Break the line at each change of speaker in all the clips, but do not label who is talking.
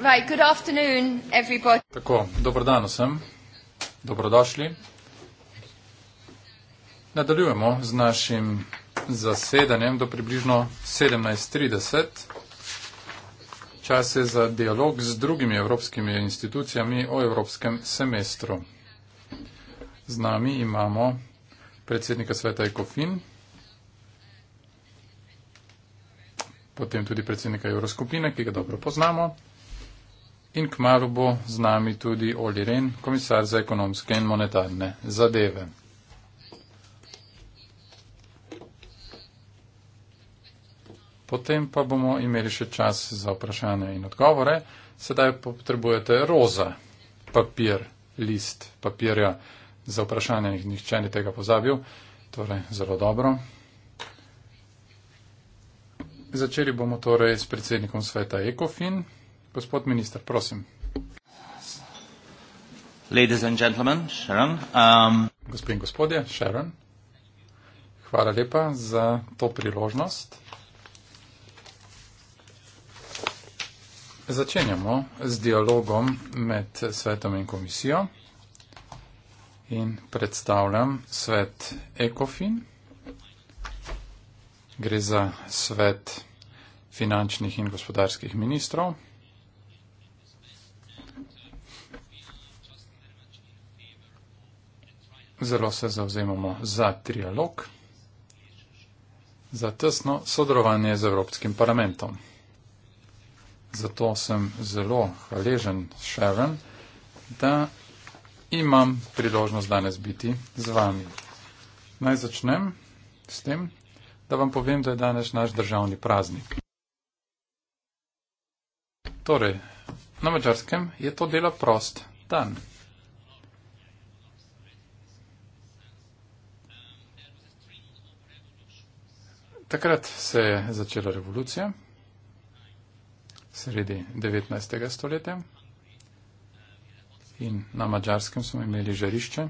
Right, good afternoon, everybody.
Tako, dobro dan vsem, dobrodošli. Nadaljujemo z našim zasedanjem do približno 17.30. Čas je za dialog z drugimi evropskimi institucijami o evropskem semestru. Z nami imamo predsednika sveta ECOFIN, potem tudi predsednika Evroskupine, ki ga dobro poznamo. In kmalo bo z nami tudi Oli Ren, komisar za ekonomske in monetarne zadeve. Potem pa bomo imeli še čas za vprašanje in odgovore. Sedaj potrebujete roza papir, list papirja za vprašanje, jih nihče ni tega pozabil. Torej, zelo dobro. Začeli bomo torej s predsednikom sveta ECOFIN. Gospod minister, prosim.
Ladies and gentlemen, Sharon. Um... Gospod in
gospodje, Sharon. Hvala lepa za to priložnost. Začenjamo z dialogom med svetom in komisijo in predstavljam svet ECOFIN. Gre za svet finančnih in gospodarskih ministrov. zelo se zauzemamo za trialog, za tesno sodelovanje z Evropskim parlamentom. Zato sem zelo hvaležen Sharon, da imam priložnost danes biti z vami. Naj začnem s tem, da vam povem, da je danes naš državni praznik. Torej, na mačarskem je to dela prost dan. Takrat se je začela revolucija, sredi 19. stoletja. In na mačarskem smo imeli žarišče.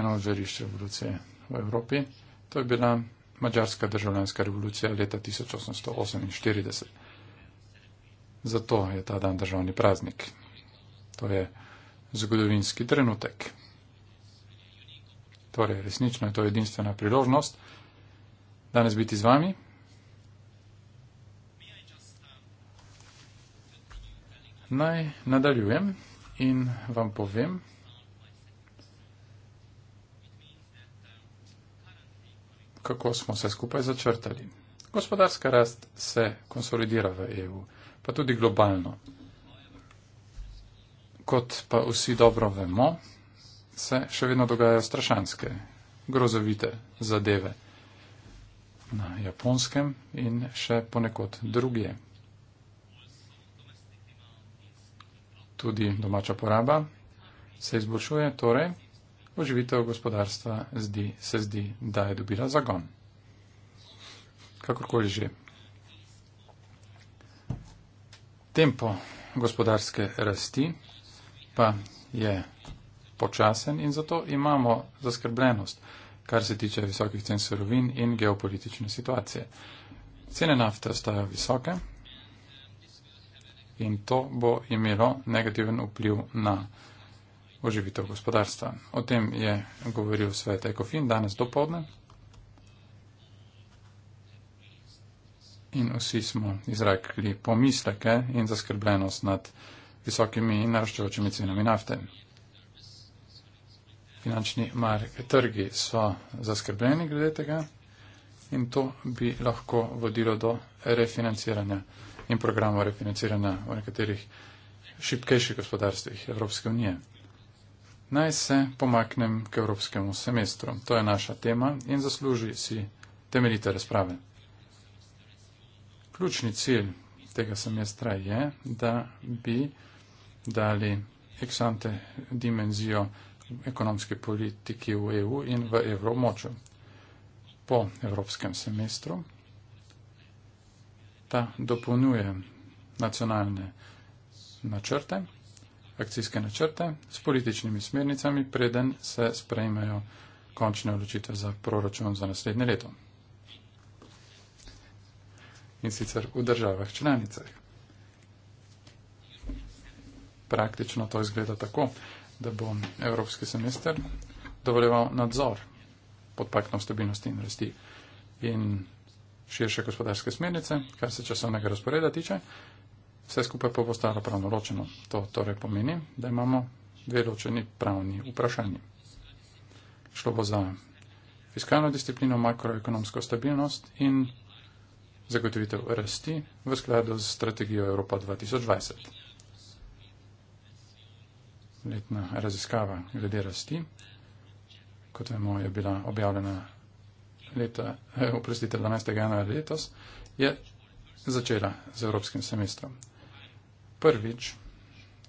Eno od žarišč revolucije v Evropi. To je bila mačarska državljanska revolucija leta 1848. Zato je ta dan državni praznik. To je zgodovinski trenutek. Torej, resnično je to edinstvena priložnost danes biti z vami. Naj nadaljujem in vam povem, kako smo se skupaj začrtali. Gospodarska rast se konsolidira v EU, pa tudi globalno. Kot pa vsi dobro vemo, se še vedno dogajajo strašanske, grozovite zadeve na japonskem in še ponekod druge. Tudi domača poraba se izboljšuje, torej oživitev gospodarstva zdi, se zdi, da je dobila zagon. Kakorkoli že. Tempo gospodarske rasti pa je počasen in zato imamo zaskrbljenost, kar se tiče visokih cen surovin in geopolitične situacije. Cene nafte ostajajo visoke in to bo imelo negativen vpliv na oživitev gospodarstva. O tem je govoril svet Ecofin danes do povdne. In vsi smo izrekli pomisleke in zaskrbljenost nad visokimi in naraščajočimi cenami nafte finančni mar trgi so zaskrbljeni glede tega in to bi lahko vodilo do refinanciranja in programov refinanciranja v nekaterih šipkejših gospodarstvih Evropske unije. Naj se pomaknem k evropskemu semestru. To je naša tema in zasluži si temeljite razprave. Ključni cilj tega semestra je, da bi dali eksante dimenzijo ekonomski politiki v EU in v evromočju. Po evropskem semestru ta dopolnjuje nacionalne načrte, akcijske načrte s političnimi smernicami, preden se sprejmejo končne odločitve za proračun za naslednje leto. In sicer v državah članicah. Praktično to izgleda tako da bo evropski semester dovoljeval nadzor pod paktom stabilnosti in rasti in širše gospodarske smernice, kar se časovnega razporeda tiče, vse skupaj pa bo postalo pravno ročeno. To torej pomeni, da imamo dve ločeni pravni vprašanji. Šlo bo za fiskalno disciplino, makroekonomsko stabilnost in zagotovitev rasti v skladu z strategijo Evropa 2020 letna raziskava glede rasti. Kot vemo, je bila objavljena leta, eh, oprostite, 12. januarja letos, je začela z evropskim semestrom. Prvič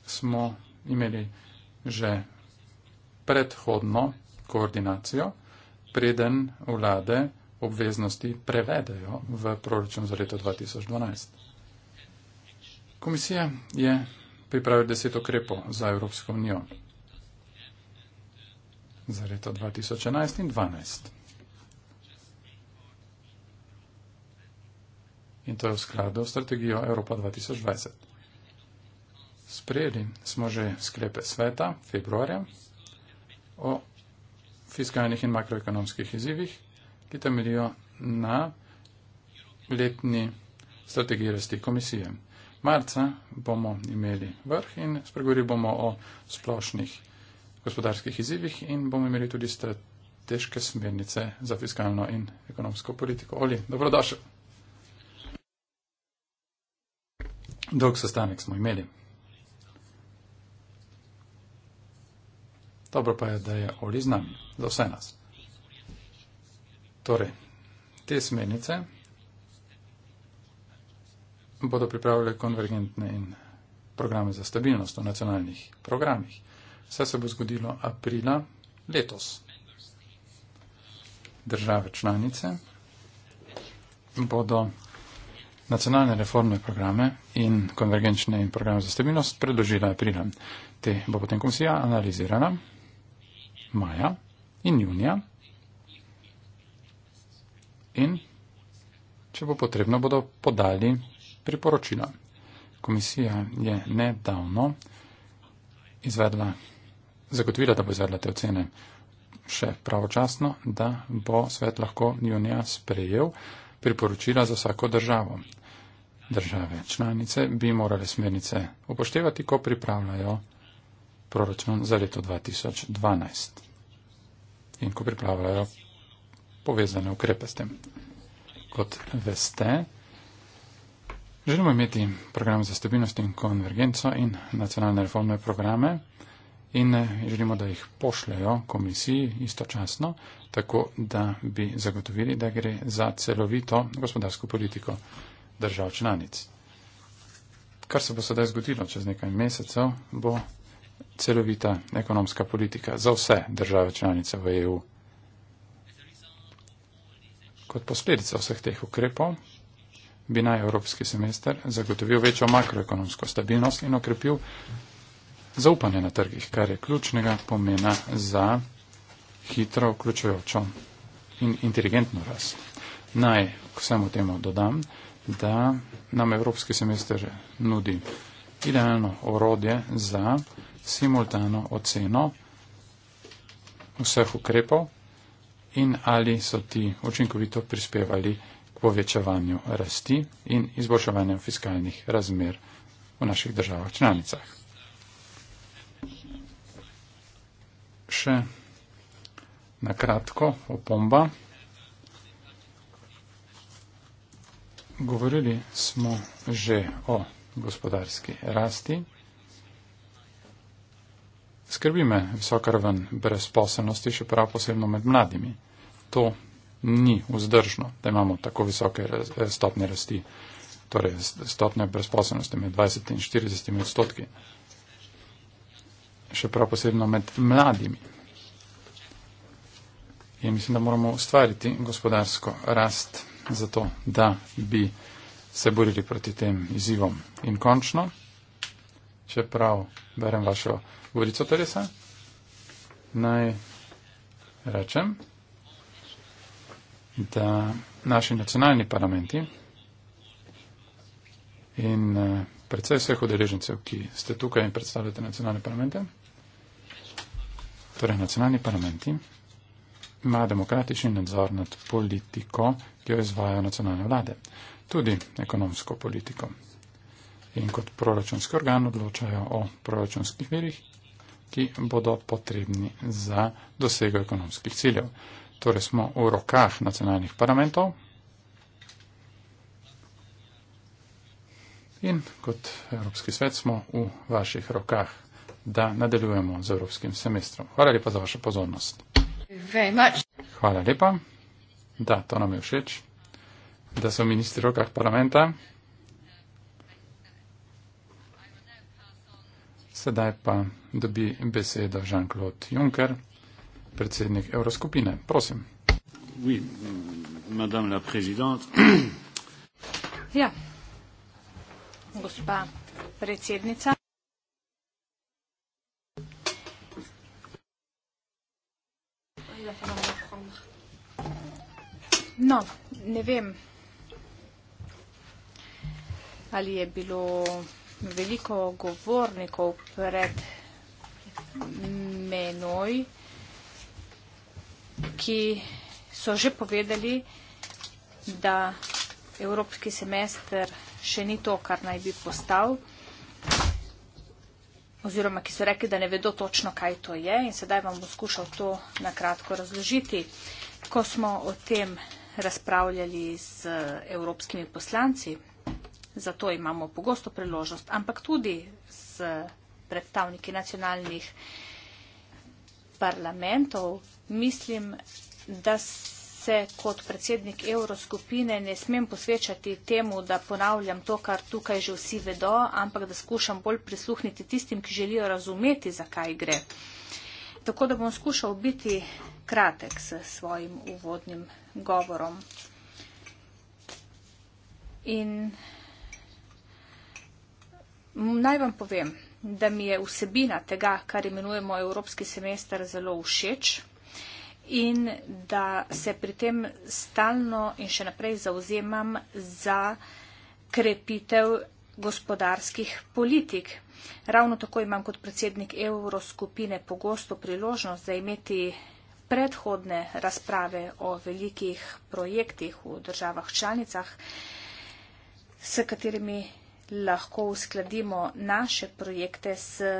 smo imeli že predhodno koordinacijo, preden vlade obveznosti prevedejo v proračun za leto 2012. Komisija je pripravil deset okrepov za Evropsko unijo za leto 2011 in 2012. In to je v skladu s strategijo Evropa 2020. Sprejeli smo že sklepe sveta februarja o fiskalnih in makroekonomskih izzivih, ki temeljijo na letni strategiji rasti komisije marca bomo imeli vrh in spregovorili bomo o splošnih gospodarskih izzivih in bomo imeli tudi strateške smernice za fiskalno in ekonomsko politiko. Oli, dobrodošel. Dolg sestanek smo imeli. Dobro pa je, da je Oli z nami, za vse nas. Torej, te smernice bodo pripravile konvergentne in programe za stabilnost v nacionalnih programih. Vse se bo zgodilo aprila letos. Države članice bodo nacionalne reformne programe in konvergenčne in programe za stabilnost predložile aprila. Te bo potem komisija analizirala maja in junija. In če bo potrebno, bodo podali priporočila. Komisija je nedavno izvedla, zagotovila, da bo izvedla te ocene še pravočasno, da bo svet lahko junija sprejel priporočila za vsako državo. Države članice bi morale smernice upoštevati, ko pripravljajo proračun za leto 2012 in ko pripravljajo povezane ukrepe s tem. Kot veste, Želimo imeti program za stabilnost in konvergenco in nacionalne reformne programe in eh, želimo, da jih pošljajo komisiji istočasno, tako da bi zagotovili, da gre za celovito gospodarsko politiko držav članic. Kar se bo sedaj zgodilo čez nekaj mesecev, bo celovita ekonomska politika za vse države članice v EU. Kot posledica vseh teh ukrepov bi naj Evropski semester zagotovil večjo makroekonomsko stabilnost in okrepil zaupanje na trgih, kar je ključnega pomena za hitro vključujočo in inteligentno rast. Naj k vsemu temu dodam, da nam Evropski semester nudi idealno orodje za simultano oceno vseh ukrepov in ali so ti učinkovito prispevali povečevanju rasti in izboljševanju fiskalnih razmer v naših državah članicah. Še na kratko opomba. Govorili smo že o gospodarski rasti. Skrbi me visoka raven brezposelnosti, še prav posebno med mladimi. To ni vzdržno, da imamo tako visoke eh, stopne rasti, torej stopne brezposobnosti med 20 in 40 odstotki. Še prav posebno med mladimi. In mislim, da moramo ustvariti gospodarsko rast za to, da bi se borili proti tem izzivom. In končno, če prav berem vašo vodico Teresa, naj rečem, da naši nacionalni parlamenti in eh, predvsej vseh odeležencev, ki ste tukaj in predstavljate nacionalne parlamente, torej nacionalni parlamenti, ima demokratični nadzor nad politiko, ki jo izvajo nacionalne vlade, tudi ekonomsko politiko. In kot proračunski organ odločajo o proračunskih virih, ki bodo potrebni za dosego ekonomskih ciljev. Torej smo v rokah nacionalnih parlamentov. In kot Evropski svet smo v vaših rokah, da nadaljujemo z Evropskim semestrom. Hvala lepa za vašo pozornost. Hvala lepa, da to nam je všeč, da so ministri v rokah parlamenta. Sedaj pa dobi besedo Jean-Claude Juncker predsednik Evroskupine. Prosim. Oui, madame la présidente.
Ja, gospa predsednica. No, ne vem, ali je bilo veliko govornikov pred menoj ki so že povedali, da evropski semester še ni to, kar naj bi postal, oziroma ki so rekli, da ne vedo točno, kaj to je in sedaj vam bom skušal to na kratko razložiti. Ko smo o tem razpravljali z eh, evropskimi poslanci, zato imamo pogosto priložnost, ampak tudi z predstavniki nacionalnih parlamentov, mislim, da se kot predsednik Evroskupine ne smem posvečati temu, da ponavljam to, kar tukaj že vsi vedo, ampak da skušam bolj prisluhniti tistim, ki želijo razumeti, zakaj gre. Tako da bom skušal biti kratek s svojim uvodnim govorom. In naj vam povem, da mi je vsebina tega, kar imenujemo Evropski semester, zelo všeč in da se pri tem stalno in še naprej zauzemam za krepitev gospodarskih politik. Ravno tako imam kot predsednik evroskupine pogosto priložnost za imeti predhodne razprave o velikih projektih v državah članicah, s katerimi lahko uskladimo naše projekte s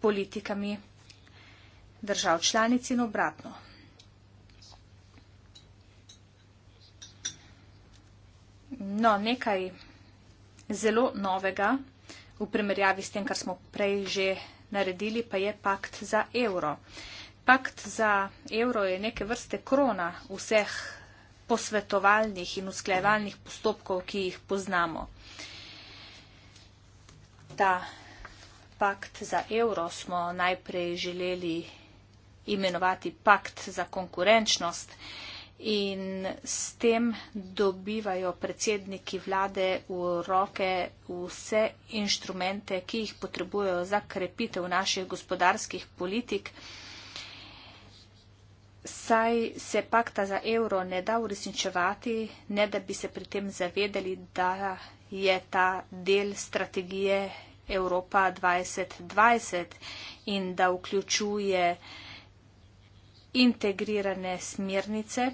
politikami držav članic in obratno. No, nekaj zelo novega v primerjavi s tem, kar smo prej že naredili, pa je pakt za evro. Pakt za evro je neke vrste krona vseh posvetovalnih in usklejevalnih postopkov, ki jih poznamo. Ta pakt za evro smo najprej želeli imenovati pakt za konkurenčnost in s tem dobivajo predsedniki vlade v roke vse inštrumente, ki jih potrebujejo za krepitev naših gospodarskih politik. Saj se pakta za evro ne da uresničevati, ne da bi se pri tem zavedali, da je ta del strategije Evropa 2020 in da vključuje integrirane smernice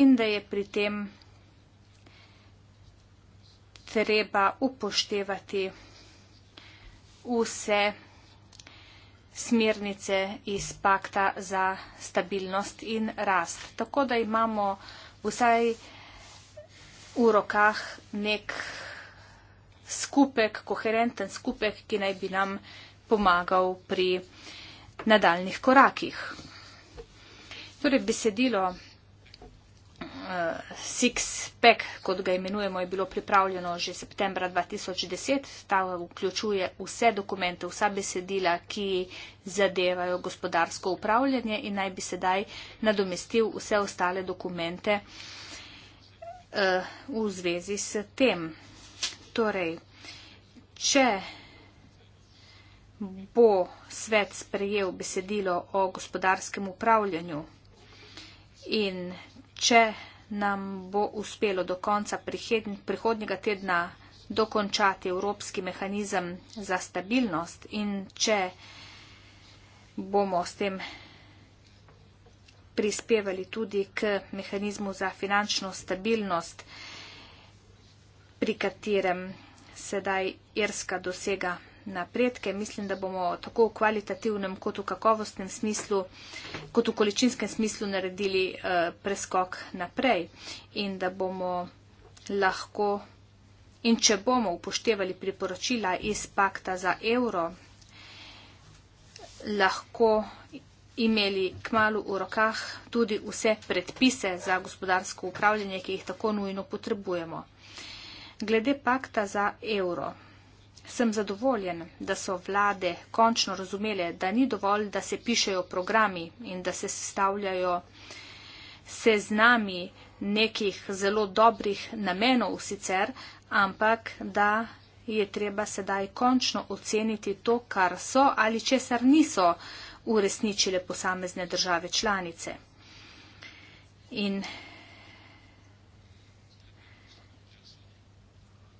in da je pri tem treba upoštevati vse smernice iz pakta za stabilnost in rast. Tako da imamo vsaj v rokah nek skupek, koherenten skupek, ki naj bi nam pomagal pri nadaljnih korakih. Torej, besedilo uh, six-pack, kot ga imenujemo, je bilo pripravljeno že septembra 2010. Ta vključuje vse dokumente, vsa besedila, ki zadevajo gospodarsko upravljanje in naj bi sedaj nadomestil vse ostale dokumente uh, v zvezi s tem. Torej, če bo svet sprejel besedilo o gospodarskem upravljanju in če nam bo uspelo do konca prihodnjega tedna dokončati evropski mehanizem za stabilnost in če bomo s tem prispevali tudi k mehanizmu za finančno stabilnost, pri katerem sedaj Irska dosega napredke. Mislim, da bomo tako v kvalitativnem kot v kakovostnem smislu, kot v količinskem smislu naredili eh, preskok naprej in da bomo lahko in če bomo upoštevali priporočila iz pakta za evro, lahko imeli k malu v rokah tudi vse predpise za gospodarsko upravljanje, ki jih tako nujno potrebujemo. Glede pakta za evro. Sem zadovoljen, da so vlade končno razumele, da ni dovolj, da se pišejo programi in da se sestavljajo seznami nekih zelo dobrih namenov sicer, ampak da je treba sedaj končno oceniti to, kar so ali česar niso uresničile posamezne države članice. In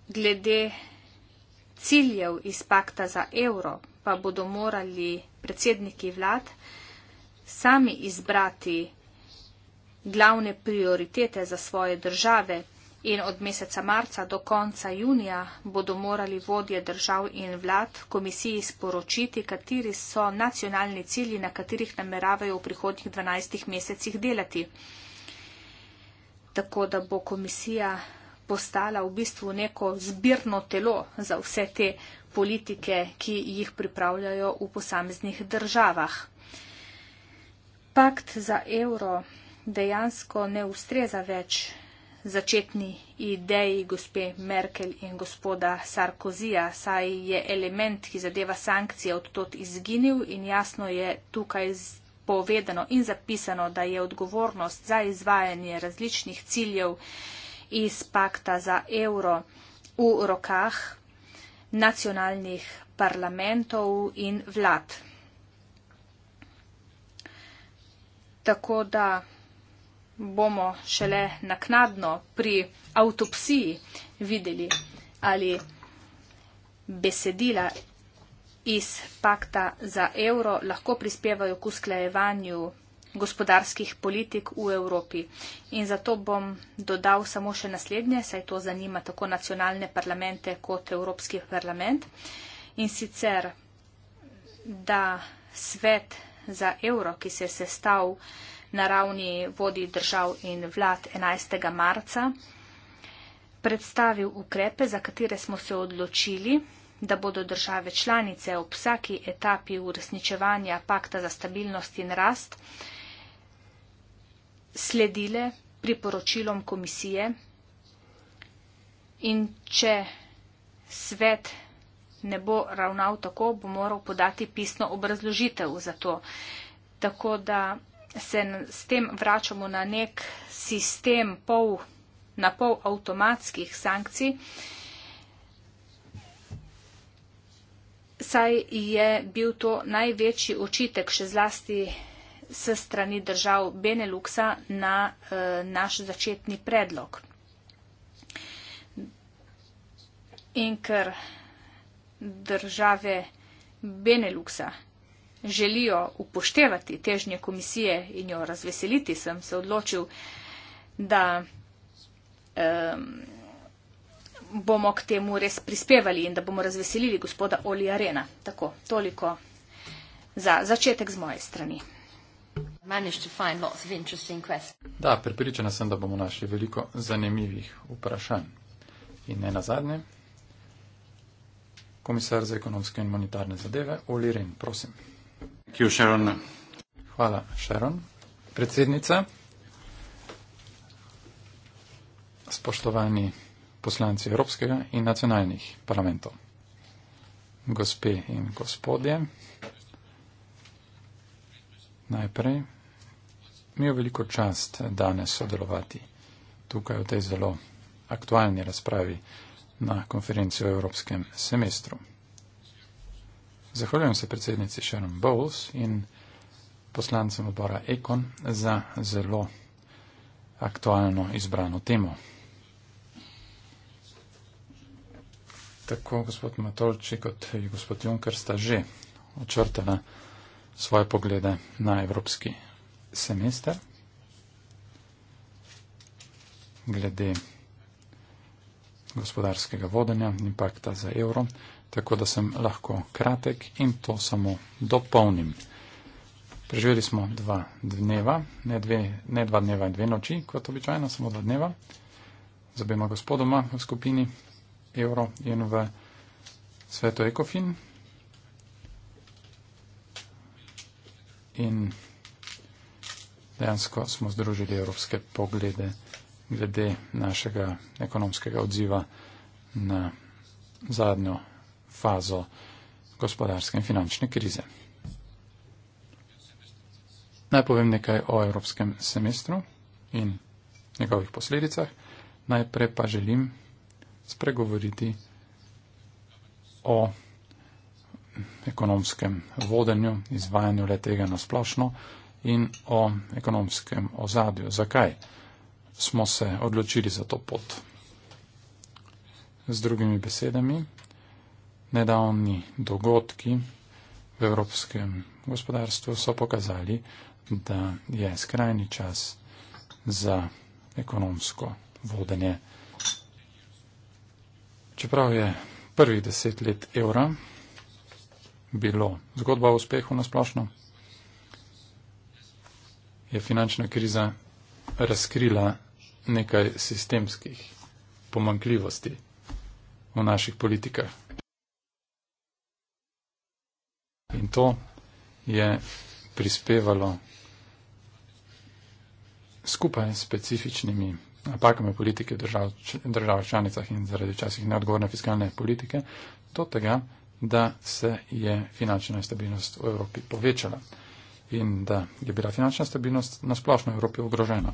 glede ciljev iz pakta za evro pa bodo morali predsedniki vlad sami izbrati glavne prioritete za svoje države in od meseca marca do konca junija bodo morali vodje držav in vlad komisiji sporočiti, kateri so nacionalni cilji, na katerih nameravajo v prihodnjih 12 mesecih delati. Tako da bo komisija postala v bistvu neko zbirno telo za vse te politike, ki jih pripravljajo v posameznih državah. Pakt za evro dejansko ne ustreza več začetni ideji gospe Merkel in gospoda Sarkozija, saj je element, ki zadeva sankcije, odtot izginil in jasno je tukaj povedano in zapisano, da je odgovornost za izvajanje različnih ciljev iz pakta za evro v rokah nacionalnih parlamentov in vlad. Tako da bomo šele naknadno pri avtopsiji videli, ali besedila iz pakta za evro lahko prispevajo k usklajevanju gospodarskih politik v Evropi. In zato bom dodal samo še naslednje, saj to zanima tako nacionalne parlamente kot Evropski parlament. In sicer, da svet za evro, ki se je sestav na ravni vodi držav in vlad 11. marca, predstavil ukrepe, za katere smo se odločili, da bodo države članice ob vsaki etapi uresničevanja pakta za stabilnost in rast sledile priporočilom komisije in če svet ne bo ravnal tako, bo moral podati pisno obrazložitev za to. Tako da se s tem vračamo na nek sistem pol, na pol avtomatskih sankcij, saj je bil to največji očitek še zlasti s strani držav Beneluxa na eh, naš začetni predlog. In ker države Beneluxa želijo upoštevati težnje komisije in jo razveseliti, sem se odločil, da um, bomo k temu res prispevali in da bomo razveselili gospoda Oli Arena. Tako, toliko za začetek z moje strani.
Da, pripričana sem, da bomo našli veliko zanimivih vprašanj. In ne nazadnje, komisar za ekonomske in monetarne zadeve, Oli Ren, prosim. Hvala, Sharon. Predsednica, spoštovani poslanci Evropskega in nacionalnih parlamentov, gospe in gospodje, najprej. Mi je veliko čast danes sodelovati tukaj v tej zelo aktualni razpravi na konferenci o evropskem semestru. Zahvaljujem se predsednici Sharon Bowles in poslancem odbora Ekon za zelo aktualno izbrano temo. Tako gospod Matolči kot gospod Junker sta že očrtala svoje poglede na evropski semester. Glede gospodarskega vodenja, impakta za evro, tako da sem lahko kratek in to samo dopolnim. Preživeli smo dva dneva, ne, dve, ne dva dneva in dve noči, kot običajno, samo dva dneva, z obema gospodoma v skupini evro in v svetu ekofin, in dejansko smo združili evropske poglede glede našega ekonomskega odziva na zadnjo fazo gospodarske in finančne krize. Naj povem nekaj o evropskem semestru in njegovih posledicah. Najprej pa želim spregovoriti o ekonomskem vodenju, izvajanju le tega na splošno in o ekonomskem ozadju. Zakaj smo se odločili za to pot? Z drugimi besedami, nedavni dogodki v evropskem gospodarstvu so pokazali, da je skrajni čas za ekonomsko vodenje. Čeprav je prvih deset let evra, bilo. Zgodba o uspehu nasplošno je finančna kriza razkrila nekaj sistemskih pomankljivosti v naših politikah. In to je prispevalo skupaj s specifičnimi napakami politike držav, držav članicah in zaradi časih neodgovorne fiskalne politike do tega, da se je finančna stabilnost v Evropi povečala in da je bila finančna stabilnost na splošno v Evropi ogrožena.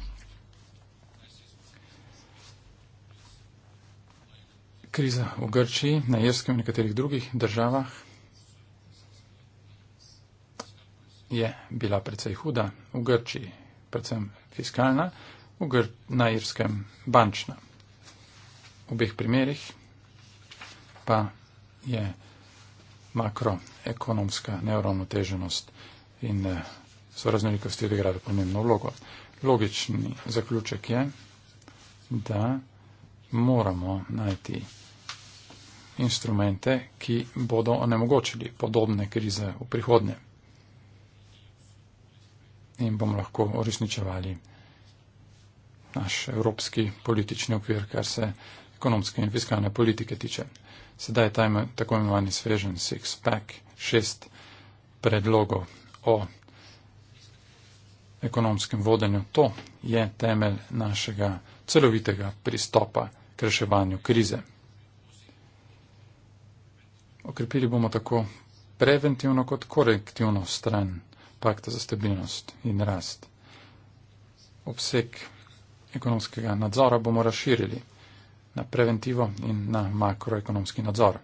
Kriza v Grčiji, na Jerskem in nekaterih drugih državah je bila precej huda v Grčiji, predvsem fiskalna, v Gr na Jerskem bančna. V obeh primerih pa je makroekonomska neuravnoteženost in eh, sorazmernikosti odigrali pomembno vlogo. Logični zaključek je, da moramo najti instrumente, ki bodo onemogočili podobne krize v prihodnje in bomo lahko uresničevali naš evropski politični okvir, kar se ekonomske in fiskalne politike tiče sedaj je ta tako imenovani svežen six pack, šest predlogov o ekonomskem vodenju. To je temelj našega celovitega pristopa k reševanju krize. Okrepili bomo tako preventivno kot korektivno stran pakta za stabilnost in rast. Obseg ekonomskega nadzora bomo razširili na preventivo in na makroekonomski nadzor.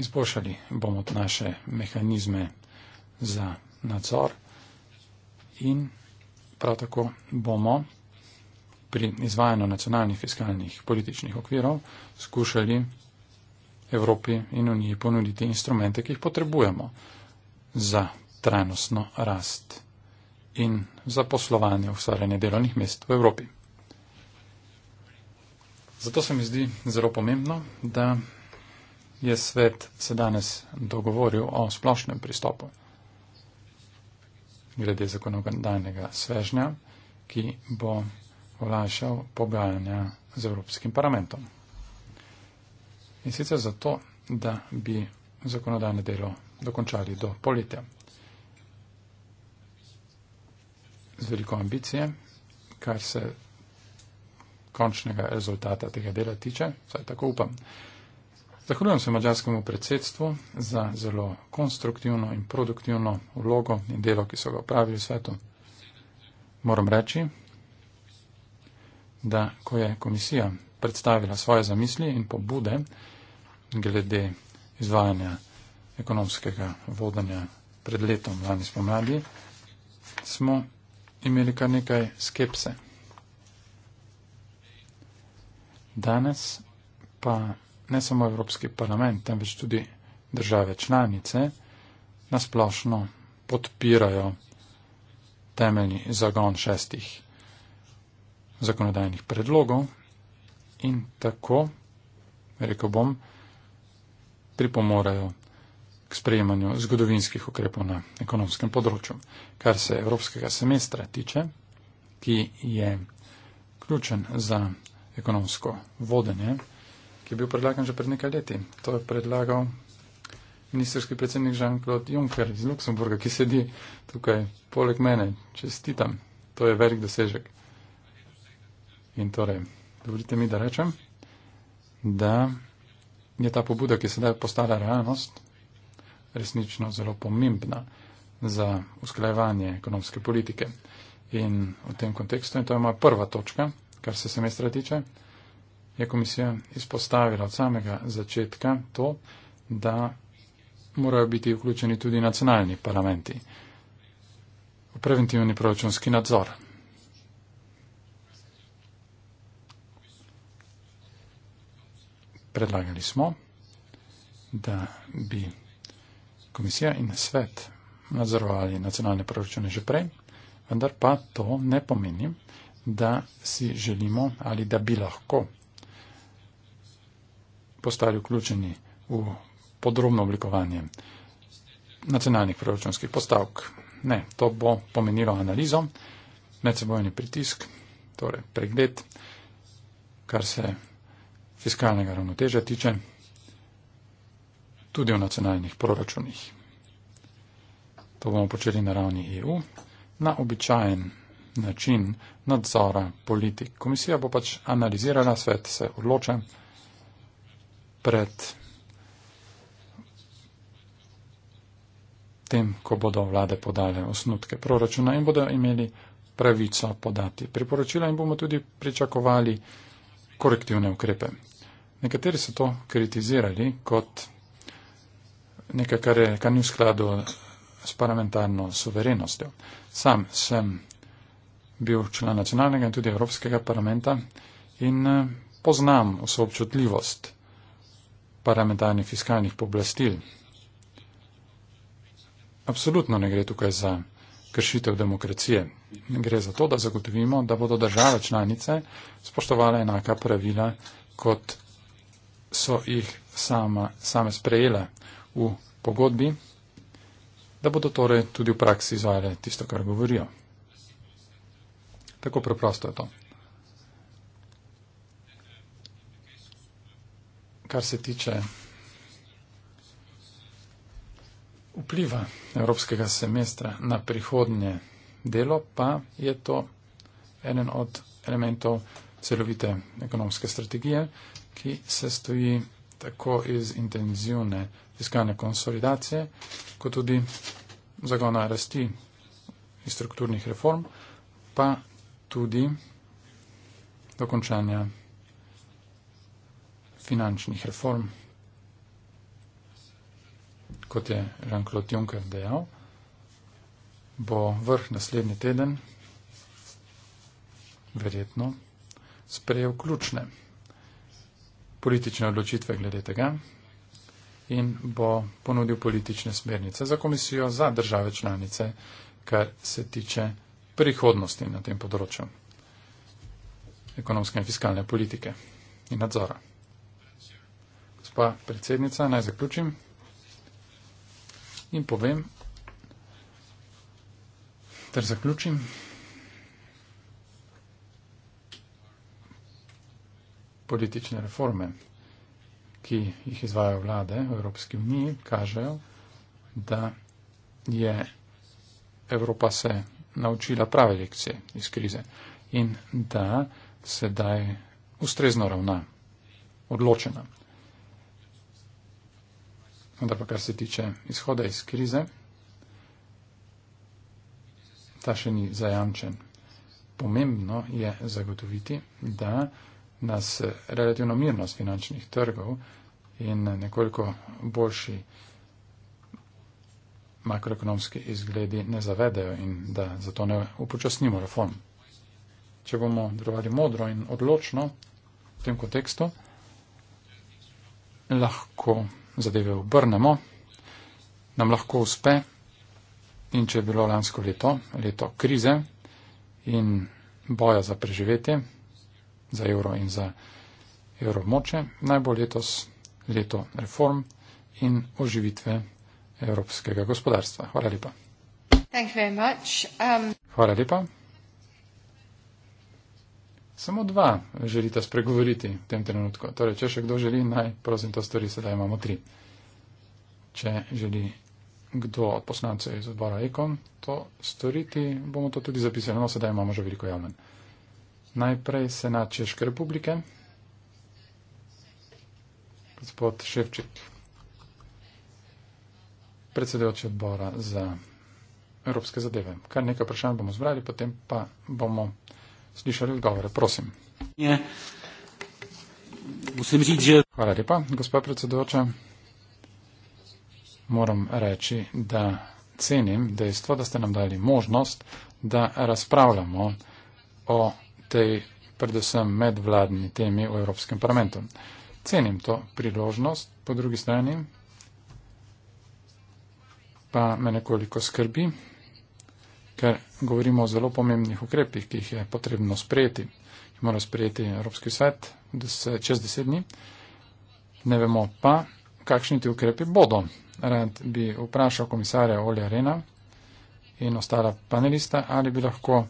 Izboljšali bomo naše mehanizme za nadzor in prav tako bomo pri izvajanju nacionalnih fiskalnih političnih okvirov skušali Evropi in Uniji ponuditi instrumente, ki jih potrebujemo za trajnostno rast in za poslovanje ustvarjanje delovnih mest v Evropi. Zato se mi zdi zelo pomembno, da je svet se danes dogovoril o splošnem pristopu glede zakonodajnega svežnja, ki bo olajšal pogajanja z Evropskim parlamentom. In sicer zato, da bi zakonodajne delo dokončali do poletja. Z veliko ambicije, kar se končnega rezultata tega dela tiče, vsaj tako upam. Zahvaljujem se mađarskemu predsedstvu za zelo konstruktivno in produktivno vlogo in delo, ki so ga opravili v svetu. Moram reči, da ko je komisija predstavila svoje zamisli in pobude glede izvajanja ekonomskega vodanja pred letom lani spomladi, smo imeli kar nekaj skepse. Danes pa ne samo Evropski parlament, temveč tudi države članice nasplošno podpirajo temeljni zagon šestih zakonodajnih predlogov in tako, rekel bom, pripomorajo k sprejemanju zgodovinskih ukrepov na ekonomskem področju. Kar se evropskega semestra tiče, ki je ključen za ekonomsko vodenje, ki je bil predlagan že pred nekaj leti. To je predlagal ministerski predsednik Jean-Claude Juncker iz Luksemburga, ki sedi tukaj poleg mene. Čestitam, to je velik dosežek. In torej, dovolite mi, da rečem, da je ta pobuda, ki je sedaj postala realnost, resnično zelo pomembna za usklajevanje ekonomske politike. In v tem kontekstu, in to je moja prva točka, kar se semestra tiče, je komisija izpostavila od samega začetka to, da morajo biti vključeni tudi nacionalni parlamenti v preventivni proračunski nadzor. Predlagali smo, da bi komisija in svet nadzorovali nacionalne proračune že prej, vendar pa to ne pomeni, da si želimo ali da bi lahko postali vključeni v podrobno oblikovanje nacionalnih proračunskih postavk. Ne, to bo pomenilo analizo, medsebojni pritisk, torej pregled, kar se fiskalnega ravnoteža tiče, tudi v nacionalnih proračunih. To bomo počeli na ravni EU, na običajen način nadzora politik. Komisija bo pač analizirala, svet se odloča pred tem, ko bodo vlade podale osnutke proračuna in bodo imeli pravico podati priporočila in bomo tudi pričakovali korektivne ukrepe. Nekateri so to kritizirali kot nekaj, kar, je, kar ni v skladu s parlamentarno suverenostjo. Sam sem bil član nacionalnega in tudi evropskega parlamenta in eh, poznam vso občutljivost parlamentarnih fiskalnih poblastil. Absolutno ne gre tukaj za kršitev demokracije. Gre za to, da zagotovimo, da bodo države članice spoštovale enaka pravila, kot so jih sama, same sprejele v pogodbi, da bodo torej tudi v praksi izvajale tisto, kar govorijo. Tako preprosto je to. Kar se tiče vpliva evropskega semestra na prihodnje delo, pa je to eden od elementov celovite ekonomske strategije, ki se stoji tako iz intenzivne fiskalne konsolidacije, kot tudi zagona rasti in strukturnih reform, pa tudi dokončanja finančnih reform. Kot je Jean-Claude Juncker dejal, bo vrh naslednji teden verjetno sprejel ključne politične odločitve glede tega in bo ponudil politične smernice za komisijo, za države članice, kar se tiče prihodnosti na tem področju ekonomske in fiskalne politike in nadzora. Gospa predsednica, naj zaključim in povem, ter zaključim. Politične reforme, ki jih izvajo vlade v Evropski uniji, kažejo, da je Evropa se naučila prave lekcije iz krize in da sedaj ustrezno ravna, odločena. Vendar pa kar se tiče izhoda iz krize, ta še ni zajamčen. Pomembno je zagotoviti, da nas relativno mirnost finančnih trgov in nekoliko boljši makroekonomski izgledi ne zavedajo in da zato ne upočasnimo reform. Če bomo delovali modro in odločno v tem kontekstu, lahko zadeve obrnemo, nam lahko uspe in če je bilo lansko leto, leto krize in boja za preživetje, za evro in za evromoče, najbolj letos leto reform in oživitve evropskega gospodarstva. Hvala lepa. Um... Hvala lepa. Samo dva želita spregovoriti v tem trenutku. Torej, če še kdo želi, naj prosim to stori, sedaj imamo tri. Če želi kdo od poslancev iz odbora Ekon to storiti, bomo to tudi zapisali, no sedaj imamo že veliko javnen. Najprej Senat Češke republike. Gospod Ševčik predsedujoči odbora za evropske zadeve. Kar nekaj vprašanj bomo zbrali, potem pa bomo slišali odgovore. Prosim. Je. Ja. Musim reči, že. Hvala lepa, gospod predsedujoča. Moram reči, da cenim dejstvo, da ste nam dali možnost, da razpravljamo o tej predvsem medvladni temi v Evropskem parlamentu. Cenim to priložnost, po drugi strani pa me nekoliko skrbi, ker govorimo o zelo pomembnih ukrepih, ki jih je potrebno sprejeti. Mora sprejeti Evropski svet čez deset dni. Ne vemo pa, kakšni ti ukrepi bodo. Rad bi vprašal komisarja Olja Rena in ostala panelista, ali bi lahko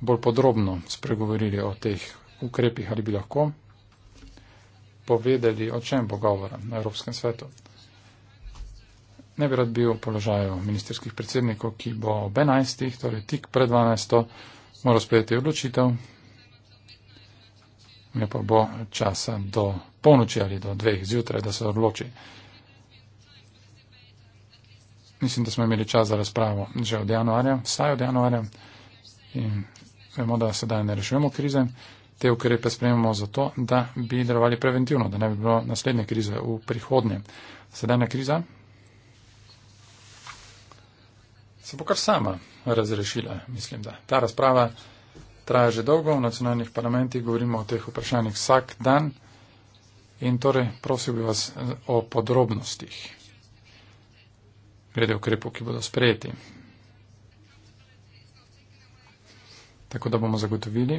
bolj podrobno spregovorili o teh ukrepih, ali bi lahko povedali, o čem bo govora na Evropskem svetu ne bi rad bil v položaju ministerskih predsednikov, ki bo ob 11. torej tik pred 12. moral sprejeti odločitev. Mi pa bo časa do polnoči ali do dveh zjutraj, da se odloči. Mislim, da smo imeli čas za razpravo že od januarja, vsaj od januarja. In vemo, da sedaj ne rešujemo krize. Te ukrepe sprejemamo zato, da bi delovali preventivno, da ne bi bilo naslednje krize v prihodnje. Sedajna kriza se bo kar sama razrešila, mislim, da. Ta razprava traja že dolgo v nacionalnih parlamentih, govorimo o teh vprašanjih vsak dan in torej prosil bi vas eh, o podrobnostih glede ukrepov, ki bodo sprejeti. Tako da bomo zagotovili,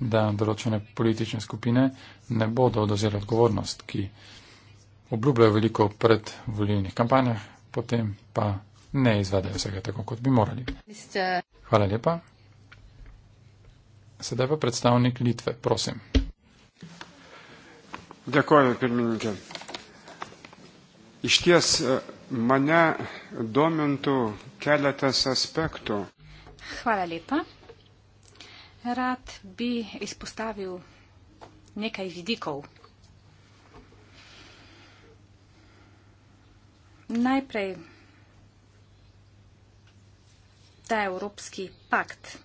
da določene politične skupine ne bodo odozele odgovornost, ki obljubljajo veliko pred volilnih kampanjah, potem pa ne izvedejo vsega tako, kot bi morali. Hvala lepa. Sedaj pa predstavnik Litve, prosim. Dėkoju, pirmininkė. Iš ties eh, mane domintų keletas aspektų.
Hvala lepa. Rad bi izpostavil nekaj vidikov. Najprej ta Evropski pakt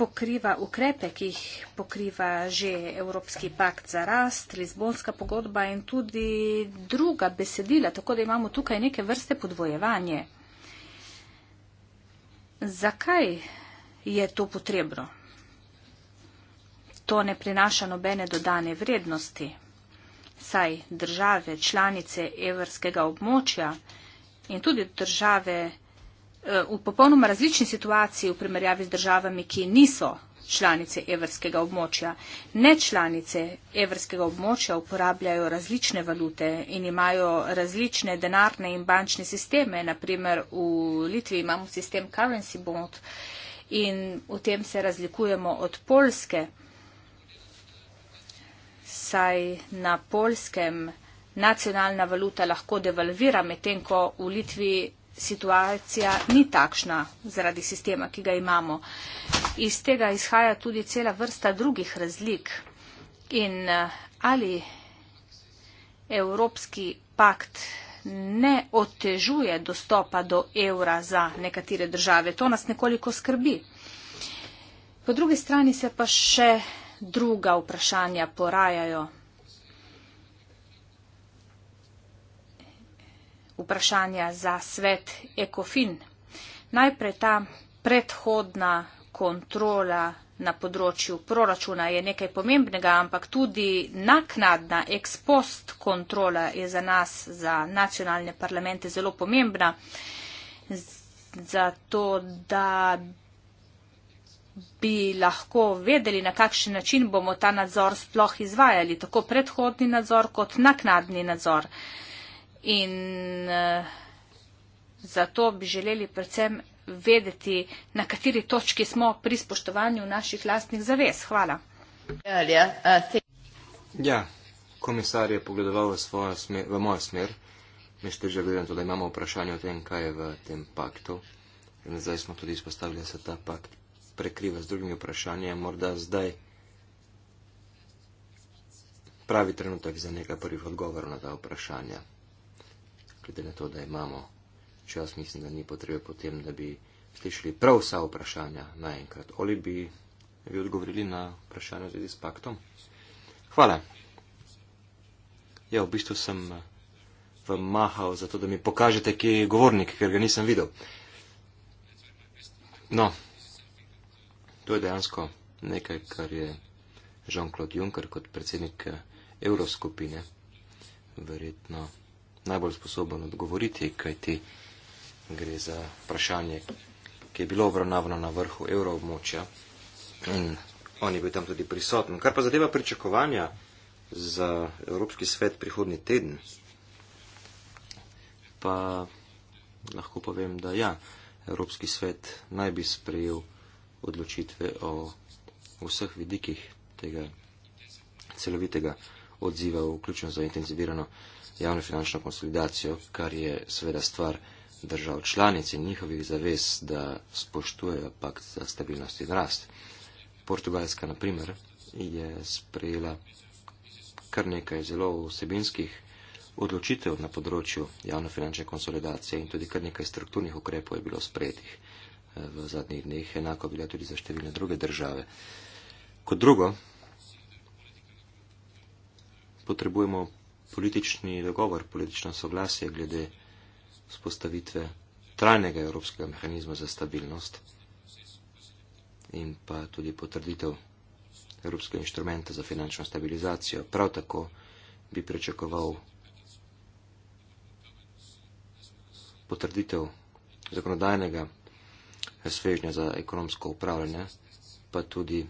pokriva ukrepe, ki jih pokriva že Evropski pakt za rast, Lizbonska pogodba in tudi druga besedila, tako da imamo tukaj neke vrste podvojevanje. Zakaj je to potrebno? To ne prinaša nobene dodane vrednosti, saj države članice evrskega območja in tudi države, v popolnoma različni situaciji v primerjavi z državami, ki niso članice evrskega območja. Nečlanice evrskega območja uporabljajo različne valute in imajo različne denarne in bančne sisteme. Naprimer v Litvi imamo sistem currency bond in v tem se razlikujemo od Polske, saj na polskem nacionalna valuta lahko devalvira, medtem ko v Litvi situacija ni takšna zaradi sistema, ki ga imamo. Iz tega izhaja tudi cela vrsta drugih razlik. In eh, ali Evropski pakt ne otežuje dostopa do evra za nekatere države, to nas nekoliko skrbi. Po drugi strani se pa še druga vprašanja porajajo. vprašanja za svet ECOFIN. Najprej ta predhodna kontrola na področju proračuna je nekaj pomembnega, ampak tudi naknadna ex post kontrola je za nas, za nacionalne parlamente, zelo pomembna, zato da bi lahko vedeli, na kakšen način bomo ta nadzor sploh izvajali, tako predhodni nadzor kot naknadni nadzor. Uh, in uh, zato bi želeli predvsem vedeti, na kateri točki smo pri spoštovanju naših lastnih zavez. Hvala.
Ja, komisar je pogledoval v, svojo smer, v mojo smer. Mi ste že gledali to, da imamo vprašanje o tem, kaj je v tem paktu. In zdaj smo tudi izpostavili, da se ta pakt prekriva z drugimi vprašanji. Morda zdaj pravi trenutek za nekaj prvih odgovorov na ta vprašanja glede na to, da imamo čas, mislim, da ni potrebe potem, da bi slišali prav vsa vprašanja naenkrat. Oli bi, bi odgovorili na vprašanje v zvezi s paktom? Hvala. Ja, v bistvu sem eh, vam mahal, zato da mi pokažete, kje je govornik, ker ga nisem videl. No, to je dejansko nekaj, kar je Jean-Claude Juncker kot predsednik eh, Evroskupine verjetno najbolj sposoben odgovoriti, kajti gre za vprašanje, ki je bilo obravnavano na vrhu evroobmočja in on je bil tam tudi prisoten. Kar pa zadeva pričakovanja za Evropski svet prihodni teden, pa lahko povem, da ja, Evropski svet naj bi sprejel odločitve o vseh vidikih tega celovitega odziva, vključno za intenzivirano javno finančno konsolidacijo, kar je seveda stvar držav članic in njihovih zavez, da spoštujejo pakt za stabilnost in rast. Portugalska, na primer, je sprejela kar nekaj zelo vsebinskih odločitev na področju javnofinančne konsolidacije in tudi kar nekaj strukturnih ukrepov je bilo sprejetih eh, v zadnjih dneh, enako bila tudi za številne druge države. Kot drugo, potrebujemo politični dogovor, politično soglasje glede spostavitve trajnega evropskega mehanizma za stabilnost in pa tudi potrditev evropskega inštrumenta za finančno stabilizacijo. Prav tako bi pričakoval potrditev zakonodajnega svežnja za ekonomsko upravljanje, pa tudi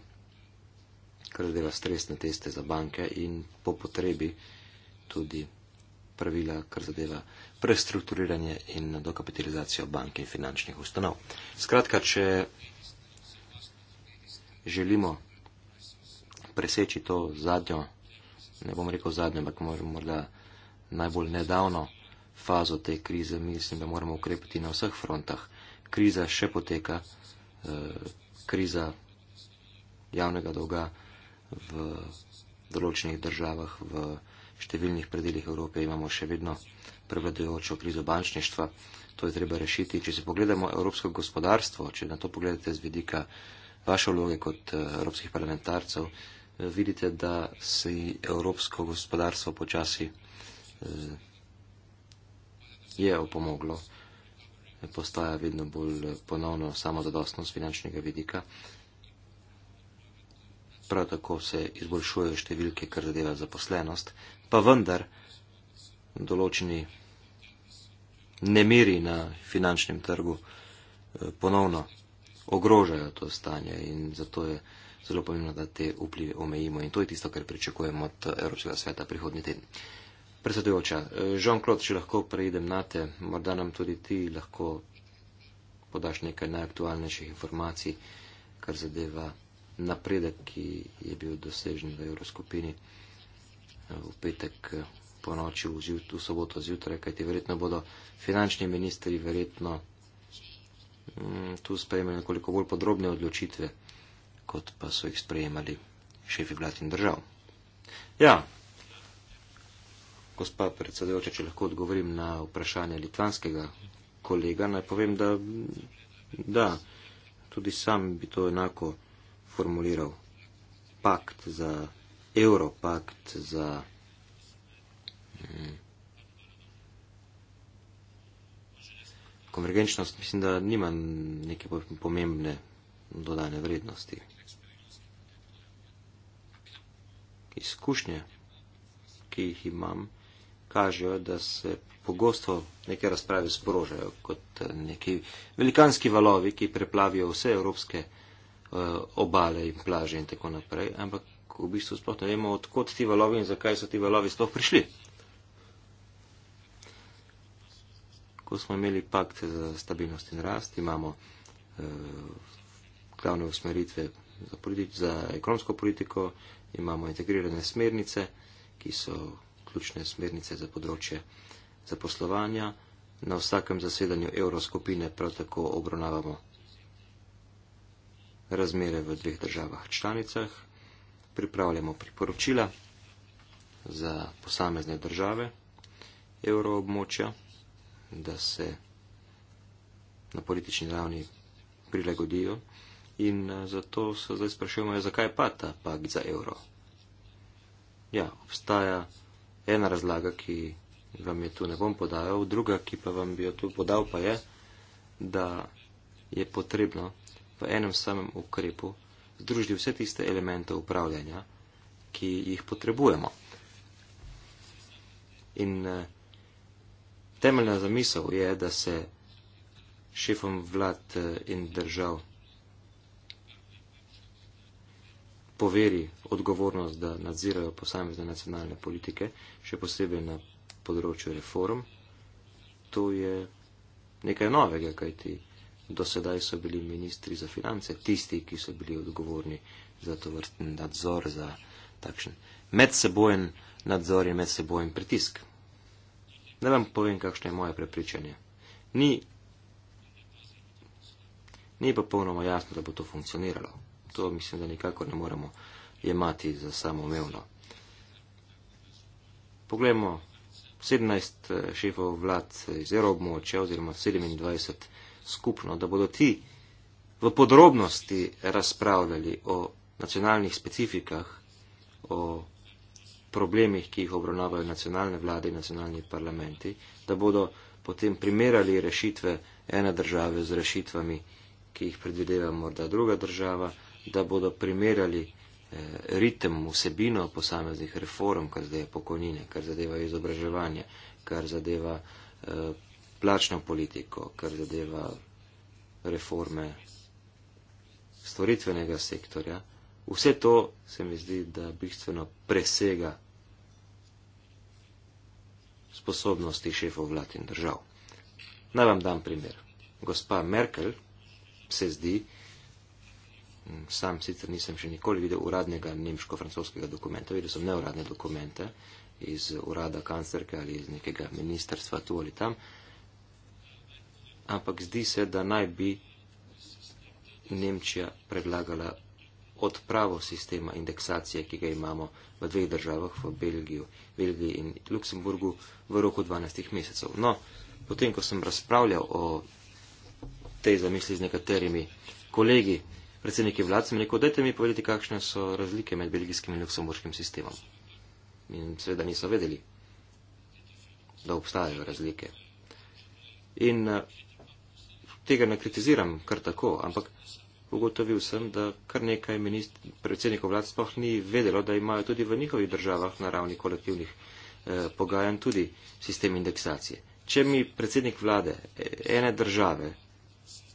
kar zadeva stresne teste za banke in po potrebi tudi pravila, kar zadeva prestrukturiranje in dokapitalizacijo bank in finančnih ustanov. Skratka, če želimo preseči to zadnjo, ne bom rekel zadnjo, ampak morda najbolj nedavno fazo te krize, mislim, da moramo ukrepiti na vseh frontah. Kriza še poteka, eh, kriza javnega dolga v določenih državah, v državah, številnih predeljih Evrope imamo še vedno prevladujočo krizo bančništva. To je treba rešiti. Če se pogledamo evropsko gospodarstvo, če na to pogledate z vidika vaše vloge kot eh, evropskih parlamentarcev, eh, vidite, da se evropsko gospodarstvo počasi eh, je opomoglo, postaja vedno bolj ponovno samozadostno z finančnega vidika. Prav tako se izboljšujejo številke, kar zadeva zaposlenost pa vendar določeni nemiri na finančnem trgu eh, ponovno ogrožajo to stanje in zato je zelo pomembno, da te vplive omejimo in to je tisto, kar pričakujemo od eh, Evropskega sveta prihodnji teden. Predsedujoča, eh, Jean-Claude, če lahko preidem na te, morda nam tudi ti lahko podaš nekaj najaktualnejših informacij, kar zadeva napredek, ki je bil dosežen v Evroskupini v petek eh, po noči, v, zjut, v soboto zjutraj, kajti verjetno bodo finančni ministri verjetno m, mm, tu sprejemali nekoliko bolj podrobne odločitve, kot pa so jih sprejemali šefi vlad in držav. Ja, gospa predsedujoča, če lahko odgovorim na vprašanje litvanskega kolega, naj povem, da da, tudi sam bi to enako formuliral. Pakt za Europakt za eh, konvergenčnost, mislim, da nima neke pomembne dodane vrednosti. Izkušnje, ki jih imam, kažejo, da se pogosto neke razprave sprožajo kot eh, neki velikanski valovi, ki preplavijo vse evropske uh, obale in plaže in tako naprej, ampak v bistvu sploh ne vemo, odkot ti valovi in zakaj so ti valovi sploh prišli. Ko smo imeli pakt za stabilnost in rast, imamo eh, glavne usmeritve za, politič, za ekonomsko politiko, imamo integrirane smernice, ki so ključne smernice za področje zaposlovanja. Na vsakem zasedanju evroskupine prav tako obravnavamo razmere v dveh državah članicah, pripravljamo priporočila za posamezne države evroobmočja, da se na politični ravni prilagodijo in eh, zato se zdaj sprašujemo, ja, zakaj pa ta pakt za evro. Ja, obstaja ena razlaga, ki vam je tu ne bom podal, druga, ki pa vam bi jo tu podal, pa je, da je potrebno v enem samem ukrepu združili vse tiste elemente upravljanja, ki jih potrebujemo. In eh, temeljna zamisel je, da se šefom vlad eh, in držav poveri odgovornost, da nadzirajo posamezne nacionalne politike, še posebej na področju reform. To je nekaj novega, kajti Do sedaj so bili ministri za finance tisti, ki so bili odgovorni za to vrsten nadzor, za takšen medsebojen nadzor in medsebojen pritisk. Da vam povem, kakšno je moje prepričanje. Ni, ni pa polnoma jasno, da bo to funkcioniralo. To mislim, da nikakor ne moremo jemati za samoumevno. Poglejmo 17 eh, šefov vlad iz evroobmočja oziroma 27 šefov skupno, da bodo ti v podrobnosti razpravljali o nacionalnih specifikah, o problemih, ki jih obravnavajo nacionalne vlade in nacionalni parlamenti, da bodo potem primerjali rešitve ene države z rešitvami, ki jih predvideva morda druga država, da bodo primerjali eh, ritem, vsebino posameznih reform, kar zadeva pokojnine, kar zadeva izobraževanje, kar zadeva eh, plačno politiko, kar zadeva reforme storitvenega sektorja. Vse to se mi zdi, da bistveno presega sposobnosti šefov vlad in držav. Naj vam dam primer. Gospa Merkel se zdi, sam sicer nisem še nikoli videl uradnega nemško-francoskega dokumenta, videl sem neuradne dokumente iz urada kanclerke ali iz nekega ministerstva tu ali tam, ampak zdi se, da naj bi Nemčija predlagala odpravo sistema indeksacije, ki ga imamo v dveh državah, v Belgiju, Belgiji in Luksemburgu, v roku 12 mesecev. No, potem, ko sem razpravljal o tej zamisli z nekaterimi kolegi, predsedniki vlad, sem rekel, dajte mi povedati, kakšne so razlike med belgijskim in luksemburskim sistemom. In seveda niso vedeli, da obstajajo razlike. In eh, tega ne kritiziram kar tako, ampak ugotovil sem, da kar nekaj ministr, predsednikov vlad sploh ni vedelo, da imajo tudi v njihovih državah na ravni kolektivnih eh, pogajanj tudi sistem indeksacije. Če mi predsednik vlade e, ene države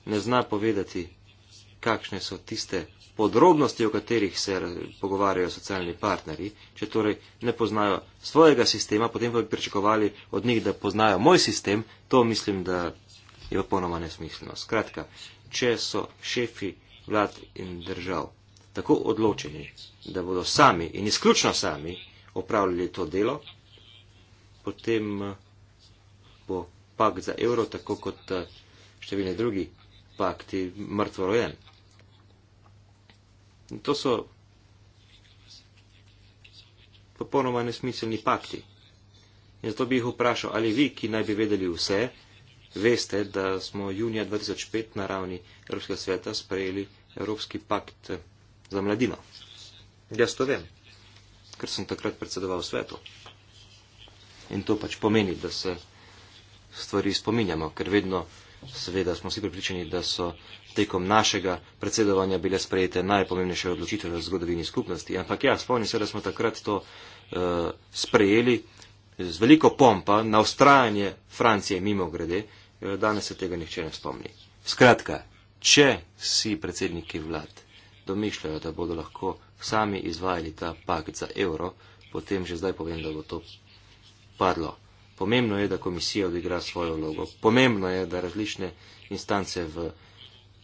ne zna povedati, kakšne so tiste podrobnosti, o katerih se pogovarjajo socialni partnerji, če torej ne poznajo svojega sistema, potem pa bi pričakovali od njih, da poznajo moj sistem, to mislim, da je pa ponoma nesmiselno. Skratka, če so šefi vlad in držav tako odločeni, da bodo sami in izključno sami opravljali to delo, potem eh, bo pakt za evro, tako kot eh, številni drugi pakti, mrtvo rojen. In to so popolnoma nesmiselni pakti. In zato bi jih vprašal, ali vi, ki naj bi vedeli vse, Veste, da smo junija 2005 na ravni Evropskega sveta sprejeli Evropski pakt eh, za mladino. Jaz to vem, ker sem takrat predsedoval svetu. In to pač pomeni, da se stvari spominjamo, ker vedno, seveda, smo vsi pripričani, da so tekom našega predsedovanja bile sprejete najpomembnejše odločitve v zgodovini skupnosti. Ampak ja, spomnim se, da smo takrat to uh, sprejeli z veliko pompa na ustrajanje Francije mimo grede, uh, Eh, danes se tega nihče ne spomni. Skratka, če si predsedniki vlad domišljajo, da bodo lahko sami izvajali ta pakt za evro, potem že zdaj povem, da bo to padlo. Pomembno je, da komisija odigra svojo vlogo, pomembno je, da različne instance v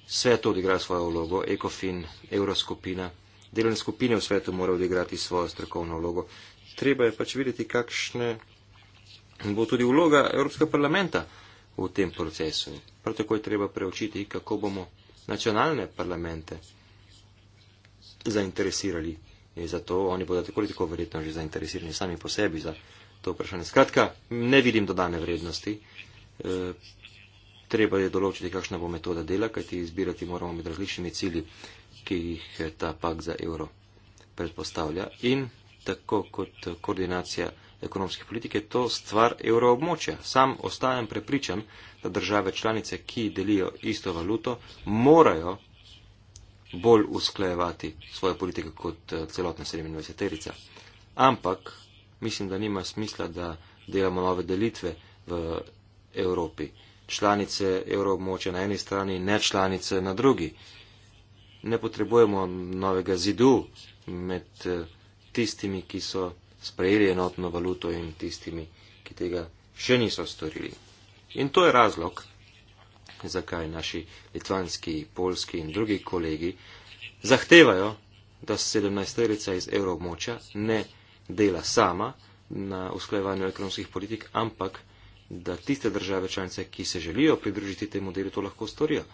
svetu odigra svojo vlogo, ECOFIN, Euroskupina, delovne skupine v svetu mora odigrati svojo strokovno vlogo. Treba je pač videti, kakšne bo tudi vloga Evropskega parlamenta v tem procesu. Prav tako je treba preučiti, kako bomo nacionalne parlamente zainteresirali in zato oni bodo tako ali tako verjetno že zainteresirani sami po sebi za to vprašanje. Skratka, ne vidim dodane vrednosti. E, treba je določiti, kakšna bo metoda dela, kajti izbirati moramo med različnimi cilji, ki jih ta pak za evro predpostavlja. In tako kot koordinacija ekonomske politike, to stvar evroobmočja. Sam ostajam prepričan, da države članice, ki delijo isto valuto, morajo bolj usklajevati svojo politiko kot eh, celotna 27. terica. Ampak mislim, da nima smisla, da delamo nove delitve v Evropi. Članice evroobmočja na eni strani, ne članice na drugi. Ne potrebujemo novega zidu med eh, tistimi, ki so sprejeli enotno valuto in tistimi, ki tega še niso storili. In to je razlog, zakaj naši litvanski, polski in drugi kolegi zahtevajo, da se 17. terica iz evroobmoča ne dela sama na usklajevanju ekonomskih politik, ampak da tiste države članice, ki se želijo pridružiti temu delu, to lahko storijo.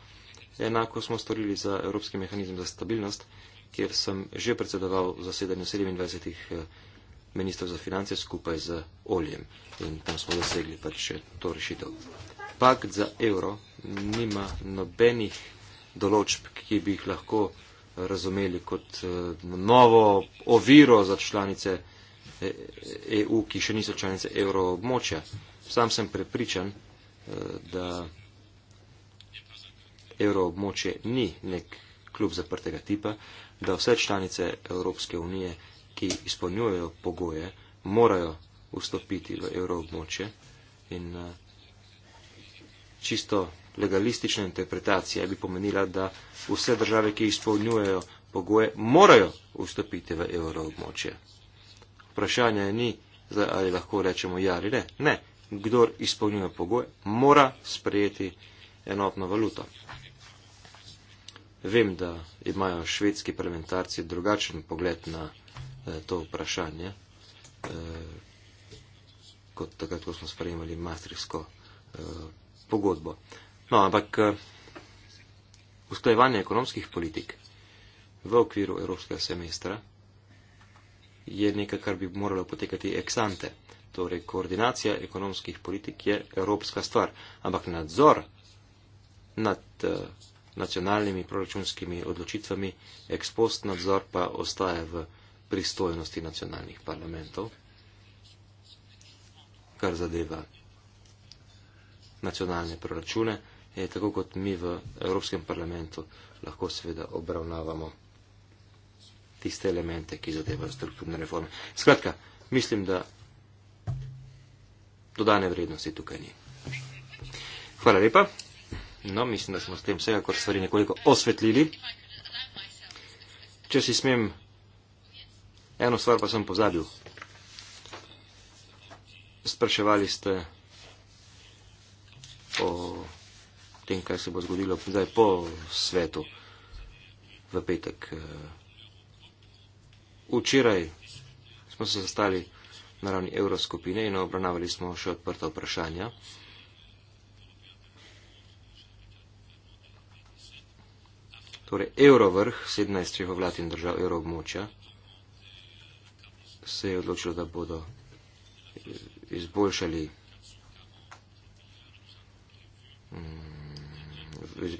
Enako smo storili za Evropski mehanizem za stabilnost, kjer sem že predsedoval zasedanju 27 ministr za finance skupaj z oljem in tam smo zasegli pač še to rešitev. Pakt za evro nima nobenih določb, ki bi jih lahko razumeli kot eh, novo oviro za članice EU, eh, e ki še niso članice evroobmočja. Sam sem prepričan, eh, da evroobmočje ni nek klub zaprtega tipa, da vse članice Evropske unije ki izpolnjujejo pogoje, morajo vstopiti v evroobmočje in eh, čisto legalistična interpretacija bi pomenila, da vse države, ki izpolnjujejo pogoje, morajo vstopiti v evroobmočje. Vprašanje ni, ali lahko rečemo ja ali ne. Ne, kdor izpolnjuje pogoje, mora sprejeti enotno valuto. Vem, da imajo švedski parlamentarci drugačen pogled na Eh, to vprašanje, eh, kot takrat, ko smo sprejemali Maastrichtsko eh, pogodbo. No, ampak usklajevanje ekonomskih politik v okviru evropskega semestra je nekaj, kar bi moralo potekati ex ante. Torej, koordinacija ekonomskih politik je evropska stvar, ampak nadzor nad nacionalnimi proračunskimi odločitvami, ekspost nadzor pa ostaje v pristojnosti nacionalnih parlamentov, kar zadeva nacionalne proračune, je tako kot mi v Evropskem parlamentu lahko seveda obravnavamo tiste elemente, ki zadevajo strukturne reforme. Skratka, mislim, da dodane vrednosti tukaj ni. Hvala lepa. No, mislim, da smo s tem vsega, kar stvari nekoliko osvetlili. Če si smem Eno stvar pa sem pozabil. Spraševali ste o tem, kaj se bo zgodilo zdaj po svetu v petek. Včeraj smo se sestali na ravni evroskupine in obravnavali smo še odprta vprašanja. Torej, evrovrh 17 vlad in držav evroobmočja se je odločilo, da bodo eh, izboljšali, mm,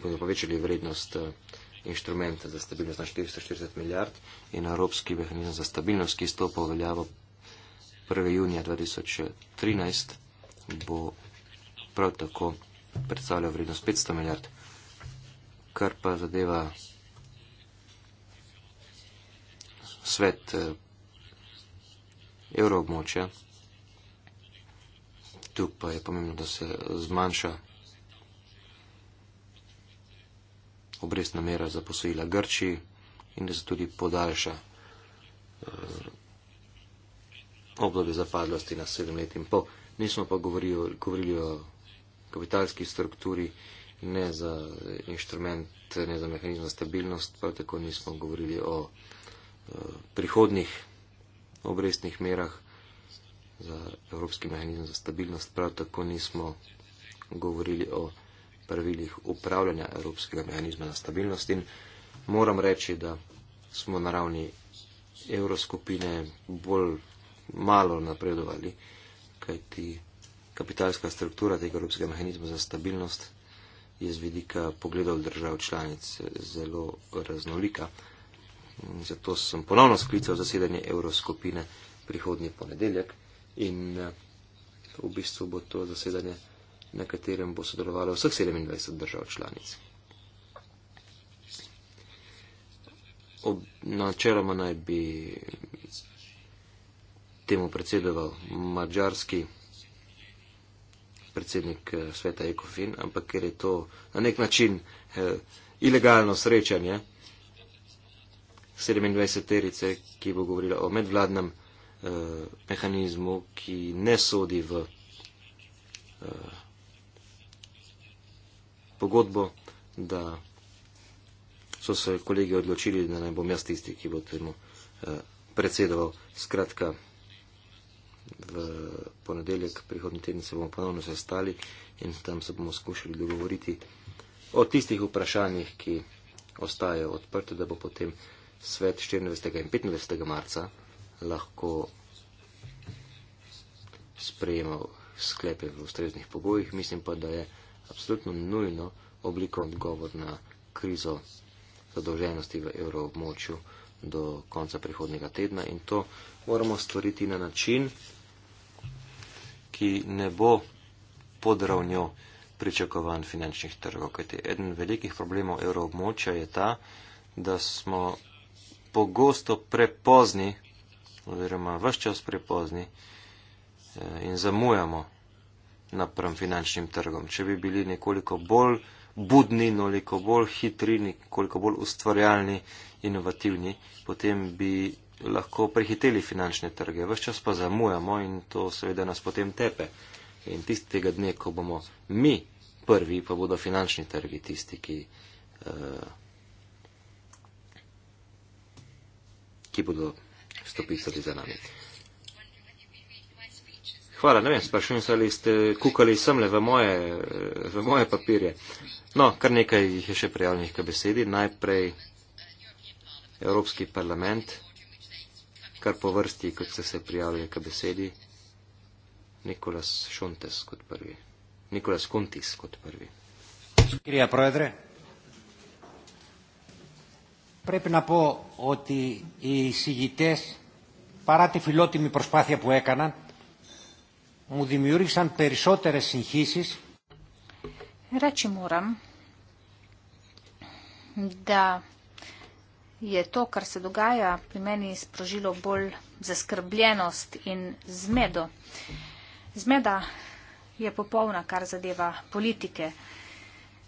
bodo povečali vrednost eh, inštrumenta za stabilnost na 440 milijard in Evropski mehanizem za stabilnost, ki stopa v veljavo 1. junija 2013, bo prav tako predstavljal vrednost 500 milijard, kar pa zadeva svet eh, evroobmočja. Tu pa je pomembno, da se zmanjša obrestna mera za posojila Grčiji in da se tudi podaljša eh, obdobje zapadlosti na sedem let in pol. Nismo pa govorili, govorili o kapitalski strukturi, ne za inštrument, ne za mehanizem za stabilnost, prav tako nismo govorili o eh, prihodnih obrestnih merah, za Evropski mehanizem za stabilnost, prav tako nismo govorili o pravilih upravljanja Evropskega mehanizma za stabilnost in moram reči, da smo na ravni evroskupine bolj malo napredovali, kajti kapitalska struktura tega Evropskega mehanizma za stabilnost je z vidika pogledov držav članic zelo raznolika. Zato sem ponovno sklical zasedanje Evroskopine prihodnji ponedeljek in eh, v bistvu bo to zasedanje, na katerem bo sodelovalo vseh 27 držav članic. Načeloma naj bi temu predsedoval mačarski predsednik eh, sveta Ekofin, ampak ker je to na nek način eh, ilegalno srečanje, eh, 27-terice, ki bo govorila o medvladnem eh, mehanizmu, ki ne sodi v eh, pogodbo, da so se kolegi odločili, da naj bom jaz tisti, ki bo temu eh, predsedoval. Skratka, v ponedeljek, prihodni teden se bomo ponovno sestali in tam se bomo skušali dogovoriti o tistih vprašanjih, ki ostajajo odprte, da bo potem svet 24. in 25. marca lahko sprejemal sklepe v ustreznih pogojih. Mislim pa, da je absolutno nujno oblikovati odgovor na krizo zadolženosti v evroobmočju do konca prihodnega tedna in to moramo storiti na način, ki ne bo pod ravnjo pričakovan finančnih trgov. Kajti eden velikih problemov evroobmočja je ta, da smo pogosto prepozni, oziroma vse čas prepozni eh, in zamujamo napram finančnim trgom. Če bi bili nekoliko bolj budni, nekoliko bolj hitri, nekoliko bolj ustvarjalni, inovativni, potem bi lahko prehiteli finančne trge. Vse čas pa zamujamo in to seveda nas potem tepe. In tistega dne, ko bomo mi prvi, pa bodo finančni trgi tisti, ki. Uh, ki bodo stopicali za nami. Hvala, ne vem, sprašujem se, ali ste kukali semle v moje, v moje papirje. No, kar nekaj jih je še prijavljenih k besedi. Najprej Evropski parlament, kar po vrsti, kot ste se prijavili k besedi, Nikolas Šontes kot prvi. Nikolas Kuntis kot prvi. Gospod predsednik, Πρέπει να πω ότι οι συγητές παρά τη φιλότιμη προσπάθεια που έκαναν μου δημιούργησαν περισσότερες συγχύσεις.
Ρέτσι μουραμ, да je to, kar se dogaja, pri meni sprožilo bolj zaskrbljenost in zmedo. Zmeda je popolna, kar zadeva politike.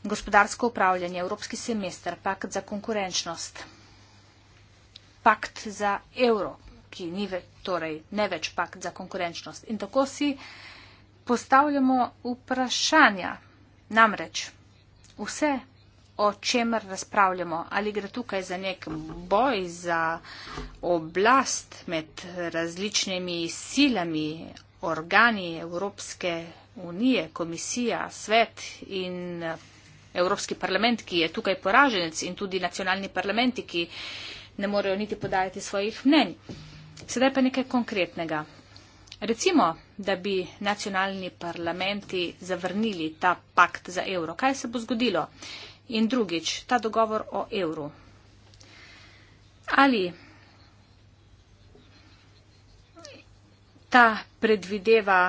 Gospodarsko upravljanje, Evropski semester, pakt za konkurenčnost, pakt za evro, ki ni več, torej ne več pakt za konkurenčnost. In tako si postavljamo vprašanja. Namreč vse, o čemer razpravljamo, ali gre tukaj za nek boj, za oblast med različnimi silami, organi Evropske unije, komisija, svet in Evropski parlament, ki je tukaj poraženec in tudi nacionalni parlamenti, ki ne morejo niti podajati svojih mnenj. Sedaj pa nekaj konkretnega. Recimo, da bi nacionalni parlamenti zavrnili ta pakt za evro. Kaj se bo zgodilo? In drugič, ta dogovor o evru. Ali ta predvideva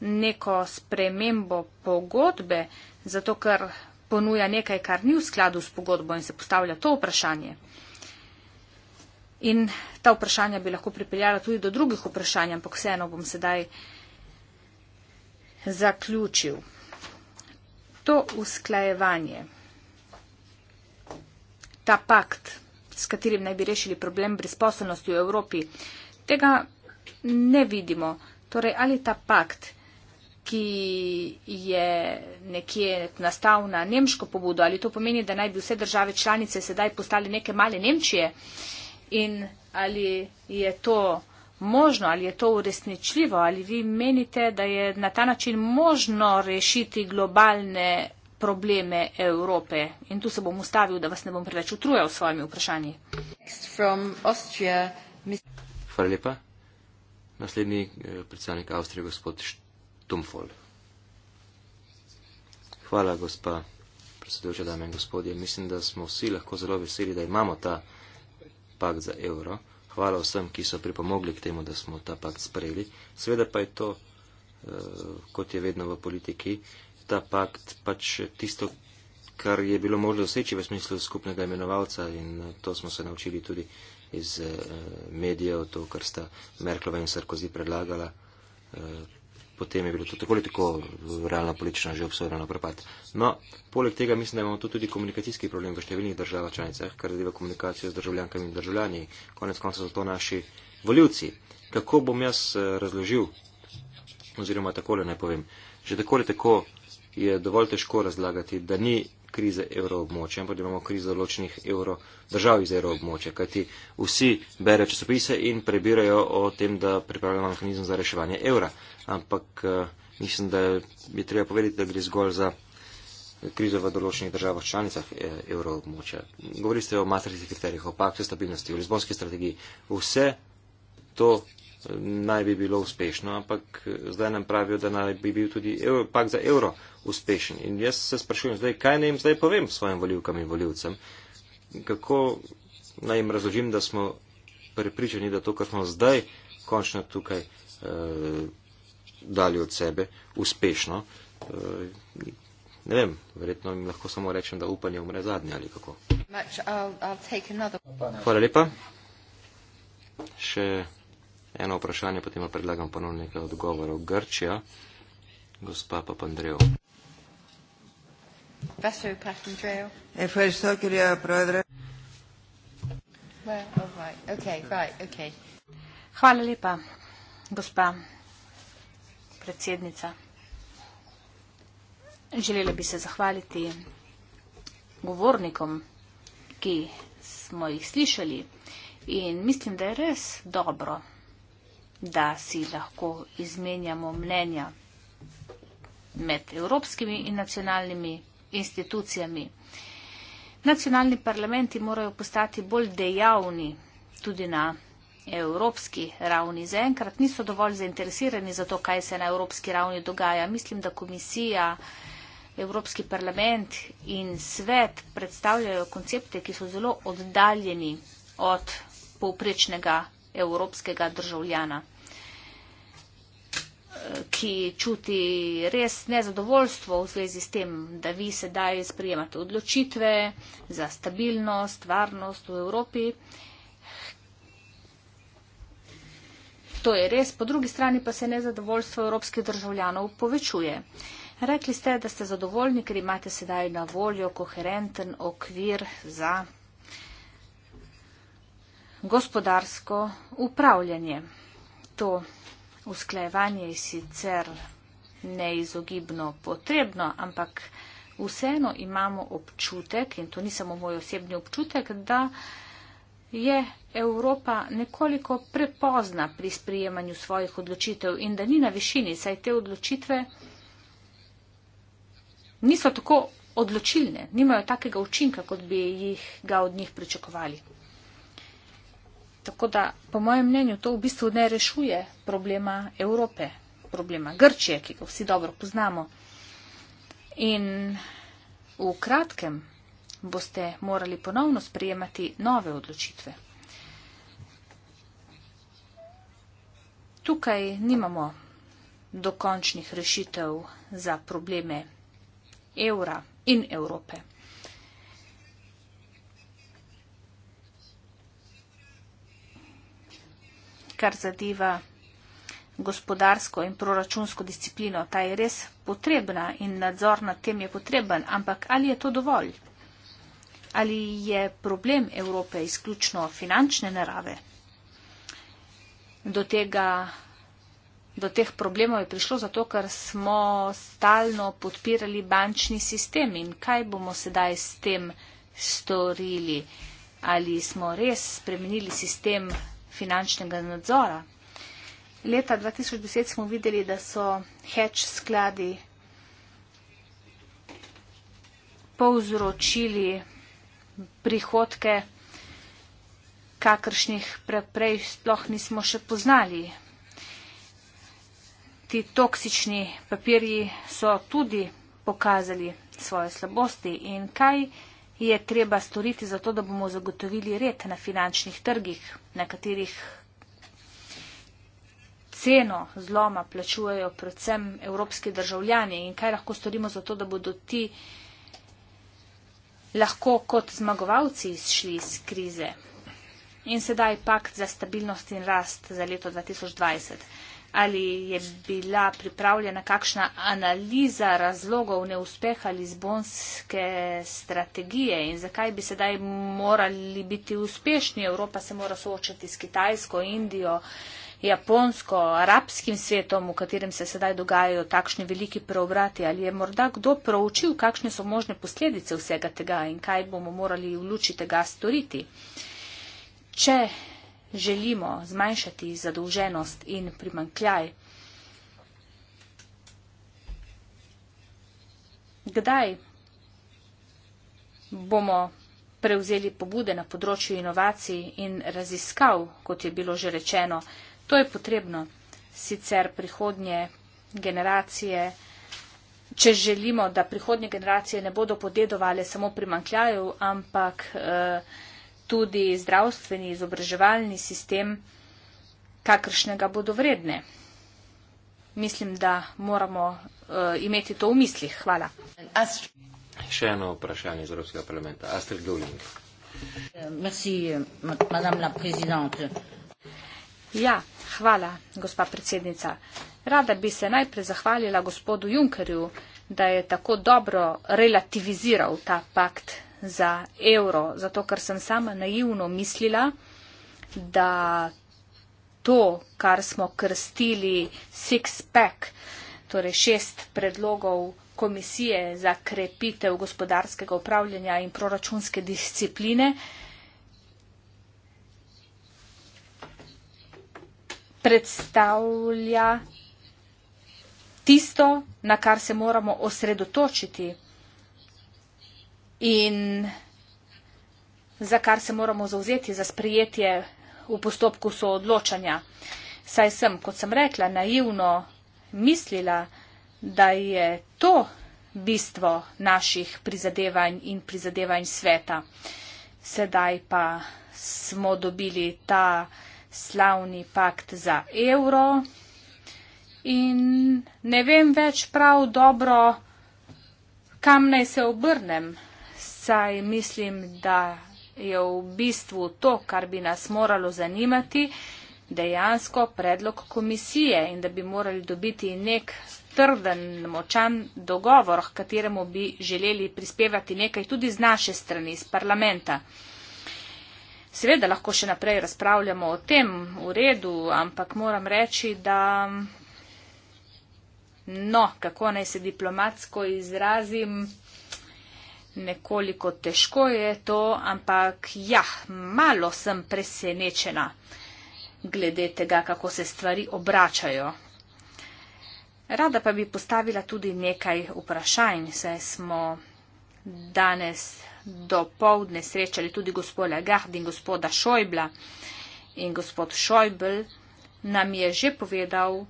neko spremembo pogodbe, zato ker ponuja nekaj, kar ni v skladu s pogodbo in se postavlja to vprašanje. In ta vprašanja bi lahko pripeljala tudi do drugih vprašanj, ampak vseeno bom sedaj zaključil. To usklajevanje, ta pakt, s katerim naj bi rešili problem brezposobnosti v Evropi, tega ne vidimo. Torej, ali ta pakt ki je nekje nastal na nemško pobudo, ali to pomeni, da naj bi vse države članice sedaj postale neke male Nemčije in ali je to možno, ali je to uresničljivo, ali vi menite, da je na ta način možno rešiti globalne probleme Evrope. In tu se bom ustavil, da vas ne bom preveč utrujal s svojimi vprašanji.
Hvala lepa. Naslednji eh, predstavnik Avstrije, gospod Štrn. Tumfol. Hvala, gospa predsedujoča, dame in gospodje. Mislim, da smo vsi lahko zelo veseli, da imamo ta pakt za evro. Hvala vsem, ki so pripomogli k temu, da smo ta pakt sprejeli. Sveda pa je to, eh, kot je vedno v politiki, ta pakt pač tisto, kar je bilo možno doseči v smislu skupnega imenovalca in eh, to smo se naučili tudi iz eh, medijev, to, kar sta Merklova in Sarkozy predlagala potem je bilo to tako ali tako realna politična že obsojena na propad. No, poleg tega mislim, da imamo tu tudi komunikacijski problem v številnih državah članicah, kar zadeva komunikacijo z državljankami in državljani, konec konca so to naši voljivci. Kako bom jaz eh, razložil, oziroma takole naj povem, že tako ali tako je dovolj težko razlagati, da ni krize evroobmočja, ampak da imamo krizo določenih evro, držav iz evroobmočja, kajti vsi bere časopise in prebirajo o tem, da pripravljamo mehanizem za reševanje evra. Ampak eh, mislim, da je treba povedati, da gre zgolj za krizo v določenih državah članicah eh, evroobmočja. Govorili ste o matričnih kriterijih, o paktu stabilnosti, o lizbonski strategiji. Vse to naj bi bilo uspešno, ampak zdaj nam pravijo, da naj bi bil tudi evro, pak za evro uspešen. In jaz se sprašujem zdaj, kaj naj jim zdaj povem svojim voljivkam in voljivcem, kako naj jim razložim, da smo prepričani, da to, kar smo zdaj končno tukaj eh, dali od sebe, uspešno. Eh, Ne vem, verjetno jim lahko samo rečem, da upanje umre zadnje ali kako. Hvala lepa. Še eno vprašanje, potem pa predlagam ponovno nekaj odgovorov. Grčija, gospa Papandreo.
Hvala lepa, gospa predsednica. Želela bi se zahvaliti govornikom, ki smo jih slišali in mislim, da je res dobro, da si lahko izmenjamo mnenja med evropskimi in nacionalnimi institucijami. Nacionalni parlamenti morajo postati bolj dejavni tudi na evropski ravni. Zaenkrat niso dovolj zainteresirani za to, kaj se na evropski ravni dogaja. Mislim, da komisija, evropski parlament in svet predstavljajo koncepte, ki so zelo oddaljeni od povprečnega evropskega državljana, ki čuti res nezadovoljstvo v zvezi s tem, da vi sedaj sprijemate odločitve za stabilnost, varnost v Evropi. To je res, po drugi strani pa se nezadovoljstvo evropskih državljanov povečuje. Rekli ste, da ste zadovoljni, ker imate sedaj na voljo koherenten okvir za gospodarsko upravljanje. To usklejevanje je sicer neizogibno potrebno, ampak vseeno imamo občutek, in to ni samo moj osebni občutek, da je Evropa nekoliko prepozna pri sprijemanju svojih odločitev in da ni na višini, saj te odločitve niso tako odločilne, nimajo takega učinka, kot bi jih ga od njih pričakovali. Tako da, po mojem mnenju, to v bistvu ne rešuje problema Evrope, problema Grčije, ki ga vsi dobro poznamo. In v kratkem boste morali ponovno sprejemati nove odločitve. Tukaj nimamo dokončnih rešitev za probleme evra in Evrope. kar zadeva gospodarsko in proračunsko disciplino. Ta je res potrebna in nadzor nad tem je potreben, ampak ali je to dovolj? Ali je problem Evrope izključno finančne narave? Do, tega, do teh problemov je prišlo zato, ker smo stalno podpirali bančni sistem in kaj bomo sedaj s tem storili? Ali smo res spremenili sistem finančnega nadzora. Leta 2010 smo videli, da so hedge skladi povzročili prihodke, kakršnih preprej sploh nismo še poznali. Ti toksični papirji so tudi pokazali svoje slabosti in kaj je treba storiti zato, da bomo zagotovili red na finančnih trgih, na katerih ceno zloma plačujejo predvsem evropski državljani in kaj lahko storimo zato, da bodo ti lahko kot zmagovalci izšli iz krize. In sedaj pakt za stabilnost in rast za leto 2020 ali je bila pripravljena kakšna analiza razlogov neuspeha Lizbonske strategije in zakaj bi sedaj morali biti uspešni. Evropa se mora soočati s Kitajsko, Indijo, Japonsko, arabskim svetom, v katerem se sedaj dogajajo takšni veliki preobrati. Ali je morda kdo proučil, kakšne so možne posledice vsega tega in kaj bomo morali v luči tega storiti? Če želimo zmanjšati zadolženost in primankljaj? Kdaj bomo prevzeli pobude na področju inovacij in raziskav, kot je bilo že rečeno? To je potrebno, sicer prihodnje generacije. Če želimo, da prihodnje generacije ne bodo podedovali samo primankljajev, ampak eh, tudi zdravstveni izobraževalni sistem, kakršnega bodo vredne. Mislim, da moramo uh, imeti to v mislih. Hvala. Astrid.
Še eno vprašanje iz Evropskega parlamenta. Astrid Dulling. Merci, madame la présidente.
Ja, hvala, gospa predsednica. Rada bi se najprej zahvalila gospodu Junkerju, da je tako dobro relativiziral ta pakt za evro, zato ker sem sama naivno mislila, da to, kar smo krstili six-pack, torej šest predlogov komisije za krepitev gospodarskega upravljanja in proračunske discipline, predstavlja tisto, na kar se moramo osredotočiti in za kar se moramo zauzeti za sprijetje v postopku soodločanja. Saj sem, kot sem rekla, naivno mislila, da je to bistvo naših prizadevanj in prizadevanj sveta. Sedaj pa smo dobili ta slavni pakt za evro in ne vem več prav dobro, kam naj se obrnem saj mislim, da je v bistvu to, kar bi nas moralo zanimati, dejansko predlog komisije in da bi morali dobiti nek trden, močan dogovor, k kateremu bi želeli prispevati nekaj tudi z naše strani, iz parlamenta. Seveda lahko še naprej razpravljamo o tem v redu, ampak moram reči, da. No, kako naj se diplomatsko izrazim. Nekoliko težko je to, ampak ja, malo sem presenečena glede tega, kako se stvari obračajo. Rada pa bi postavila tudi nekaj vprašanj, saj smo danes do povdne srečali tudi gospoda Gahd in gospoda Šojbla. In gospod Šojbl nam je že povedal,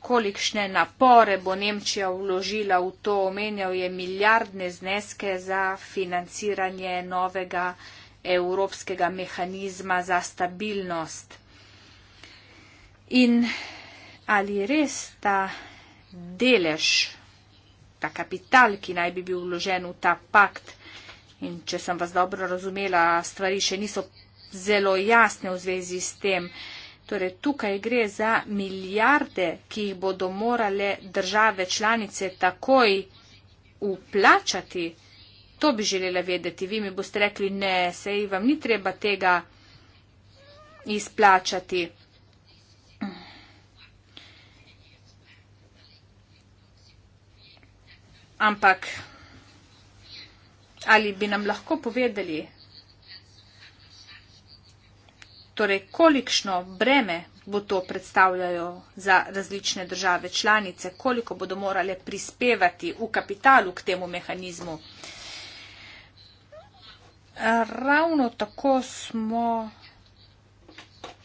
kolikšne napore bo Nemčija vložila v to, omenjal je milijardne zneske za financiranje novega evropskega mehanizma za stabilnost. In ali res ta delež, ta kapital, ki naj bi bil vložen v ta pakt, in če sem vas dobro razumela, stvari še niso zelo jasne v zvezi s tem, Torej, tukaj gre za milijarde, ki jih bodo morale države članice takoj uplačati. To bi želela vedeti. Vi mi boste rekli, ne, sej vam ni treba tega izplačati. Ampak ali bi nam lahko povedali, torej kolikšno breme bo to predstavljalo za različne države članice, koliko bodo morale prispevati v kapitalu k temu mehanizmu. Ravno tako smo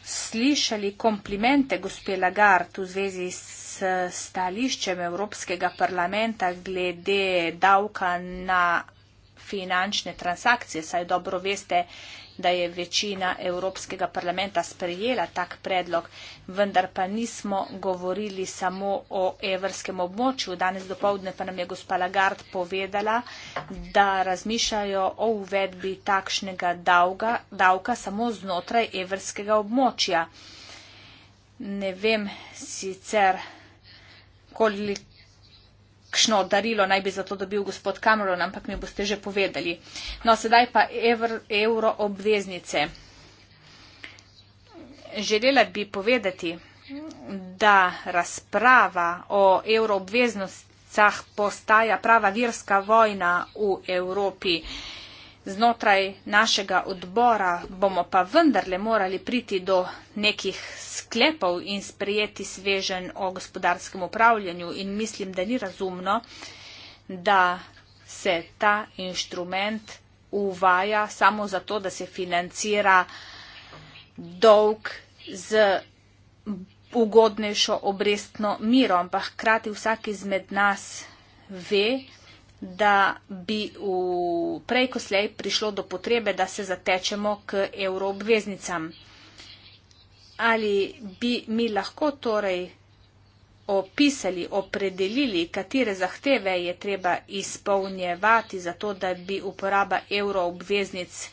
slišali komplimente gospe Lagarde v zvezi s stališčem Evropskega parlamenta glede davka na finančne transakcije. Saj dobro veste, da je večina Evropskega parlamenta sprejela tak predlog, vendar pa nismo govorili samo o evrskem območju. Danes do povdne pa nam je gospa Lagarde povedala, da razmišljajo o uvedbi takšnega davga, davka samo znotraj evrskega območja. Ne vem sicer, koliko kakšno darilo naj bi za to dobil gospod Cameron, ampak mi boste že povedali. No, sedaj pa evr, evro obveznice. Želela bi povedati, da razprava o evro obveznicah postaja prava virska vojna v Evropi. Uh, znotraj našega odbora bomo pa vendarle morali priti do nekih sklepov in sprejeti svežen o gospodarskem upravljanju in mislim, da ni razumno, da se ta inštrument uvaja samo zato, da se financira dolg z ugodnejšo obrestno miro, ampak hkrati vsak izmed nas ve, da bi v prej ko slej prišlo do potrebe, da se zatečemo k evroobveznicam. Ali bi mi lahko torej opisali, opredelili, katere zahteve je treba izpolnjevati za to, da bi uporaba evroobveznic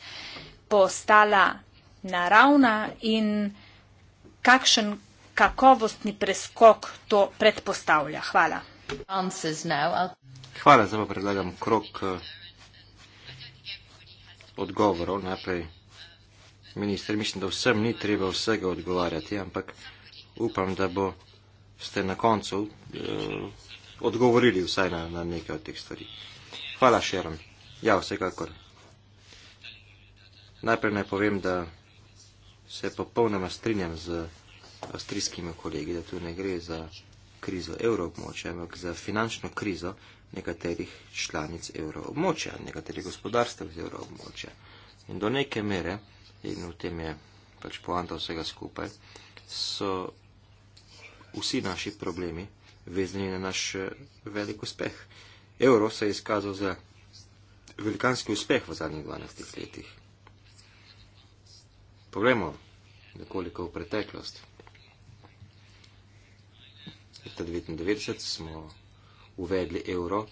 postala naravna in kakšen kakovostni preskok to predpostavlja. Hvala.
Hvala, zdaj pa predlagam krok eh, odgovorov. Najprej, ministr, mislim, da vsem ni treba vsega odgovarjati, ampak upam, da boste na koncu eh, odgovorili vsaj na, na nekaj od teh stvari. Hvala, Šeron. Ja, vsekakor. Najprej naj povem, da se popolnoma strinjam z avstrijskimi kolegi, da tu ne gre za krizo evrobmoča, ampak za finančno krizo nekaterih članic evroobmočja, nekaterih gospodarstv iz evroobmočja. In do neke mere, in v tem je pač poanta vsega skupaj, so vsi naši problemi vezani na naš eh, velik uspeh. Evro se je izkazal za velikanski uspeh v zadnjih 12 letih. Poglejmo nekoliko v preteklost. Leta 1999 smo uvedli evro,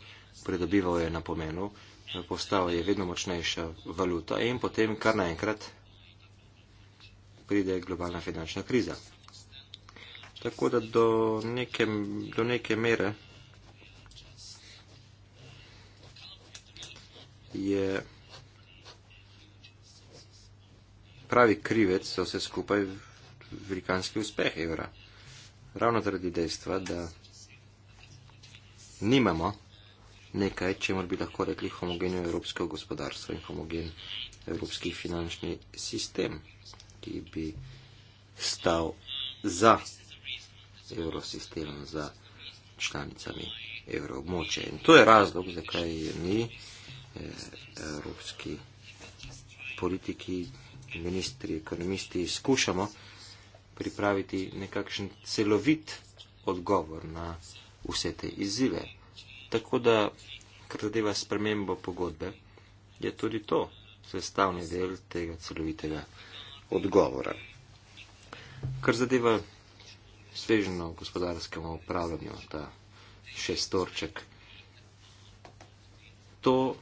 pridobival je na pomenu, postal je vedno močnejša valuta in potem kar naenkrat pride globalna finančna kriza. Tako da do neke, do neke mere je pravi krivec za vse skupaj velikanski uspeh evra. Ravno zaradi dejstva, da nimamo nekaj, čemer bi lahko rekli homogeno evropsko gospodarstvo in homogen evropski finančni sistem, ki bi stal za evrosistem, za članicami evroobmoče. In to je razlog, zakaj mi, eh, evropski politiki, ministri, ekonomisti, skušamo pripraviti nekakšen celovit odgovor na vse te izzive. Tako da, kar zadeva spremembo pogodbe, je tudi to sestavni del tega celovitega odgovora. Kar zadeva svežno gospodarskemu upravljanju, ta šestorček, to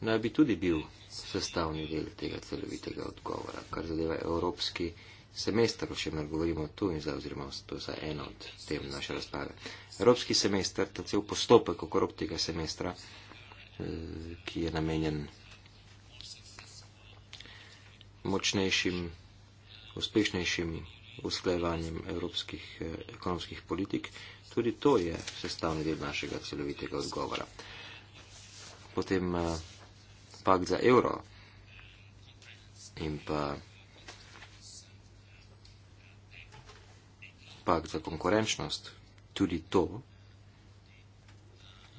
naj bi tudi bil sestavni del tega celovitega odgovora, kar zadeva evropski odgovor semester, o čemer govorimo tu in zdaj, oziroma to za eno od tem naše razprave. Evropski semester, ta cel postopek okrog tega semestra, eh, ki je namenjen močnejšim, uspešnejšim usklajevanjem evropskih eh, ekonomskih politik, tudi to je sestavni del našega celovitega odgovora. Potem eh, pakt za evro in pa pakt za konkurenčnost, tudi to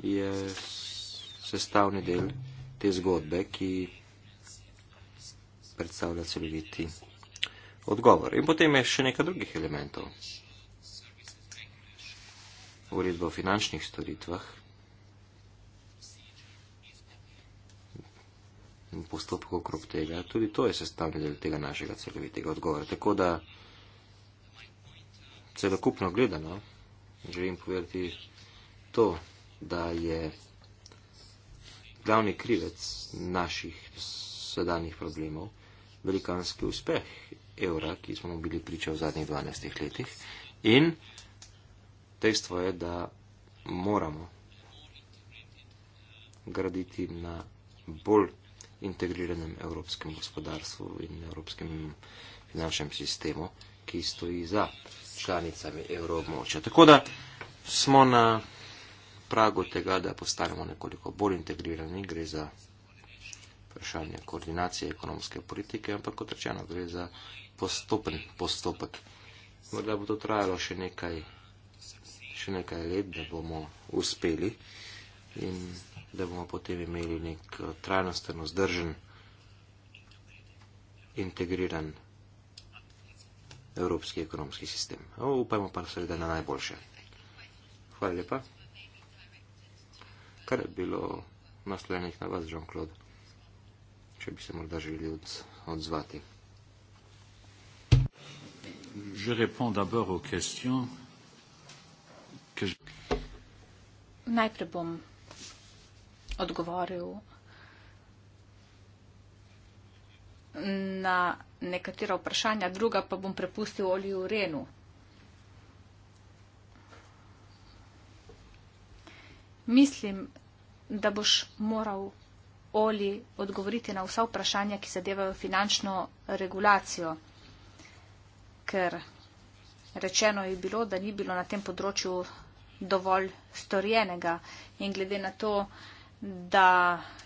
je sestavni del te zgodbe, ki predstavlja celoviti odgovor. In potem je še nekaj drugih elementov. Uredba o finančnih storitvah, postopkov okrog tega, tudi to je sestavni del tega našega celovitega odgovora. Tako da celokupno gledano, želim povedati to, da je glavni krivec naših sedanjih problemov velikanski uspeh evra, ki smo bili priča v zadnjih 12 letih. In dejstvo je, da moramo graditi na bolj integriranem evropskem gospodarstvu in evropskem finančnem sistemu, ki stoji za članicami evroobmočja. Tako da smo na pragu tega, da postanemo nekoliko bolj integrirani, gre za vprašanje koordinacije ekonomske politike, ampak kot rečeno, gre za postopen postopek. Morda bo to trajalo še nekaj, še nekaj let, da bomo uspeli in da bomo potem imeli nek eh, trajnosten, vzdržen, integriran evropski ekonomski sistem. O, upajmo pa seveda na najboljše. Hvala lepa. Kar je bilo naslovljenih na vas, Jean-Claude, če bi se morda želeli od, odzvati. Je réponds d'abord aux questions.
Que je... Najprej bom odgovoril na nekatera vprašanja, druga pa bom prepustil Oliju Renu. Mislim, da boš moral Oli odgovoriti na vsa vprašanja, ki zadevajo finančno regulacijo, ker rečeno je bilo, da ni bilo na tem področju dovolj storjenega in glede na to, da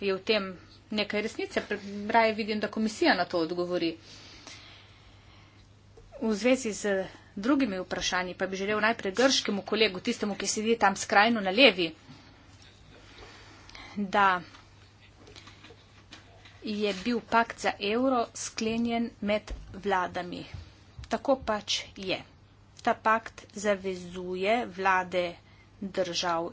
je v tem nekaj resnice. Raje vidim, da komisija na to odgovori. V zvezi z drugimi vprašanji pa bi želel najprej grškemu kolegu, tistemu, ki sedi tam skrajno na levi, da je bil pakt za evro sklenjen med vladami. Tako pač je. Ta pakt zavezuje vlade držav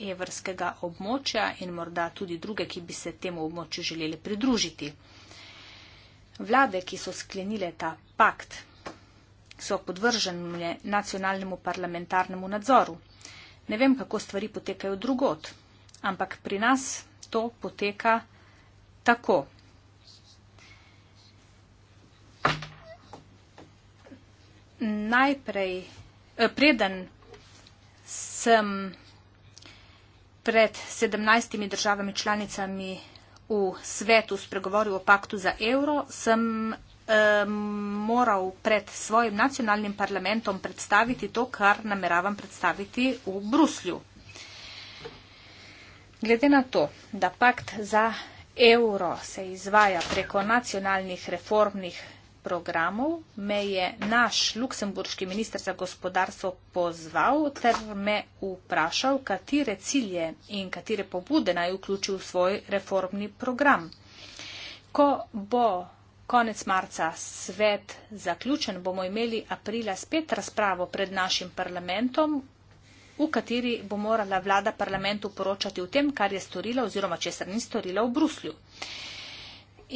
evrskega območja in morda tudi druge, ki bi se temu območju želeli pridružiti. Vlade, ki so sklenile ta pakt, so podvržene nacionalnemu parlamentarnemu nadzoru. Ne vem, kako stvari potekajo drugot, ampak pri nas to poteka tako. Najprej, eh, preden sem pred sedemnajstimi državami članicami v svetu spregovoril o paktu za evro, sem moral pred svojim nacionalnim parlamentom predstaviti to, kar nameravam predstaviti v Bruslju. Glede na to, da pakt za evro se izvaja preko nacionalnih reformnih programov me je naš luksemburški minister za gospodarstvo pozval ter me vprašal, katere cilje in katere pobude naj vključi v svoj reformni program. Ko bo konec marca svet zaključen, bomo imeli aprila spet razpravo pred našim parlamentom v kateri bo morala vlada parlamentu poročati o tem, kar je storila oziroma česar ni storila v Bruslju.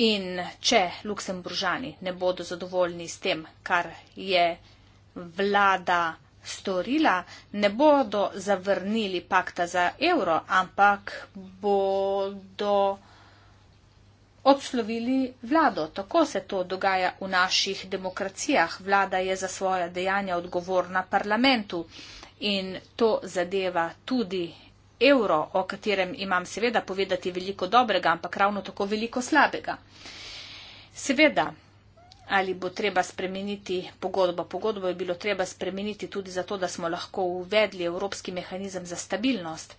In če Luksemburžani ne bodo zadovoljni s tem, kar je vlada storila, ne bodo zavrnili pakta za evro, ampak bodo odslovili vlado. Tako se to dogaja v naših demokracijah. Vlada je za svoja dejanja odgovorna parlamentu in to zadeva tudi evro, o katerem imam seveda povedati veliko dobrega, ampak ravno tako veliko slabega. Seveda, ali bo treba spremeniti pogodbo. Pogodbo je bilo treba spremeniti tudi zato, da smo lahko uvedli evropski mehanizem za stabilnost.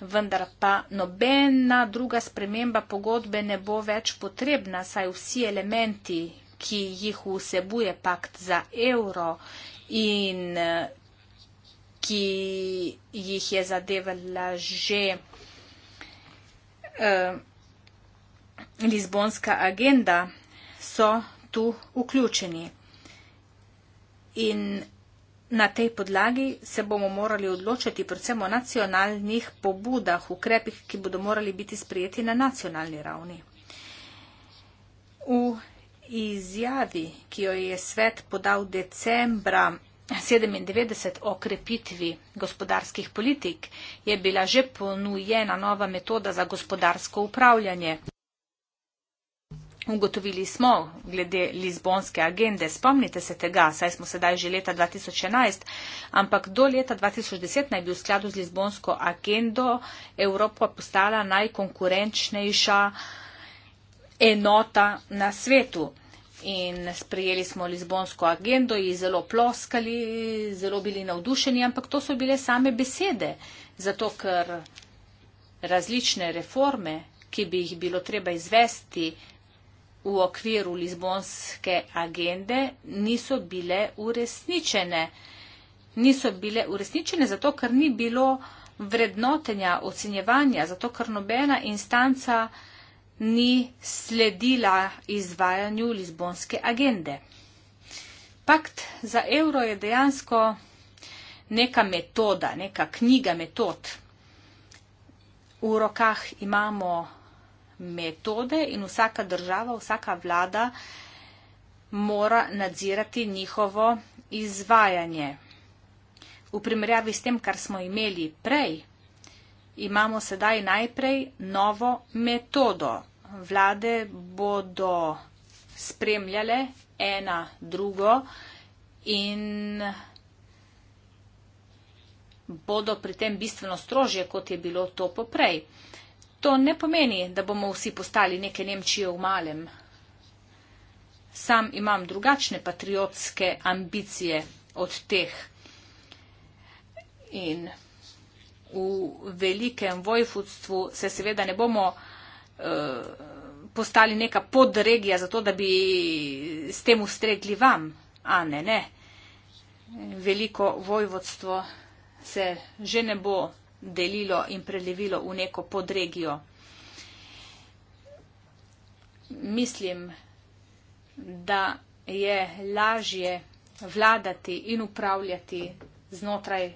Vendar pa nobena druga sprememba pogodbe ne bo več potrebna, saj vsi elementi, ki jih vsebuje pakt za evro in eh, ki jih je zadevala že eh, Lizbonska agenda, so tu vključeni. In na tej podlagi se bomo morali odločiti predvsem o nacionalnih pobudah, ukrepih, ki bodo morali biti sprijeti na nacionalni ravni. V izjavi, ki jo je svet podal decembra 1997 o krepitvi gospodarskih politik je bila že ponujena nova metoda za gospodarsko upravljanje. Ugotovili smo glede Lizbonske agende, spomnite se tega, saj smo sedaj že leta 2011, ampak do leta 2010 naj bi v skladu z Lizbonsko agendo Evropa postala najkonkurenčnejša enota na svetu in sprejeli smo Lizbonsko agendo, ji zelo ploskali, zelo bili navdušeni, ampak to so bile same besede, zato ker različne reforme, ki bi jih bilo treba izvesti v okviru Lizbonske agende, niso bile uresničene. Niso bile uresničene zato, ker ni bilo vrednotenja, ocenjevanja, zato, ker nobena instanca ni sledila izvajanju Lizbonske agende. Pakt za evro je dejansko neka metoda, neka knjiga metod. V rokah imamo metode in vsaka država, vsaka vlada mora nadzirati njihovo izvajanje. V primerjavi s tem, kar smo imeli prej, imamo sedaj najprej novo metodo vlade bodo spremljale ena drugo in bodo pri tem bistveno strožje, kot je bilo to poprej. To ne pomeni, da bomo vsi postali neke Nemčije v malem. Sam imam drugačne patriotske ambicije od teh. In v velikem vojvodstvu se seveda ne bomo Eh, postali neka podregija, zato da bi s tem ustregli vam, a ne, ne. Veliko vojvodstvo se že ne bo delilo in prelevilo v neko podregijo. Mislim, da je lažje vladati in upravljati znotraj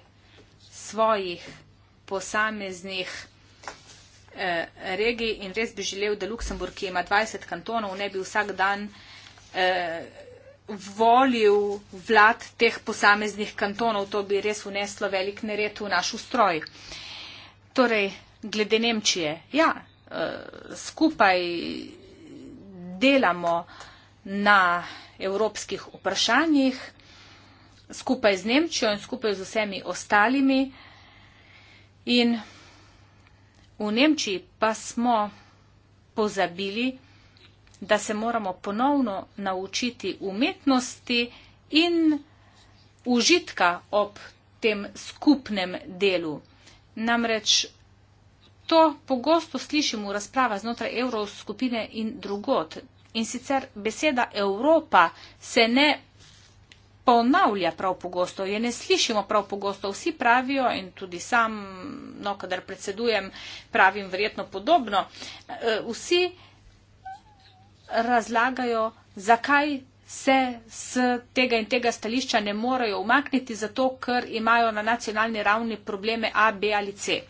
svojih posameznih Eh, regiji in res bi želel, da Luksemburg, ki ima 20 kantonov, ne bi vsak dan eh, volil vlad teh posameznih kantonov. To bi res uneslo velik nered v naš ustroj. Torej, glede Nemčije. Ja, eh, skupaj delamo na evropskih vprašanjih, skupaj z Nemčijo in skupaj z vsemi ostalimi. In V Nemčiji pa smo pozabili, da se moramo ponovno naučiti umetnosti in užitka ob tem skupnem delu. Namreč to pogosto slišimo v razprava znotraj evroskupine in drugot. In sicer beseda Evropa se ne ponavlja prav pogosto, je ne slišimo prav pogosto, vsi pravijo in tudi sam, no, kadar predsedujem, pravim verjetno podobno, eh, vsi razlagajo, zakaj se z tega in tega stališča ne morejo umakniti, zato ker imajo na nacionalni ravni probleme A, B ali C.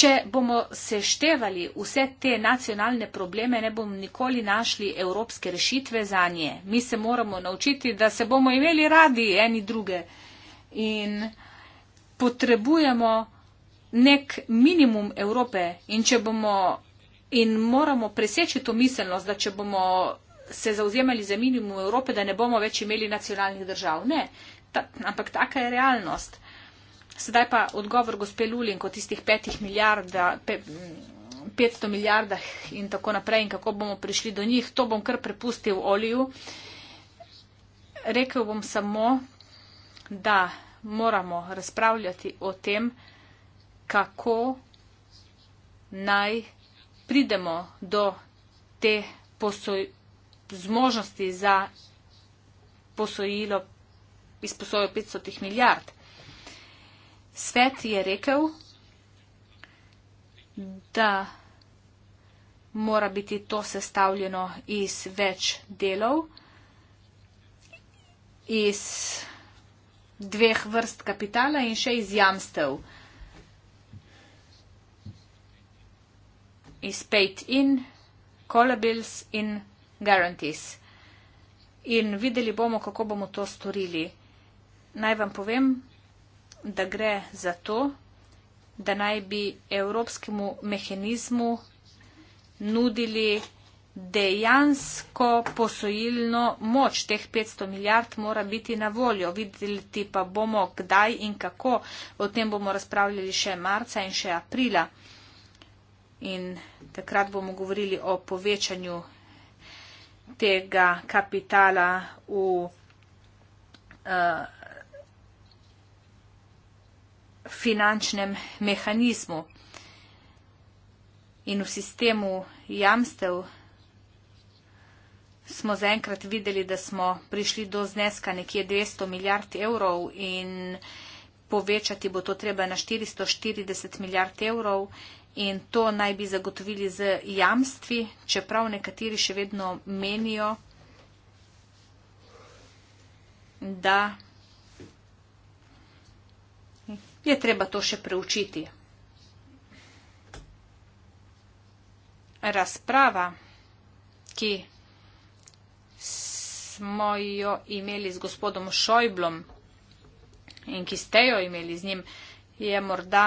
Če bomo seštevali vse te nacionalne probleme, ne bomo nikoli našli evropske rešitve za nje. Mi se moramo naučiti, da se bomo imeli radi eni druge in potrebujemo nek minimum Evrope in, bomo, in moramo preseči to miselnost, da če bomo se zauzemali za minimum Evrope, da ne bomo več imeli nacionalnih držav. Ne, ta, ampak taka je realnost. Sedaj pa odgovor gospe Lulin kot tistih petih milijard, pe, 500 milijardah in tako naprej in kako bomo prišli do njih, to bom kar prepustil oliju. Rekel bom samo, da moramo razpravljati o tem, kako naj pridemo do te posoj, zmožnosti za posojilo izposojo 500 milijard. Svet je rekel, da mora biti to sestavljeno iz več delov, iz dveh vrst kapitala in še iz jamstev. Iz paid in, callables in guarantees. In videli bomo, kako bomo to storili. Naj vam povem, da gre za to, da naj bi evropskemu mehanizmu nudili dejansko posojilno moč. Teh 500 milijard mora biti na voljo. Videli pa bomo, kdaj in kako. O tem bomo razpravljali še marca in še aprila. In takrat bomo govorili o povečanju tega kapitala v uh, finančnem mehanizmu in v sistemu jamstev smo zaenkrat videli, da smo prišli do zneska nekje 200 milijard evrov in povečati bo to treba na 440 milijard evrov in to naj bi zagotovili z jamstvi, čeprav nekateri še vedno menijo, da je treba to še preučiti. Razprava, ki smo jo imeli z gospodom Šojblom in ki ste jo imeli z njim, je morda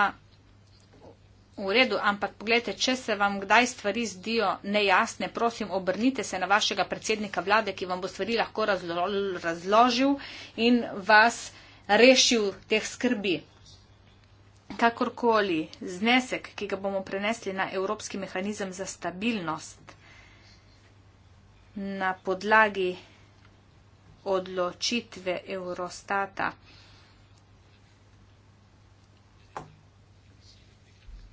v redu, ampak pogledajte, če se vam kdaj stvari zdijo nejasne, prosim, obrnite se na vašega predsednika vlade, ki vam bo stvari lahko razložil in vas rešil teh skrbi. Kakorkoli, znesek, ki ga bomo prenesli na Evropski mehanizem za stabilnost na podlagi odločitve Eurostata,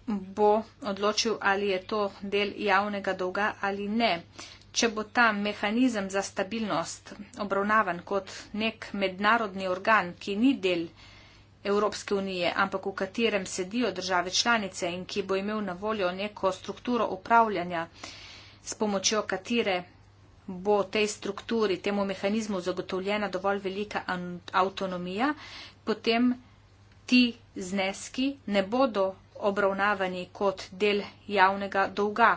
bo odločil, ali je to del javnega dolga ali ne. Če bo ta mehanizem za stabilnost obravnavan kot nek mednarodni organ, ki ni del javnega dolga, Evropske unije, ampak v katerem sedijo države članice in ki bo imel na voljo neko strukturo upravljanja, s pomočjo katere bo tej strukturi, temu mehanizmu zagotovljena dovolj velika avtonomija, potem ti zneski ne bodo obravnavani kot del javnega dolga.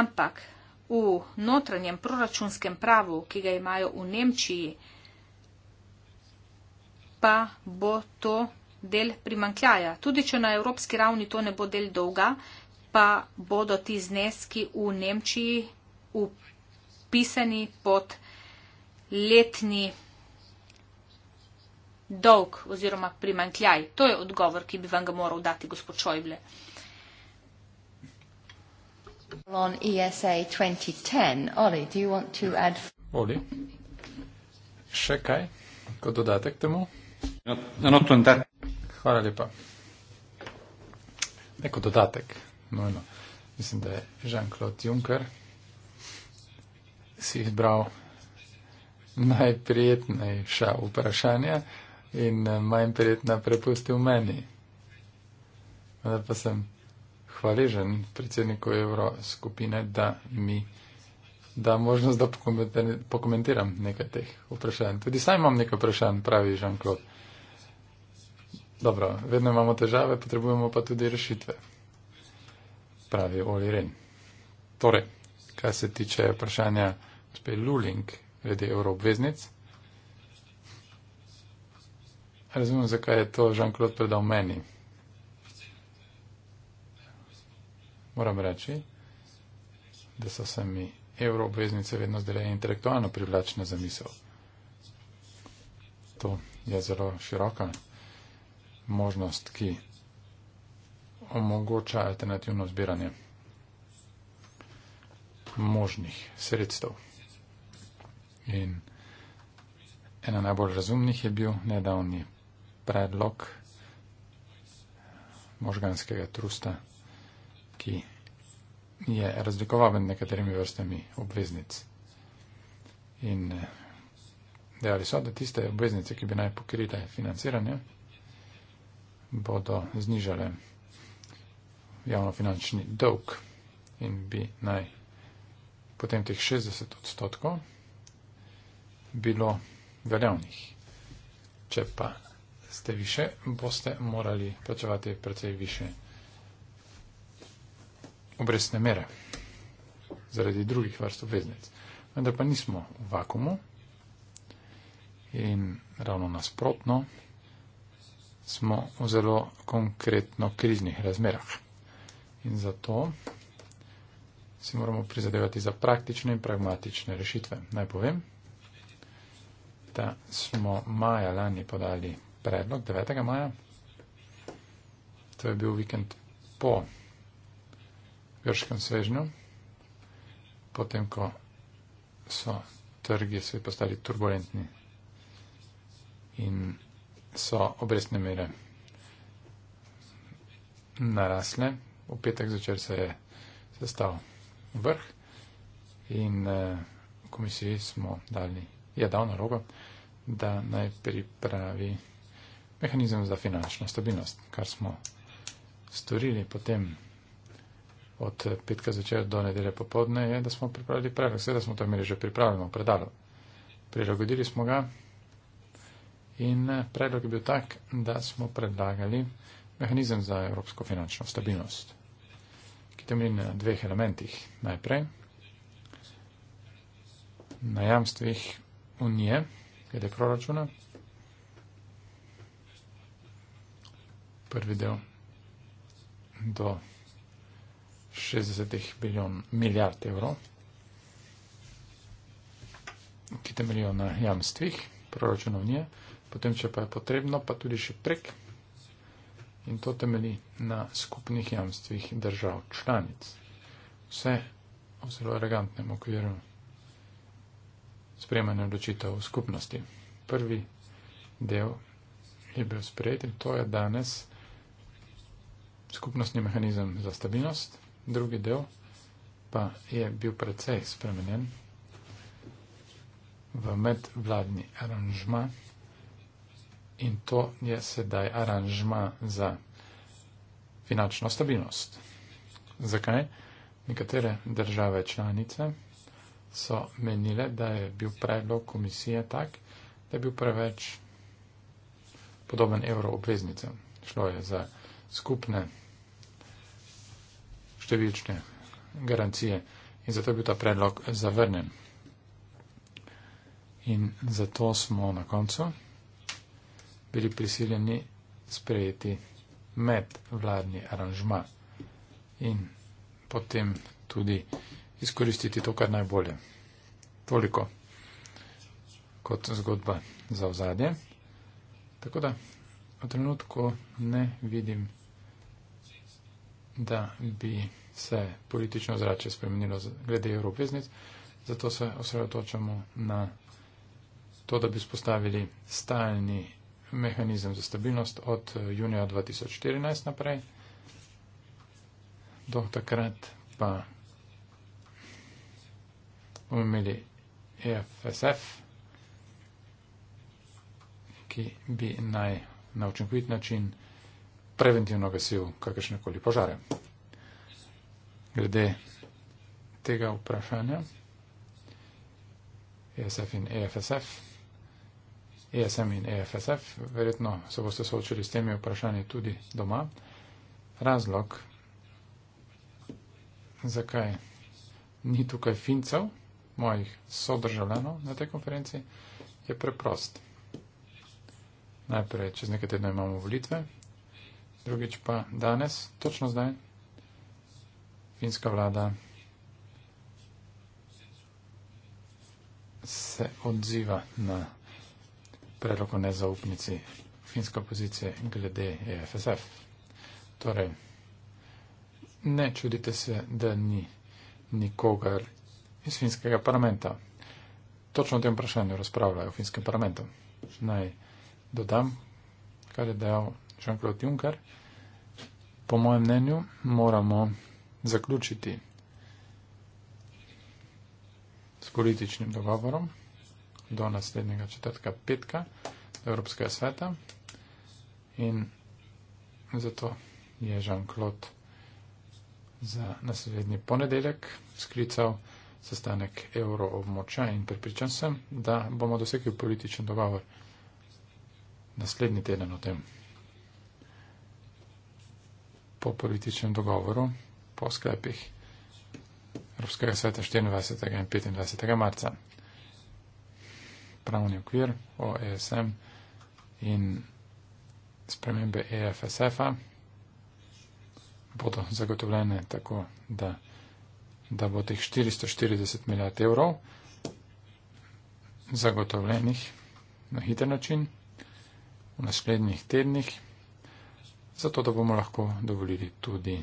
Ampak v notranjem proračunskem pravu, ki ga imajo v Nemčiji, pa bo to del primankljaja. Tudi če na evropski ravni to ne bo del dolga, pa bodo ti zneski v Nemčiji upisani pod letni dolg oziroma primankljaj. To je odgovor, ki bi vam ga moral dati gospod Šojble. On ESA 2010, Oli, do you want to add...
Oli, še kaj kot dodatek temu? Hvala lepa. Neko dodatek, nojno. Mislim, da je Jean-Claude Juncker si izbral najprijetnejša vprašanja in eh, manj prijetna prepustil meni. Vendar pa sem hvaležen predsedniku Evroskupine, da mi da možnost, da pokomentiram nekaj teh vprašanj. Tudi sam imam nekaj vprašanj, pravi Jean-Claude. Dobro, vedno imamo težave, potrebujemo pa tudi rešitve. Pravi Oli Ren. Torej, kaj se tiče vprašanja gospe Luling glede evroobveznic, razumem, zakaj je to Jean-Claude predal meni. Moram reči, da so se mi evroobveznice vedno zdele intelektualno privlačne za misel. To je zelo široka možnost, ki omogoča alternativno zbiranje možnih sredstev. In ena najbolj razumnih je bil nedavni predlog možganskega trusta, ki je razlikoval med nekaterimi vrstami obveznic. In eh, dejali so, da tiste obveznice, ki bi naj pokrile financiranje, bodo znižale javnofinančni dolg in bi naj potem teh 60 odstotkov bilo veljavnih. Če pa ste više, boste morali plačevati precej više obrestne mere zaradi drugih vrst obveznic. Vendar pa nismo v vakumu in ravno nasprotno smo v zelo konkretno kriznih razmerah. In zato si moramo prizadevati za praktične in pragmatične rešitve. Naj povem, da smo maja lani podali predlog, 9. maja, to je bil vikend po grškem svežnju, potem, ko so trgi svet postali turbulentni in so obrestne mere narasle. V petek začer se je sestal vrh in eh, v komisiji smo dali, je dal na rogo, da naj pripravi mehanizem za finančno stabilnost, kar smo storili potem od petka začer do nedelje popovdne, je, da smo pripravili predlog. Seveda smo to imeli že pripravljeno v predalu. Prilagodili smo ga In eh, predlog je bil tak, da smo predlagali mehanizem za evropsko finančno stabilnost, ki temelji na dveh elementih. Najprej na jamstvih unije, glede proračuna. Prvi del do 60 biljon milijard evrov, ki temeljijo na jamstvih proračuna unije potem če pa je potrebno, pa tudi še prek. In to temeli na skupnih jamstvih držav članic. Vse v zelo elegantnem okviru sprejemanja odločitev v skupnosti. Prvi del je bil sprejet in to je danes skupnostni mehanizem za stabilnost. Drugi del pa je bil precej spremenjen v medvladni aranžma in to je sedaj aranžma za finančno stabilnost. Zakaj? Nekatere države članice so menile, da je bil predlog komisije tak, da je bil preveč podoben evro obveznicam. Šlo je za skupne številčne garancije in zato je bil ta predlog zavrnen. In zato smo na koncu bili prisiljeni sprejeti medvladni aranžma in potem tudi izkoristiti to, kar najbolje. Toliko kot zgodba za vzadje. Tako da v trenutku ne vidim, da bi se politično zrače spremenilo glede evropeznic, zato se osredotočamo na to, da bi spostavili stalni mehanizem za stabilnost od eh, junija 2014 naprej. Do takrat pa bomo imeli EFSF, ki bi naj na učinkovit način preventivno gasil kakršnekoli požare. Glede tega vprašanja, ESF in EFSF. ESM in EFSF, verjetno se boste soočili s temi vprašanji tudi doma. Razlog, zakaj ni tukaj fincev, mojih sodržavljanov na tej konferenci, je preprost. Najprej, čez nekaj tedna imamo volitve, drugič pa danes, točno zdaj, finska vlada se odziva na predlog o nezaupnici finske opozicije glede EFSF. Torej, ne čudite se, da ni nikogar iz finskega parlamenta. Točno o tem vprašanju razpravljajo v finskem parlamentu. Naj dodam, kar je dejal Jean-Claude Juncker. Po mojem mnenju moramo zaključiti s političnim dogovorom do naslednjega četrtka petka Evropskega sveta. In zato je Jean-Claude za naslednji ponedeljek sklical sestanek evroobmoča in pripričan sem, da bomo dosegli političen dogovor naslednji teden o tem. Po političnem dogovoru, po sklepih Evropskega sveta 24. in 25. marca pravni okvir o ESM in spremembe EFSF-a bodo zagotovljene tako, da, da bo teh 440 milijard evrov zagotovljenih na hiter način v naslednjih tednih, zato da bomo lahko dovolili tudi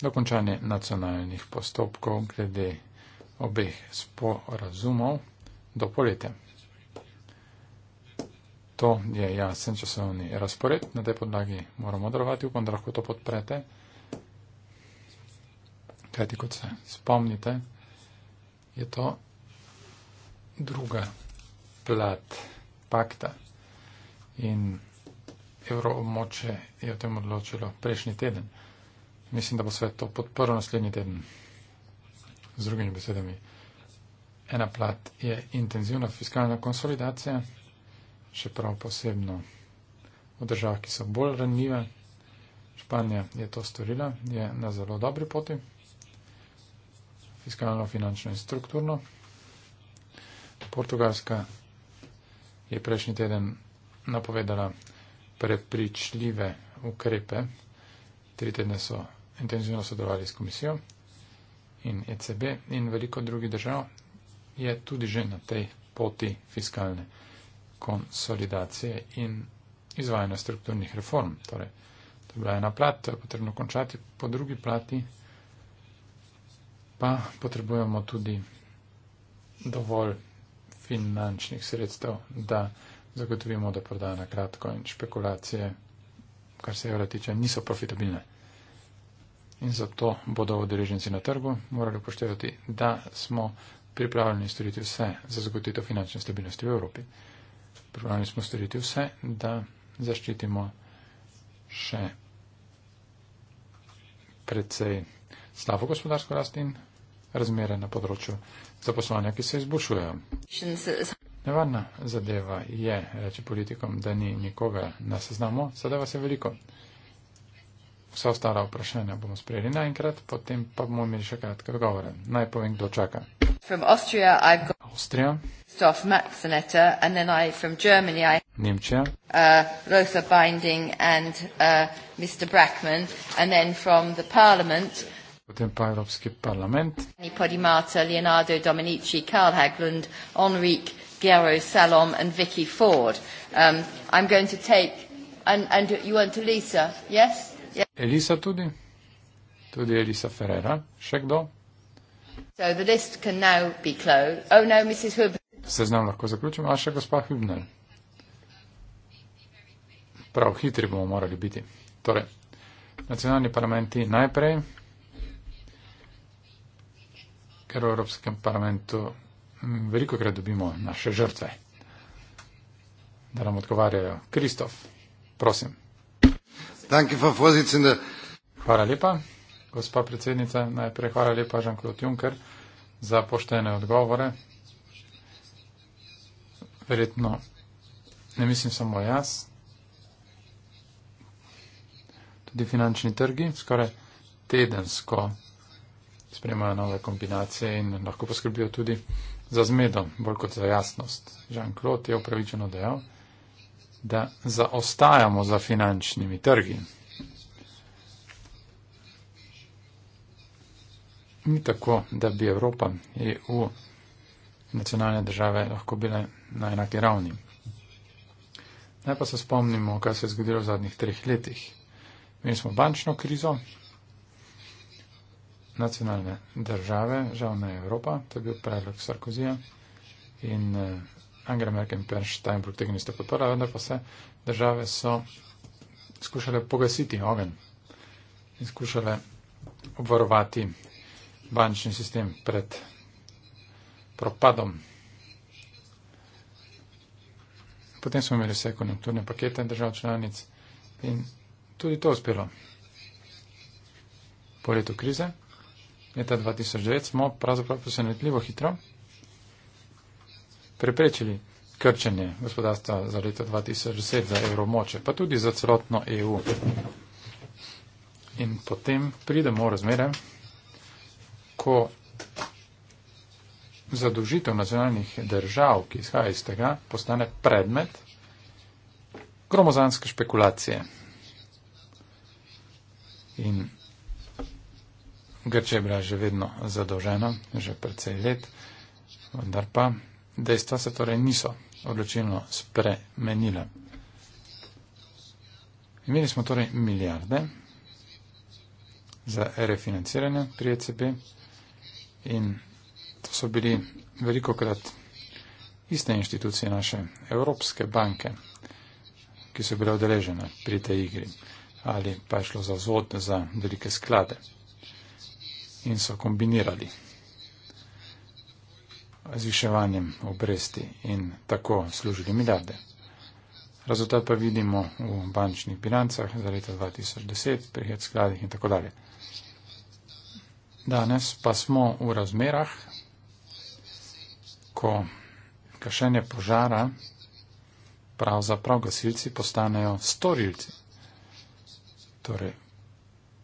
dokončanje nacionalnih postopkov glede obeh sporazumov do poletja to je jasen časovni razpored, na tej podlagi moramo delovati, upam, da lahko to podprete. Kajti, kot se spomnite, je to druga plat pakta in evroobmoče je o tem odločilo prejšnji teden. Mislim, da bo svet to podprl naslednji teden. Z drugimi besedami, ena plat je intenzivna fiskalna konsolidacija še prav posebno v državah, ki so bolj ranljive. Španija je to storila, je na zelo dobri poti, fiskalno, finančno in strukturno. Portugalska je prejšnji teden napovedala prepričljive ukrepe. Tri tedne so intenzivno sodelovali s komisijo in ECB in veliko drugih držav je tudi že na tej poti fiskalne konsolidacije in izvajanja strukturnih reform. Torej, to je bila ena plat, to je potrebno končati. Po drugi plati pa potrebujemo tudi dovolj finančnih sredstev, da zagotovimo, da prodaja na kratko in špekulacije, kar se evra tiče, niso profitabilne. In zato bodo odreženci na trgu morali upoštevati, da smo pripravljeni storiti vse za zagotovitev finančne stabilnosti v Evropi pripravljeni smo storiti vse, da zaščitimo še predvsej slabo gospodarsko rast in razmere na področju zaposlovanja, ki se izboljšujejo. Nevarna zadeva je reči politikom, da ni nikoga na seznamu, zadeva se veliko. Vsa ostala vprašanja bomo sprejeli naenkrat, potem pa bomo imeli še kratke odgovore. Naj povem, kdo čaka.
From Austria, I've got Austria. Stoff Maxineta, and then I from Germany, I Nemčia. Uh, Rosa Binding and uh, Mr. Brackman, and then from the Parliament.
Potem pa Evropski parlament.
Podimata, Leonardo Dominici, Karl Haglund, Enrique Guerrero Salom and Vicky Ford. Um, I'm going to take, and, and you want Elisa, yes? yes?
Elisa tudi? Tudi Elisa Ferreira. Še kdo?
Oh, no,
Seznam lahko zaključimo, a še gospa Hübner. Prav hitri bomo morali biti. Torej, nacionalni parlamenti najprej, ker v Evropskem parlamentu veliko krat dobimo naše žrtve, da nam odgovarjajo. Kristof, prosim.
Hvala
lepa. Gospa predsednica, najprej hvala lepa Žan-Klot Juncker za poštene odgovore. Verjetno ne mislim samo jaz, tudi finančni trgi skoraj tedensko spremajo nove kombinacije in lahko poskrbijo tudi za zmedo, bolj kot za jasnost. Žan-Klot je upravičeno dejal, da zaostajamo za finančnimi trgi. ni tako, da bi Evropa, EU, nacionalne države lahko bile na enaki ravni. Naj pa se spomnimo, kaj se je zgodilo v zadnjih treh letih. Imeli smo bančno krizo, nacionalne države, žalna Evropa, to je bil predlog Sarkozija in eh, Angela Merkel in Pierre Steinbrück tega niste podporili, vendar pa se države so skušale pogasiti ogen in skušale obvarovati bančni sistem pred propadom. Potem smo imeli vse konjunkturne pakete držav članic in tudi to uspelo. Po letu krize, leta 2009, smo pravzaprav presenetljivo hitro preprečili krčenje gospodarstva za leto 2010 za evromoče, pa tudi za celotno EU. In potem pridemo v razmere, lahko zadužitev nacionalnih držav, ki izhaja iz tega, postane predmet gromozanske špekulacije. In Grče je bila že vedno zadolžena, že precej let, vendar pa dejstva se torej niso odločilno spremenila. Imeli smo torej milijarde za refinanciranje pri ECB in to so bili veliko krat iste inštitucije naše Evropske banke, ki so bile odrežene pri tej igri ali pa je šlo za vzvod, za velike sklade in so kombinirali zviševanjem obresti in tako služili milijarde. Rezultat pa vidimo v bančnih bilancah za leto 2010, prihet skladih in tako dalje. Danes pa smo v razmerah, ko kašenje požara pravzaprav gasilci postanejo storilci. Torej,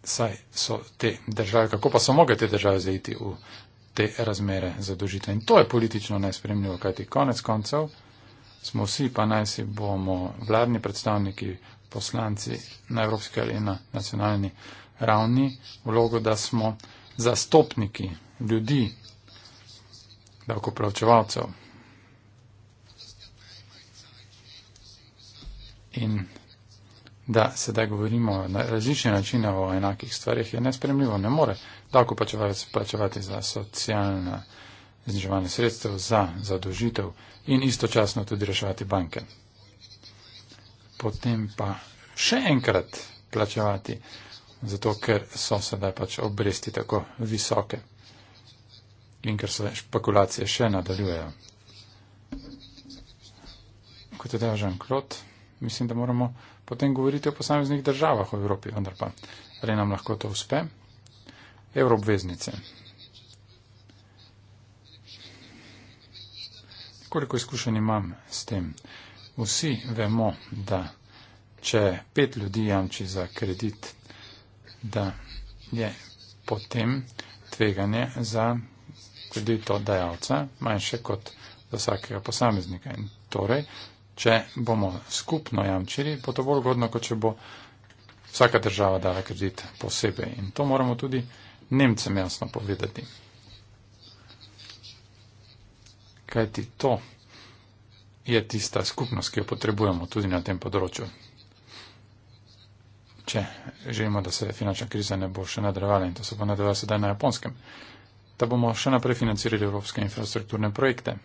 saj so te države, kako pa so mogle te države zaiti v te razmere zadožitve. In to je politično nespremljivo, kajti konec koncev smo vsi, pa naj si bomo vladni predstavniki, poslanci na evropski ali na nacionalni ravni, vlogo, da smo zastopniki ljudi, davkoplačevalcev. In da sedaj govorimo na različne načine o enakih stvarih, je nespremljivo. Ne more davkoplačevalec plačevati za socialna zniževanje sredstev, za zadožitev in istočasno tudi reševati banke. Potem pa še enkrat plačevati zato ker so sedaj pač obresti tako visoke in ker se špekulacije še nadaljujejo. Kot je dejal Jean-Claude, mislim, da moramo potem govoriti o posameznih državah v Evropi, vendar pa ali nam lahko to uspe. Evroobveznice. Koliko izkušenj imam s tem? Vsi vemo, da če pet ljudi jamči za kredit da je potem tveganje za kreditodajalca manjše kot za vsakega posameznika. In torej, če bomo skupno jamčili, bo to bolj godno, kot če bo vsaka država dala kredit posebej. In to moramo tudi Nemcem jasno povedati. Kaj ti to je tista skupnost, ki jo potrebujemo tudi na tem področju? če želimo, da se finančna kriza ne bo še nadaljevala in to se bo nadaljevalo sedaj na japonskem, da bomo še naprej financirali evropske infrastrukturne projekte.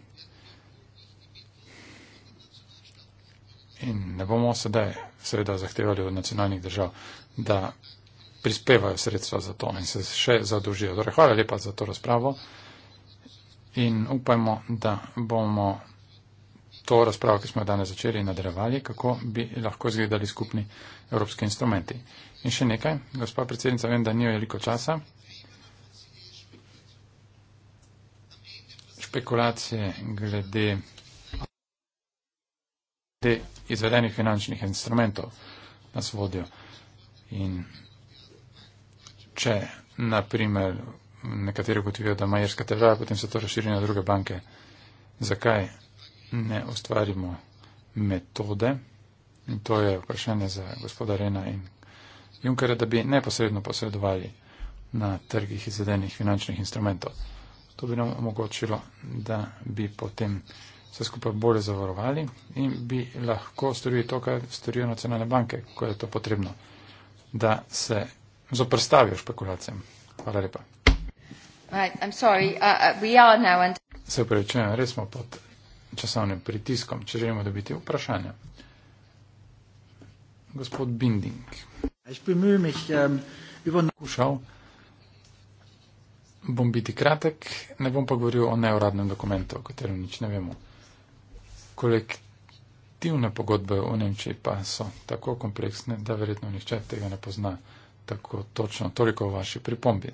In ne bomo sedaj seveda zahtevali od nacionalnih držav, da prispevajo sredstva za to in se še zadužijo. Torej, hvala lepa za to razpravo in upajmo, da bomo to razpravo, ki smo jo danes začeli in nadaljevali, kako bi lahko izgledali skupni evropski instrumenti. In še nekaj, gospa predsednica, vem, da ni veliko časa. Špekulacije glede, glede izvedenih finančnih instrumentov nas vodijo. In če, naprimer, nekateri ugotovijo, da ima jerska težava, potem se to razširi na druge banke. Zakaj ne ustvarimo metode, in to je vprašanje za gospoda Rena in Junkera, da bi neposredno posredovali na trgih izvedenih finančnih instrumentov. To bi nam omogočilo, da bi potem se skupaj bolje zavarovali in bi lahko storili to, kar storijo nacionalne banke, ko je to potrebno, da se zoprstavijo špekulacijam. Hvala lepa.
Right, sorry, uh, uh, and...
Se upravičujem, res smo pod časovnim pritiskom, če želimo dobiti vprašanje. Gospod Binding. Poskušal ähm, bom biti kratek, ne bom pa govoril o neuradnem dokumentu, o katerem nič ne vemo. Kolektivne pogodbe v Nemčiji pa so tako kompleksne, da verjetno nihče tega ne pozna tako točno, toliko v vaši pripombi.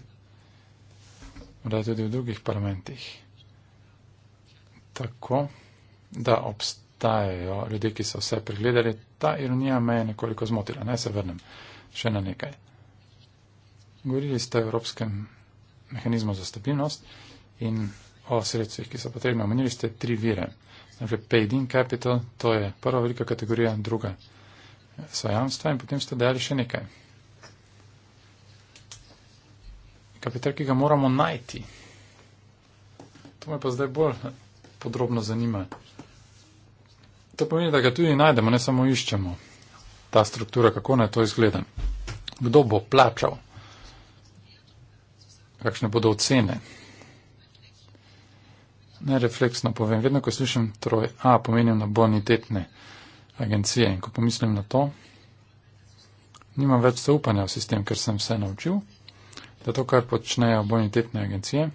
Morda tudi v drugih parlamentih. Tako da obstajajo ljudje, ki so vse pregledali. Ta ironija me je nekoliko zmotila. Naj ne, se vrnem še na nekaj. Govorili ste o evropskem mehanizmu za stabilnost in o sredstvih, ki so potrebne. Omenili ste tri vire. Znači, paid in capital, to je prva velika kategorija, druga so jamstva in potem ste dali še nekaj. Kapital, ki ga moramo najti. To me pa zdaj bolj podrobno zanima. To pomeni, da ga tudi najdemo, ne samo iščemo. Ta struktura, kako naj to izgleda. Kdo bo plačal? Kakšne bodo ocene? Ne refleksno povem, vedno ko slišim troj A, pomenim na bonitetne agencije in ko pomislim na to, nimam več zaupanja v sistem, ker sem se naučil, da to, kar počnejo bonitetne agencije,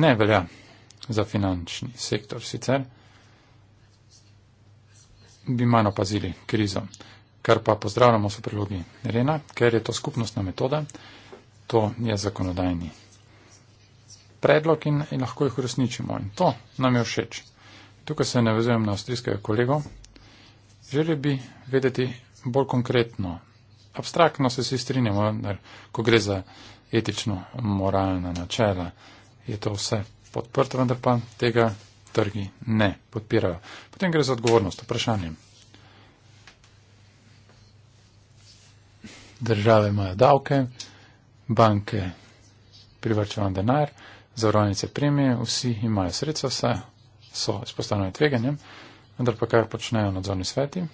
ne velja za finančni sektor sicer, bi manj opazili krizo. Kar pa pozdravljamo so prilogi Rena, ker je to skupnostna metoda, to je zakonodajni predlog in, in lahko jih uresničimo. In to nam je všeč. Tukaj se navezujem na avstrijskega kolego. Želel bi vedeti bolj konkretno. Abstraktno se vsi strinjamo, da ko gre za etično moralna načela, je to vse podprta, vendar pa tega trgi ne podpirajo. Potem gre za odgovornost, vprašanje. Države imajo davke, banke privrčevan denar, zavarovanice premije, vsi imajo sredstva, vse so izpostavljene tveganjem, vendar pa kaj počnejo nadzorni sveti?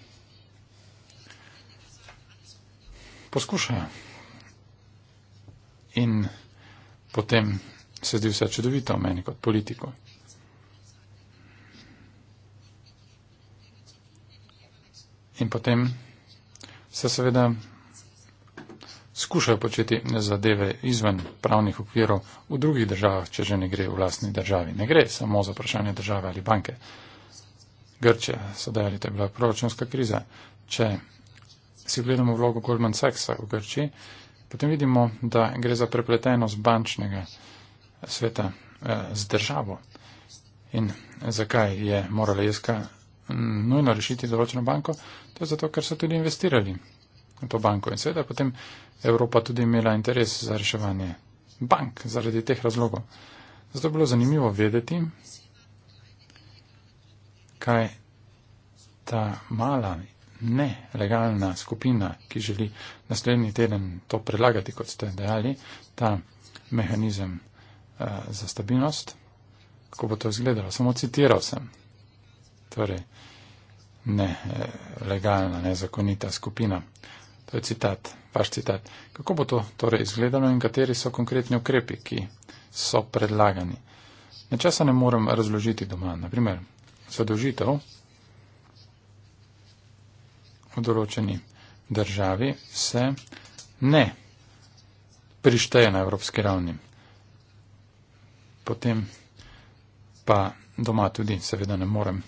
Poskušajo. In potem se zdi vse čudovito o meni kot politiku. In potem se seveda skušajo početi zadeve izven pravnih okvirov v drugih državah, če že ne gre v lastni državi. Ne gre samo za vprašanje države ali banke. Grče, sedaj ali to je bila proračunska kriza. Če si gledamo vlogo Goldman Sachsa v Grči, potem vidimo, da gre za prepletenost bančnega sveta eh, z državo. In zakaj je morala Jeska mm, nujno rešiti določeno banko? To je zato, ker so tudi investirali v to banko. In seveda potem Evropa tudi imela interes za reševanje bank zaradi teh razlogov. Zato je bilo zanimivo vedeti, kaj ta mala nelegalna skupina, ki želi naslednji teden to predlagati, kot ste dejali, ta mehanizem Eh, za stabilnost. Kako bo to izgledalo? Samo citiral sem. Torej, ne, eh, legalna, nezakonita skupina. To je citat, vaš citat. Kako bo to torej izgledalo in kateri so konkretni ukrepi, ki so predlagani? Nečesa ne morem razložiti doma. Naprimer, zadožitev v določeni državi se ne prišteje na evropski ravni potem pa doma tudi seveda ne morem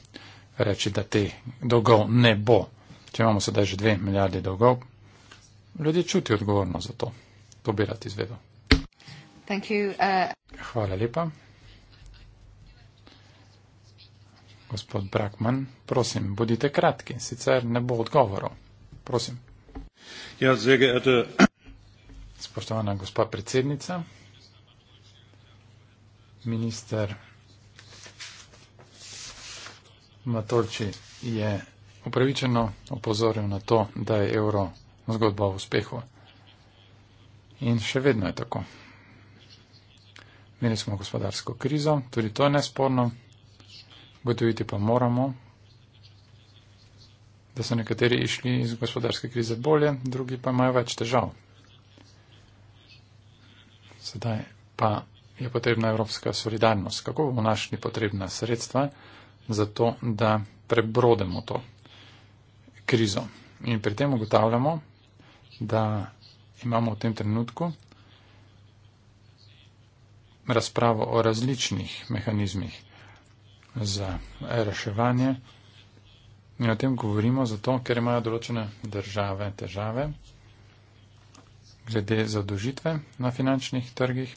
reči, da te dolgov ne bo. Če imamo sedaj že dve milijarde dolgov, ljudje čutijo odgovornost za to. To bi rad izvedel.
You, uh...
Hvala lepa. Gospod Brakman, prosim, bodite kratki, sicer ne bo odgovorov. Prosim. Ja, zvege, eto. Spoštovana gospa predsednica minister Matolči je upravičeno opozoril na to, da je evro zgodba o uspehu. In še vedno je tako. Imeli smo gospodarsko krizo, tudi to je nesporno. Gotoviti pa moramo, da so nekateri išli iz gospodarske krize bolje, drugi pa imajo več težav. Sedaj pa je potrebna evropska solidarnost, kako bomo našli potrebna sredstva za to, da prebrodemo to krizo. In pri tem ugotavljamo, da imamo v tem trenutku razpravo o različnih mehanizmih za reševanje. In o tem govorimo zato, ker imajo določene države težave glede zadožitve na finančnih trgih.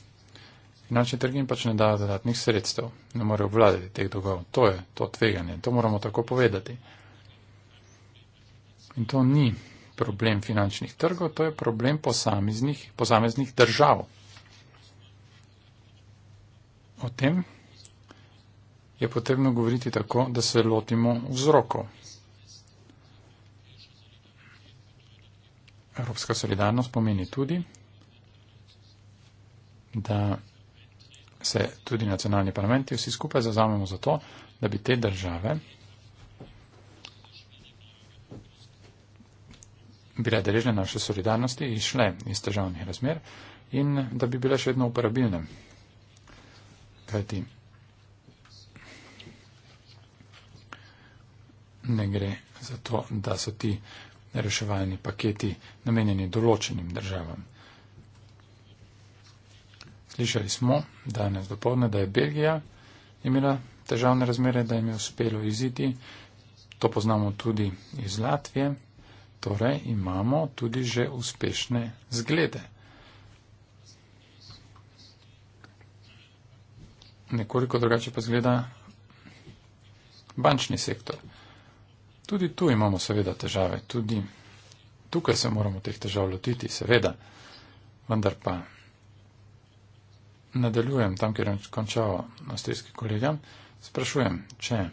Finančni trgi jim pač ne dajo dodatnih sredstev, ne morejo obvladati teh dolgov. To je to tveganje, to moramo tako povedati. In to ni problem finančnih trgov, to je problem posameznih, posameznih držav. O tem je potrebno govoriti tako, da se lotimo vzrokov. Evropska solidarnost pomeni tudi, da se tudi nacionalni parlamenti vsi skupaj zazamemo za to, da bi te države bile deležne naše solidarnosti, išle iz težavnih razmer in da bi bile še vedno uporabilne. Kajti ne gre za to, da so ti reševalni paketi namenjeni določenim državam. Slišali smo danes dopoledne, da je Belgija imela težavne razmere, da jim je uspelo iziti. To poznamo tudi iz Latvije. Torej imamo tudi že uspešne zglede. Nekoliko drugače pa zgleda bančni sektor. Tudi tu imamo seveda težave, tudi tukaj se moramo teh težav lotiti, seveda. Vendar pa nadaljujem tam, kjer je končal avstrijski kolega, sprašujem, če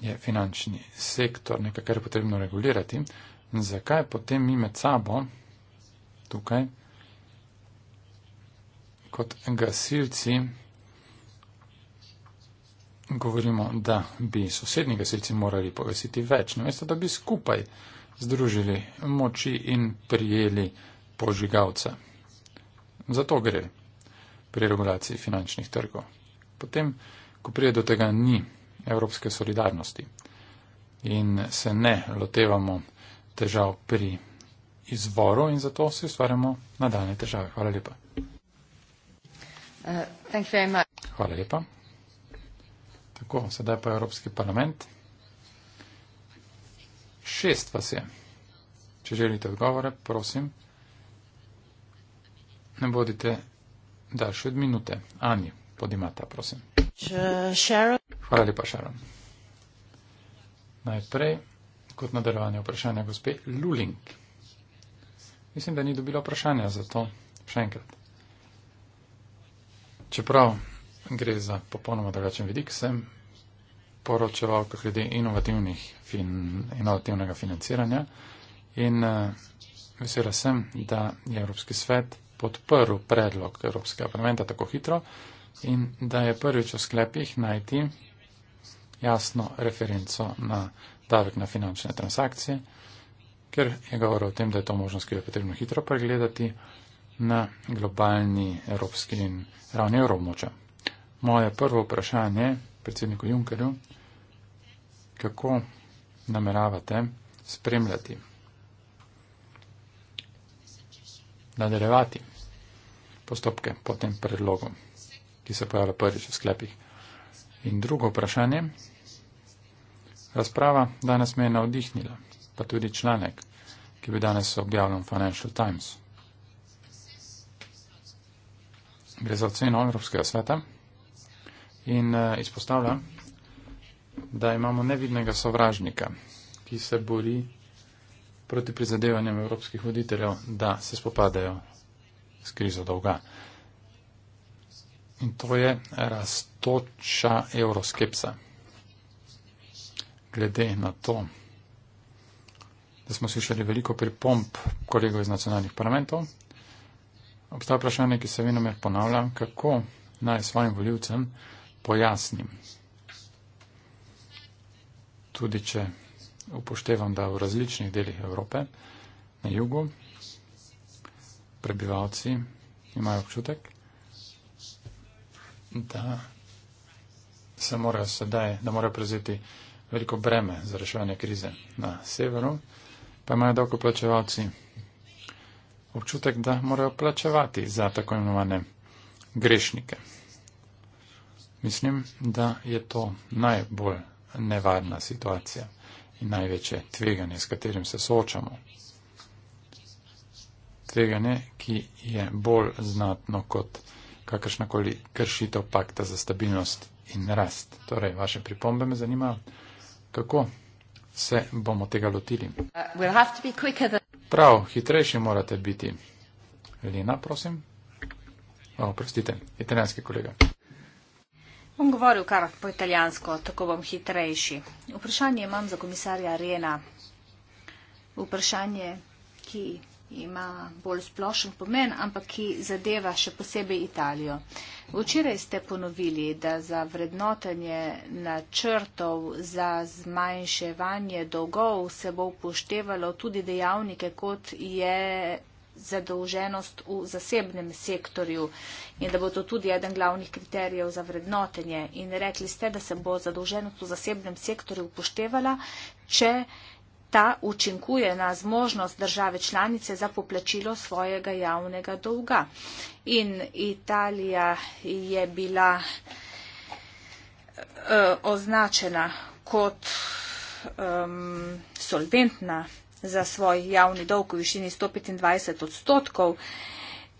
je finančni sektor nekaj, kar je potrebno regulirati, zakaj potem mi med sabo tukaj kot gasilci govorimo, da bi sosednji gasilci morali pogasiti več, namesto da bi skupaj združili moči in prijeli požigalca. Za to gre pri regulaciji finančnih trgov. Potem, ko prije do tega ni evropske solidarnosti in se ne lotevamo težav pri izvoru in zato si ustvarjamo nadaljne težave. Hvala lepa.
Uh,
Hvala lepa. Tako, sedaj pa Evropski parlament. Šest vas je. Če želite odgovore, prosim vodite daljše od minute. Ani, podimata, prosim. Hvala lepa, Sharon. Najprej, kot nadaljevanje vprašanja gospe Luling. Mislim, da ni dobila vprašanja za to še enkrat. Čeprav gre za popolnoma drugačen vidik, sem poročeval kot glede fin, inovativnega financiranja in uh, vesela sem, da je Evropski svet podprl predlog Evropskega parlamenta tako hitro in da je prvič v sklepih najti jasno referenco na davek na finančne transakcije, ker je govoril o tem, da je to možnost, ki jo je potrebno hitro pregledati na globalni evropski in ravni evromoča. Moje prvo vprašanje predsedniku Junkerju, kako nameravate spremljati, nadaljevati postopke po tem predlogu, ki se pojavlja prvič v sklepih. In drugo vprašanje. Razprava danes me je navdihnila, pa tudi članek, ki bi danes objavljen v Financial Times. Gre za oceno Evropskega sveta in eh, izpostavlja, da imamo nevidnega sovražnika, ki se bori proti prizadevanjem evropskih voditeljev, da se spopadajo s krizo dolga. In to je rastoča euroskepsa. Glede na to, da smo slišali veliko pripomp kolegov iz nacionalnih parlamentov, obstaja vprašanje, ki se vinomer ponavlja, kako naj svojim voljivcem pojasnim. Tudi če upoštevam, da v različnih delih Evrope, na jugu, prebivalci imajo občutek, da se morajo sedaj, da morajo prevzeti veliko breme za reševanje krize na severu, pa imajo davkoplačevalci občutek, da morajo plačevati za tako imenovane grešnike. Mislim, da je to najbolj nevarna situacija in največje tveganje, s katerim se soočamo tveganje, ki je bolj znatno kot kakršnakoli kršitev pakta za stabilnost in rast. Torej, vaše pripombe me zanimajo, kako se bomo tega lotili.
Uh,
Prav, hitrejši morate biti. Lena, prosim. Oprostite, oh, italijanski kolega.
Bom govoril kar po italijansko, tako bom hitrejši. Vprašanje imam za komisarja Rena. Vprašanje, ki ima bolj splošen pomen, ampak ki zadeva še posebej Italijo. Včeraj ste ponovili, da za vrednotenje načrtov za zmanjševanje dolgov se bo upoštevalo tudi dejavnike, kot je zadolženost v zasebnem sektorju in da bo to tudi eden glavnih kriterijev za vrednotenje. In rekli ste, da se bo zadolženost v zasebnem sektorju upoštevala, če ta učinkuje na zmožnost države članice za poplačilo svojega javnega dolga. In Italija je bila eh, označena kot um, solventna za svoj javni dolg v višini 125 odstotkov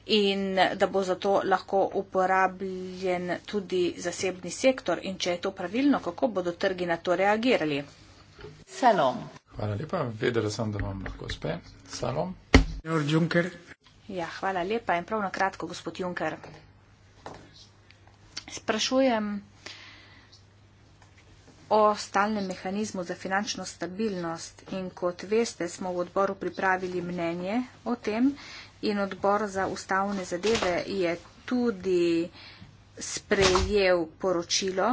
in da bo zato lahko uporabljen tudi zasebni sektor. In če je to pravilno, kako bodo trgi na to reagirali? Salom.
Hvala lepa, vedela sem, da vam lahko uspe. Salom.
Ja, hvala lepa in prav na kratko, gospod Juncker. Sprašujem o stalnem mehanizmu za finančno stabilnost in kot veste, smo v odboru pripravili mnenje o tem in odbor za ustavne zadeve je tudi sprejel poročilo,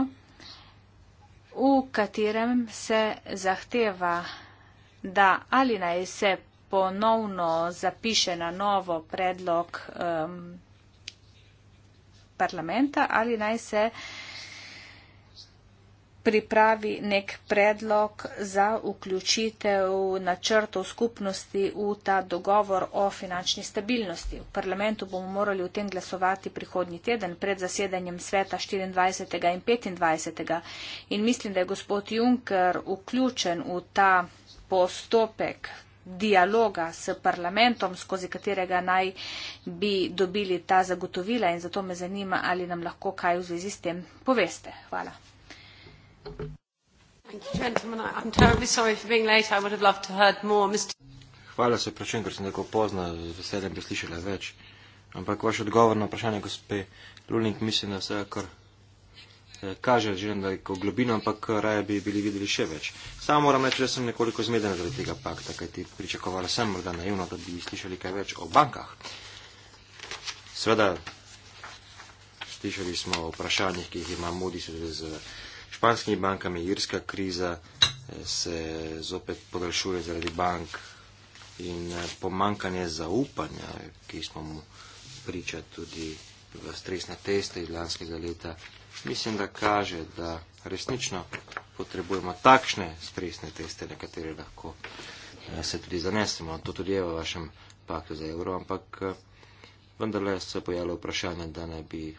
v katerem se zahteva da ali naj se ponovno zapiše na novo predlog um, parlamenta ali naj se pripravi nek predlog za vključitev načrtov skupnosti v ta dogovor o finančni stabilnosti. V parlamentu bomo morali o tem glasovati prihodnji teden pred zasedanjem sveta 24. in 25. in mislim, da je gospod Juncker vključen v ta postopek dialoga s parlamentom, skozi katerega naj bi dobili ta zagotovila in zato me zanima, ali nam lahko kaj v zvezi s tem poveste. Hvala.
Hvala se prečem, ker sem tako pozna, z veseljem bi slišala več. Ampak vaš odgovor na vprašanje, gospe Lulnik, mislim, da vse, kar Eh, kaže že na neko globino, ampak eh, raje bi bili videli še več. Sam moram reči, da sem nekoliko zmeden zaradi tega pakta, kaj ti pričakovala sem morda naivno, da bi slišali kaj več o bankah. Sveda, slišali smo o vprašanjih, ki jih ima Moody's z španskimi bankami, irska kriza eh, se zopet podaljšuje zaradi bank in pomankanje zaupanja, ki smo mu priča tudi v stresne teste iz lanskega leta, mislim, da kaže, da resnično potrebujemo takšne stresne teste, na katere lahko eh, se tudi zanesemo. To tudi je v vašem paktu za evro, ampak eh, vendarle se je pojavilo vprašanje, da ne bi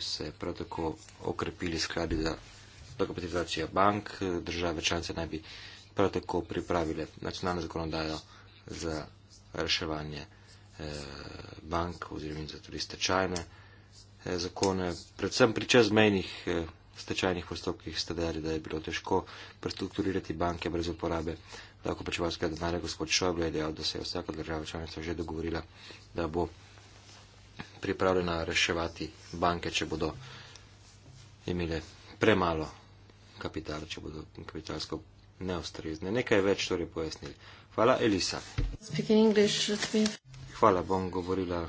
se prav tako okrepili skladi za dokapitalizacijo bank, države članice naj bi prav tako pripravile nacionalno zakonodajo za reševanje eh, bank oziroma za tudi stečajne. Eh, Eh, zakone. Predvsem pri čezmejnih eh, stečajnih postopkih ste dejali, da je bilo težko prestrukturirati banke brez uporabe davkoplačevalskega denarja. Gospod Šoble je dejal, da se je vsaka država članica že dogovorila, da bo pripravljena reševati banke, če bodo imele premalo kapitala, če bodo kapitalsko neustrezne. Nekaj več torej pojasnili. Hvala, Elisa. Hvala, bom govorila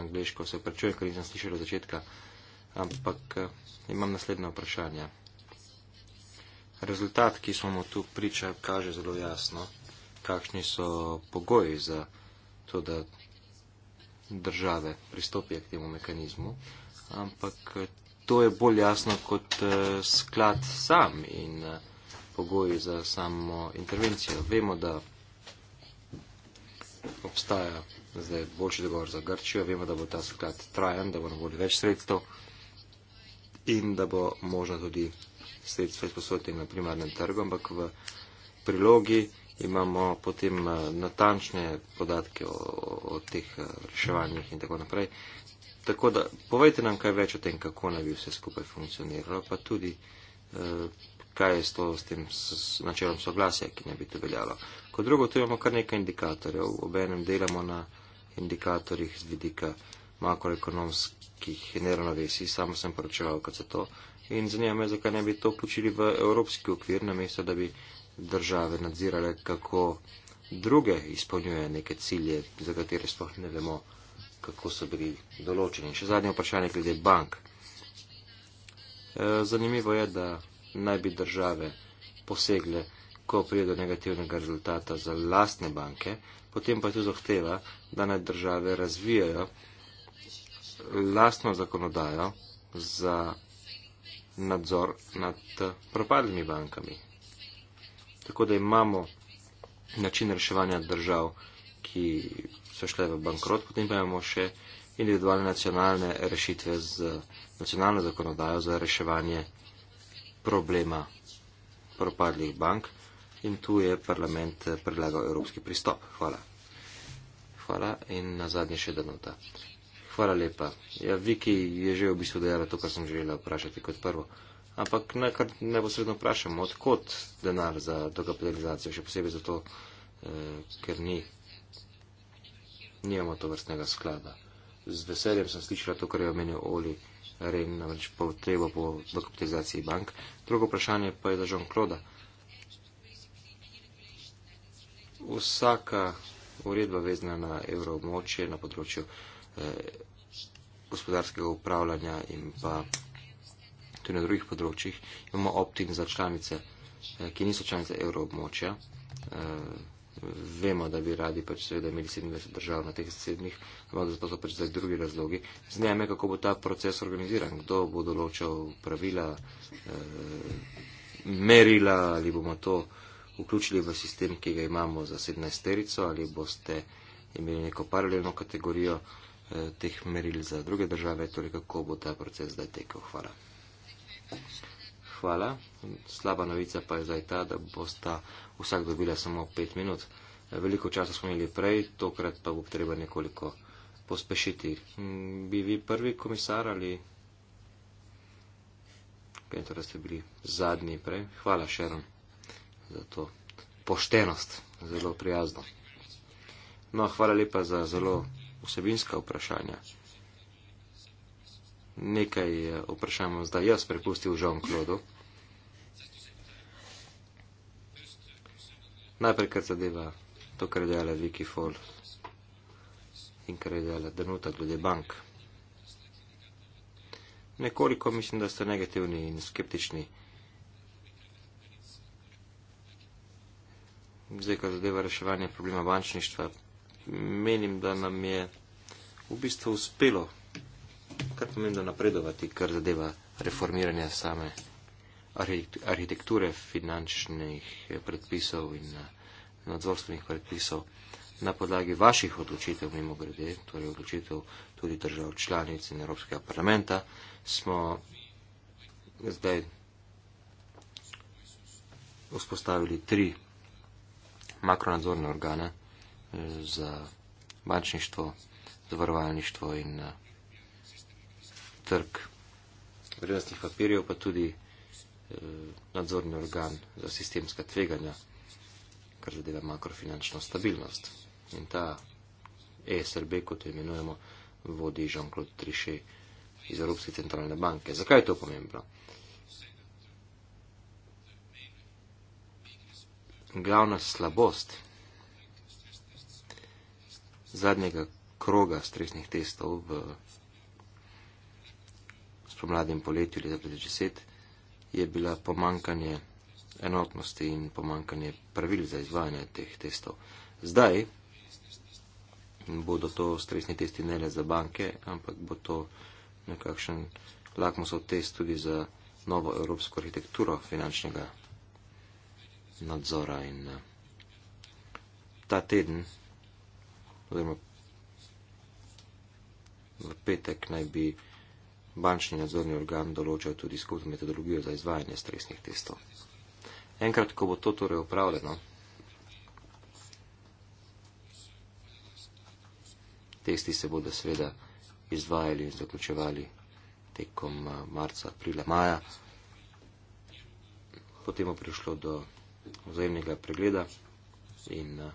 angliško, se prečuje, ker nisem slišal od začetka, ampak eh, imam naslednje vprašanje. Rezultat, ki smo mu tu priča, kaže zelo jasno, kakšni so pogoji za to, da države pristopijo k temu mehanizmu, ampak eh, to je bolj jasno kot eh, sklad sam in pogoji za samo intervencijo. Vemo, da obstaja zdaj boljši dogovor za Grčijo, vemo, da bo ta sklad trajen, da bo na voljo več sredstev in da bo možno tudi sredstva izposoditi na primarnem trgu, ampak v prilogi imamo potem eh, natančne podatke o, o teh eh, reševanjih in tako naprej. Tako da povejte nam kaj več o tem, kako naj bi vse skupaj funkcioniralo, pa tudi eh, kaj je s, to, s tem s, s načelom soglasja, ki ne bi to veljalo. Kot drugo, tu imamo kar nekaj indikatorjev, ob enem delamo na indikatorjih z vidika makroekonomskih neravnovesij, samo sem poročeval, kot se to. In zanima me, zakaj ne bi to počeli v evropski okvir, namesto da bi države nadzirale, kako druge izpolnjujejo neke cilje, za katere sploh ne vemo, kako so bili določeni. In še zadnje vprašanje glede bank. E, zanimivo je, da naj bi države posegle, ko pride do negativnega rezultata za lastne banke potem pa je to zahteva, da naj države razvijajo lastno zakonodajo za nadzor nad propadnimi bankami. Tako da imamo način reševanja držav, ki so šle v bankrot, potem pa imamo še individualne nacionalne rešitve z nacionalno zakonodajo za reševanje problema propadlih bank in tu je parlament eh, predlagal evropski pristop. Hvala. Hvala in na zadnje še danota. Hvala lepa. Ja, Viki je že v bistvu dejala to, kar sem želela vprašati kot prvo. Ampak najkar neposredno vprašamo, odkot denar za dokapitalizacijo, še posebej zato, eh, ker ni, nijemo to vrstnega sklada. Z veseljem sem slišala to, kar je omenil Oli Rejn, namreč potrebo po dokapitalizaciji bank. Drugo vprašanje pa je za Jean-Claude. vsaka uredba vezna na evroobmočje na področju eh, gospodarskega upravljanja in pa tudi na drugih področjih. Imamo optin za članice, eh, ki niso članice evroobmočja. Eh, vemo, da bi radi pač seveda imeli 27 držav na teh sedmih, ampak zato so pač zdaj drugi razlogi. Zdaj me, kako bo ta proces organiziran, kdo bo določal pravila, eh, merila ali bomo to. Eh, vključili v sistem, ki ga imamo za 17 terico, ali boste imeli neko paralelno kategorijo eh, teh meril za druge države, torej kako bo ta proces zdaj tekel. Hvala. Hvala. Slaba novica pa je zdaj ta, da bosta vsak dobila samo 5 minut. Eh, veliko časa smo imeli prej, tokrat pa bo treba nekoliko pospešiti. Mm, bi vi prvi komisar ali. Kaj je to, da ste bili zadnji prej? Hvala, Šeron za to poštenost, zelo prijazno. No, hvala lepa za zelo vsebinska vprašanja. Nekaj eh, vprašanj bom zdaj jaz prepustil Jean-Claude. Najprej, kar zadeva to, kar je dejala Vicky Fall in kar je dejala Denuta glede bank. Nekoliko mislim, da ste negativni in skeptični. zdaj, kar zadeva reševanje problema bančništva, menim, da nam je v bistvu uspelo, kar pomeni, da napredovati, kar zadeva reformiranje same arhitekture finančnih predpisov in eh, nadzorstvenih predpisov na podlagi vaših odločitev, mimo grede, torej odločitev tudi držav članic in Evropskega parlamenta, smo zdaj vzpostavili tri makronadzorne organe eh, za bančništvo, zavarovalništvo in eh, trg vrednostnih papirjev, pa tudi eh, nadzorni organ za sistemska tveganja, kar zadeva makrofinančno stabilnost. In ta ESRB, kot jo imenujemo, vodi Jean-Claude Trichet iz Evropske centralne banke. Zakaj je to pomembno? glavna slabost zadnjega kroga stresnih testov v spomladnem poletju leta 2010 je bila pomankanje enotnosti in pomankanje pravil za izvajanje teh testov. Zdaj bodo to stresni testi ne le za banke, ampak bo to nekakšen lakmusov test tudi za novo evropsko arhitekturo finančnega nadzora. In, uh, ta teden, oziroma v petek, naj bi bančni nadzorni organ določal tudi skupno metodologijo za izvajanje stresnih testov. Enkrat, ko bo to torej upravljeno, testi se bodo seveda izvajali in zaključevali tekom eh, marca, aprila, maja. Potem bo prišlo do vzajemnega pregleda in eh,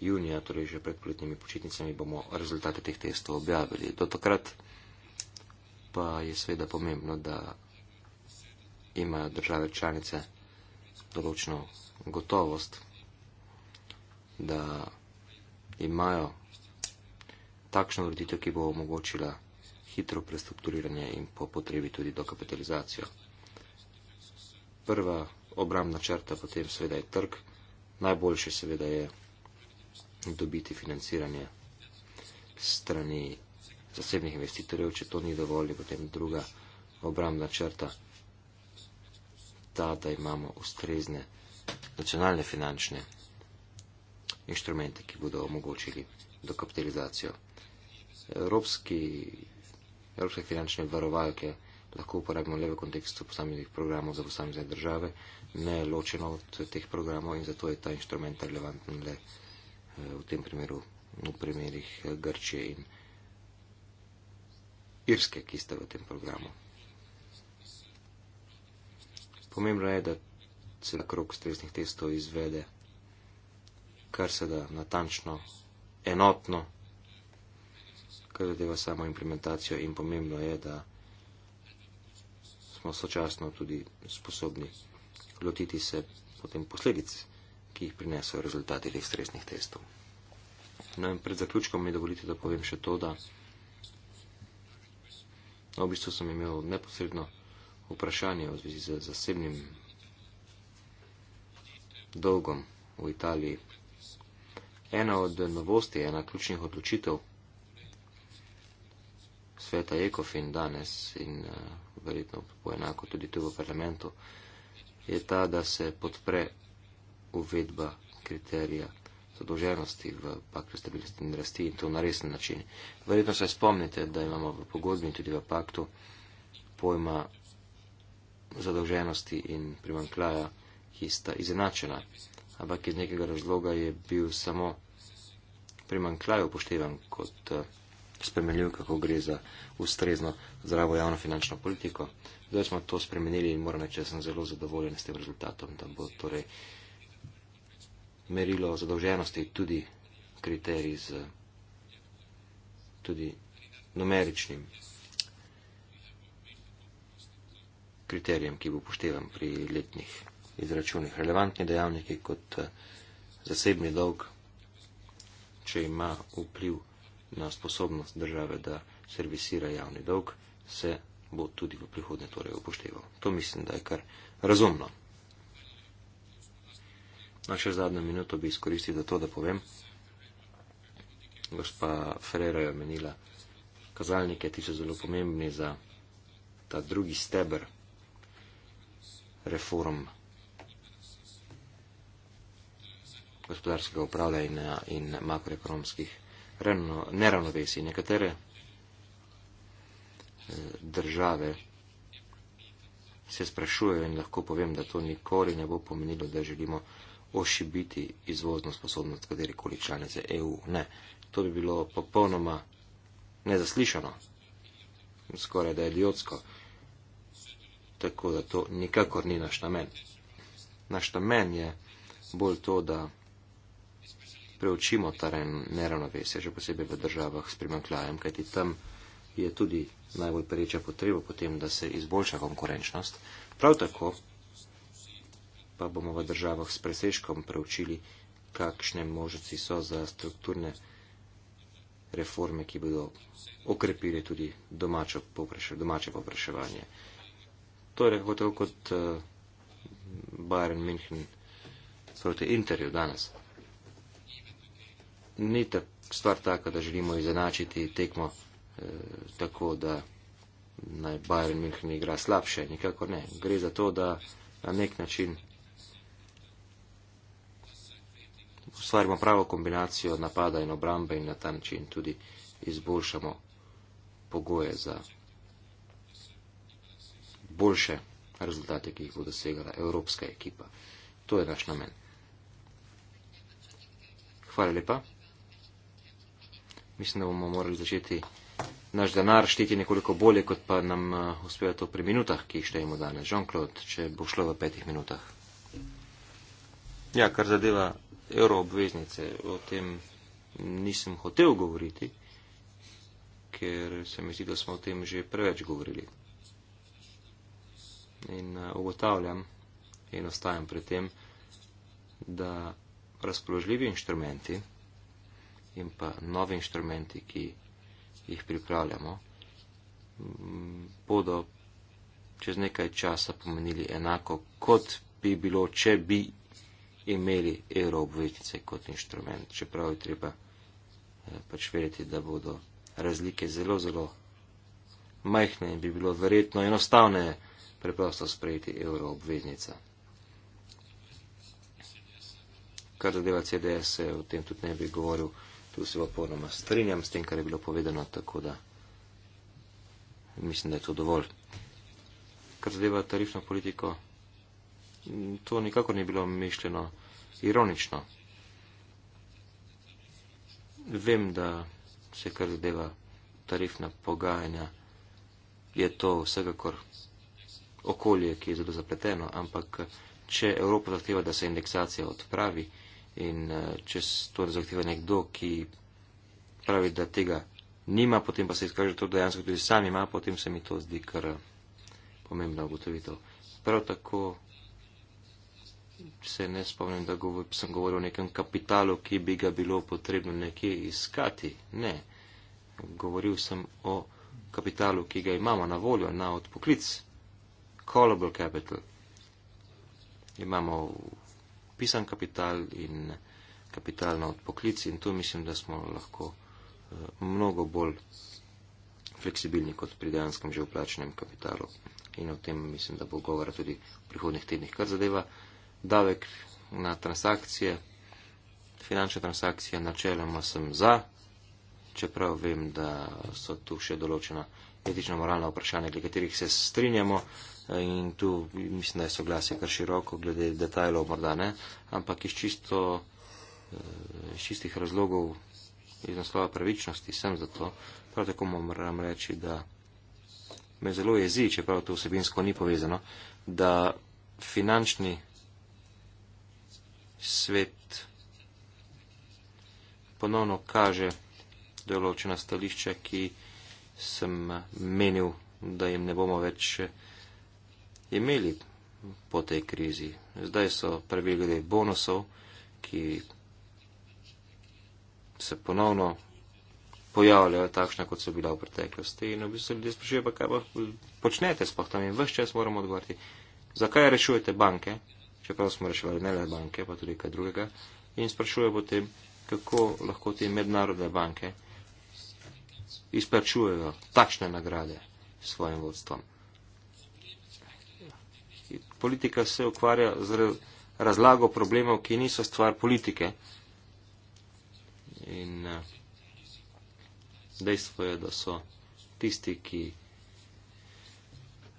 junija, torej že pred poletnimi počitnicami, bomo rezultate teh testov objavili. Do takrat pa je seveda pomembno, da imajo države članice določno gotovost, da imajo takšno vreditev, ki bo omogočila hitro prestrukturiranje in po potrebi tudi dokapitalizacijo. Prva obrambna črta, potem seveda je trg. Najboljše seveda je dobiti financiranje strani zasebnih investitorjev, če to ni dovolj, potem druga obrambna črta ta, da imamo ustrezne nacionalne finančne inštrumente, ki bodo omogočili dokapitalizacijo. Evropski, evropske finančne varovalke lahko uporabimo le v kontekstu posameznih programov za posamezne države, ne ločeno od teh programov in zato je ta inštrument relevanten le eh, v tem primeru, v primerih eh, Grčije in Irske, ki ste v tem programu. Pomembno je, da se na krok stresnih testov izvede kar se da natančno, enotno, kar zadeva samo implementacijo in pomembno je, da smo sočasno tudi sposobni lotiti se potem posledic, ki jih prinesajo rezultati teh stresnih testov. No in pred zaključkom mi dovolite, da povem še to, da no, v bistvu sem imel neposredno vprašanje v zvezi z zasebnim dolgom v Italiji. Ena od novosti, ena ključnih odločitev sveta ECOFIN danes in uh, verjetno po enako tudi tu v parlamentu, uh, je ta, da se podpre uvedba kriterija zadolženosti v paktu stabilnosti in rasti in to na resen način. Verjetno se spomnite, da imamo v pogodbi tudi v paktu pojma zadolženosti in primankljaja, ki sta izenačena, ampak iz nekega razloga je bil samo primankljaj upoštevan kot eh, spremenljiv, kako gre za ustrezno zdravo javno finančno politiko. Zdaj smo to spremenili in moram reči, da sem zelo zadovoljen s tem rezultatom, da bo torej merilo zadolženosti tudi kriterij z tudi numeričnim kriterijem, ki bo upoštevan pri letnih izračunih. Relevantni dejavniki kot eh, zasebni dolg, če ima vpliv na sposobnost države, da servisira javni dolg, se bo tudi v prihodnje torej upošteval. To mislim, da je kar razumno. Naše zadnjo minuto bi izkoristil za to, da povem. Gospa Ferrero je omenila kazalnike, ti so zelo pomembni za ta drugi steber reform gospodarskega upravljanja in makroekonomskih neravnovesij. Nekatere države se sprašujejo in lahko povem, da to nikoli ne bo pomenilo, da želimo ošibiti izvozno sposobnost katerikoli članice EU. Ne, to bi bilo popolnoma nezaslišano, skoraj da je idiotsko. Tako da to nikakor ni naš namen. Naš namen je bolj to, da preučimo ta neravnovesje, še posebej v državah s primanklajem, kajti tam je tudi najbolj pereča potreba potem, da se izboljša konkurenčnost. Prav tako pa bomo v državah s presežkom preučili, kakšne možnosti so za strukturne reforme, ki bodo okrepile tudi povpraševanje, domače povpraševanje. Torej, kot tako kot uh, eh, Bayern München proti Interju danes. Ni ta stvar taka, da želimo izenačiti tekmo. Eh, tako da naj Bayern München igra slabše, nikako ne. Gre za to, da na nek način ustvarimo pravo kombinacijo napada in obrambe in na ta način tudi izboljšamo pogoje za boljše rezultate, ki jih bo dosegala evropska ekipa. To je naš namen. Hvala lepa. Mislim, da bomo morali začeti naš denar šteti nekoliko bolje, kot pa nam eh, uspeva to pri minutah, ki jih štejemo danes. Jean-Claude, če bo šlo v petih minutah. Ja, kar zadeva euroobveznice, o tem nisem hotel govoriti, ker se mi zdi, da smo o tem že preveč govorili. In eh, ugotavljam in ostajam pri tem, da razpoložljivi inštrumenti in pa novi inštrumenti, ki jih pripravljamo, bodo čez nekaj časa pomenili enako, kot bi bilo, če bi imeli evro obveznice kot inštrument. Čeprav je treba eh, pač verjeti, da bodo razlike zelo, zelo majhne in bi bilo verjetno enostavne preprosto sprejeti evro obveznica. Kar zadeva CDS, o tem tudi ne bi govoril. Tu se popolnoma strinjam s tem, kar je bilo povedano, tako da mislim, da je to dovolj. Kar zadeva tarifno politiko, to nikako ni bilo mišljeno ironično. Vem, da se kar zadeva tarifna pogajanja, je to vsekakor okolje, ki je zelo zapleteno, ampak če Evropa zahteva, da se indeksacija odpravi, In eh, če to zahteva nekdo, ki pravi, da tega nima, potem pa se izkaže to, da dejansko tudi sam ima, potem se mi to zdi kar eh, pomembna ugotovitev. Prav tako se ne spomnim, da gov sem govoril o nekem kapitalu, ki bi ga bilo potrebno nekje iskati. Ne. Govoril sem o kapitalu, ki ga imamo na voljo, na odpoklic. Callable capital. Imamo pisan kapital in kapital na odpoklic in tu mislim, da smo lahko eh, mnogo bolj fleksibilni kot pri dejanskem že vplačenem kapitalu. In o tem mislim, da bo govora tudi v prihodnih tednih, kar zadeva davek na transakcije, finančne transakcije, načeloma sem za, čeprav vem, da so tu še določena etična moralna vprašanja, glede katerih se strinjamo, in tu mislim, da je soglasje kar široko, glede detajlov morda ne, ampak iz, čisto, eh, iz čistih razlogov, iz naslova pravičnosti sem za to. Prav tako moram reči, da me zelo jezi, čeprav to vsebinsko ni povezano, da finančni svet ponovno kaže določena stališča, ki sem menil, da jim ne bomo več imeli po tej krizi. Zdaj so prebegli bonusov, ki se ponovno pojavljajo takšne, kot so bila v preteklosti. In v bistvu ljudje sprašujejo, pa kaj pa počnete spoh tam in vse čas moramo odgovoriti. Zakaj rešujete banke, čeprav smo reševali ne le banke, pa tudi kaj drugega. In sprašujejo potem, kako lahko te mednarodne banke izplačujejo takšne nagrade svojim vodstvom politika se ukvarja z razlago problemov, ki niso stvar politike. In eh, dejstvo je, da so tisti, ki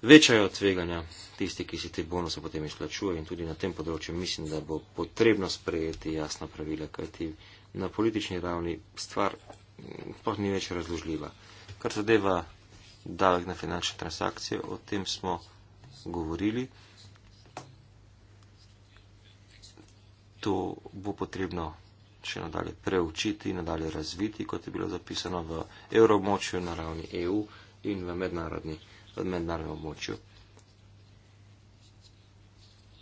večajo tveganja, tisti, ki si te bonuse potem izplačuje in tudi na tem področju mislim, da bo potrebno sprejeti jasna pravila, kajti na politični ravni stvar mm, pa ni več razložljiva. Kar zadeva davek na finančne transakcije, o tem smo govorili. To bo potrebno še nadalje preučiti, nadalje razviti, kot je bilo zapisano v evromočju na ravni EU in v mednarodnem območju.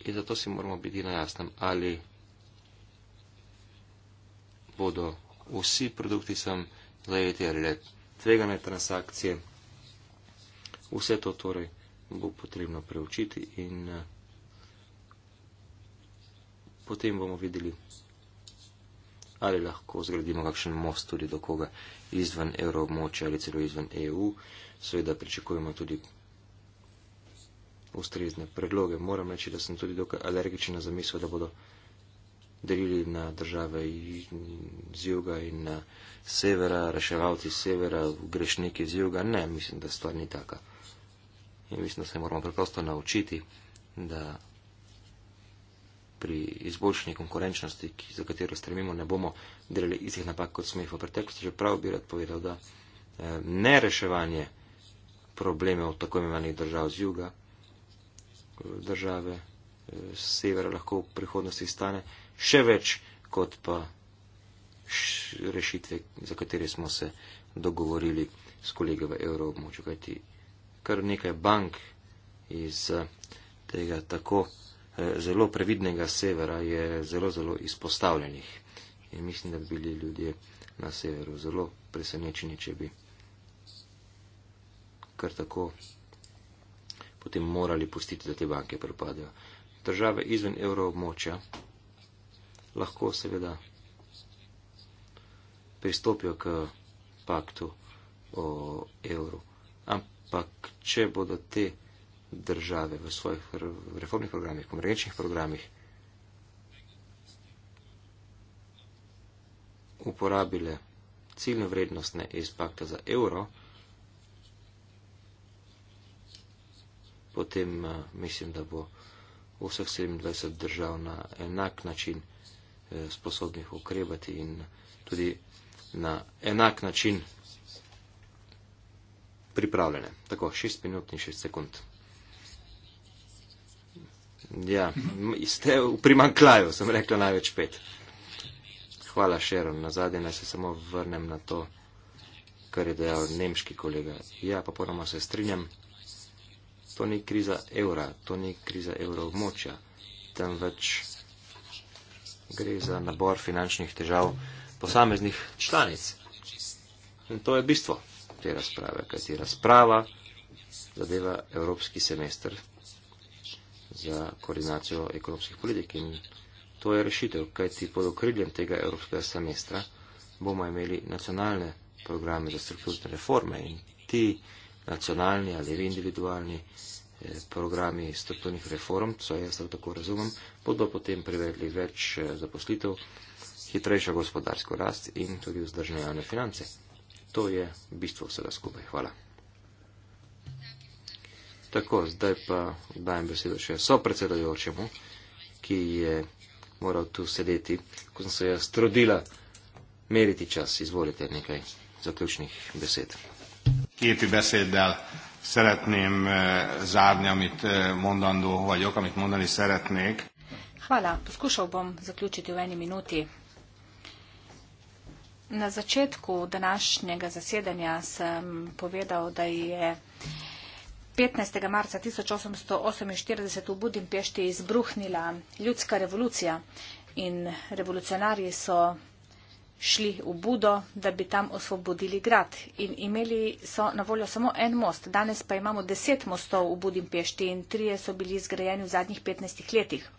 In zato si moramo biti na jasnem, ali bodo vsi produkti sem zajeti ali le tvegane transakcije. Vse to torej bo potrebno preučiti in eh, potem bomo videli, ali lahko zgradimo kakšen most tudi do koga izven evroobmoče ali celo izven EU. Seveda pričakujemo tudi ustrezne predloge. Moram reči, da sem tudi dokaj alergičen na zamisel, da bodo delili na države z juga in na severa, reševalci severa, grešniki z juga. Ne, mislim, da stvar ni taka. In mislim, da se moramo preprosto naučiti, da pri izboljšanju konkurenčnosti, ki, za katero stremimo, ne bomo delali istih napak, kot smo jih v preteklosti. Čeprav bi rad povedal, da eh, nereševanje problemov tako imenovanih držav z juga, države eh, z severa lahko v prihodnosti stane še več kot pa rešitve, za katere smo se dogovorili s kolegami v evroobmočju, kajti kar nekaj bank iz eh, tega tako eh, zelo previdnega severa je zelo, zelo izpostavljenih. In mislim, da bi bili ljudje na severu zelo presenečeni, če bi kar tako potem morali pustiti, da te banke propadajo. Države izven evroobmočja lahko seveda pristopijo k paktu o evru. Ampak ampak če bodo te države v svojih reformnih programih, konvergenčnih programih uporabile ciljno vrednostne iz pakta za evro, potem eh, mislim, da bo vseh 27 držav na enak način eh, sposobnih ukrebati in tudi na enak način pripravljene. Tako, 6 minut in 6 sekund. Ja, ste v primanklaju, sem rekla največ 5. Hvala, Sharon. Na zadnje naj se samo vrnem na to, kar je dejal nemški kolega. Ja, pa ponoma se strinjam. To ni kriza evra, to ni kriza evroobmočja, temveč gre za nabor finančnih težav posameznih članic. In to je bistvo te razprave, kaj ti razprava zadeva evropski semester za koordinacijo ekonomskih politik in to je rešitev, kaj ti pod okriljem tega evropskega semestra bomo imeli nacionalne programe za strukturne reforme in ti nacionalni ali individualni eh, programi strukturnih reform, so jaz tako razumem, bodo potem privedli več eh, zaposlitev, hitrejšo gospodarsko rast in tudi vzdržne javne finance. To je bistvo vsega skupaj. Hvala. Tako, zdaj pa dajem besedo še so predsedojočemu, ki je moral tu sedeti, ko sem se jaz trudila meriti čas. Izvolite nekaj zaključnih besed. Képi beszéddel szeretném uh, zárni, amit uh, mondandó vagyok, amit mondani szeretnék.
Hvala, próbálom zaključiti v eni minuti. Na začetku današnjega zasedanja sem povedal, da je 15. marca 1848 v Budimpešti izbruhnila ljudska revolucija in revolucionarji so šli v Budo, da bi tam osvobodili grad. In imeli so na voljo samo en most. Danes pa imamo deset mostov v Budimpešti in trije so bili zgrajeni v zadnjih 15 letih.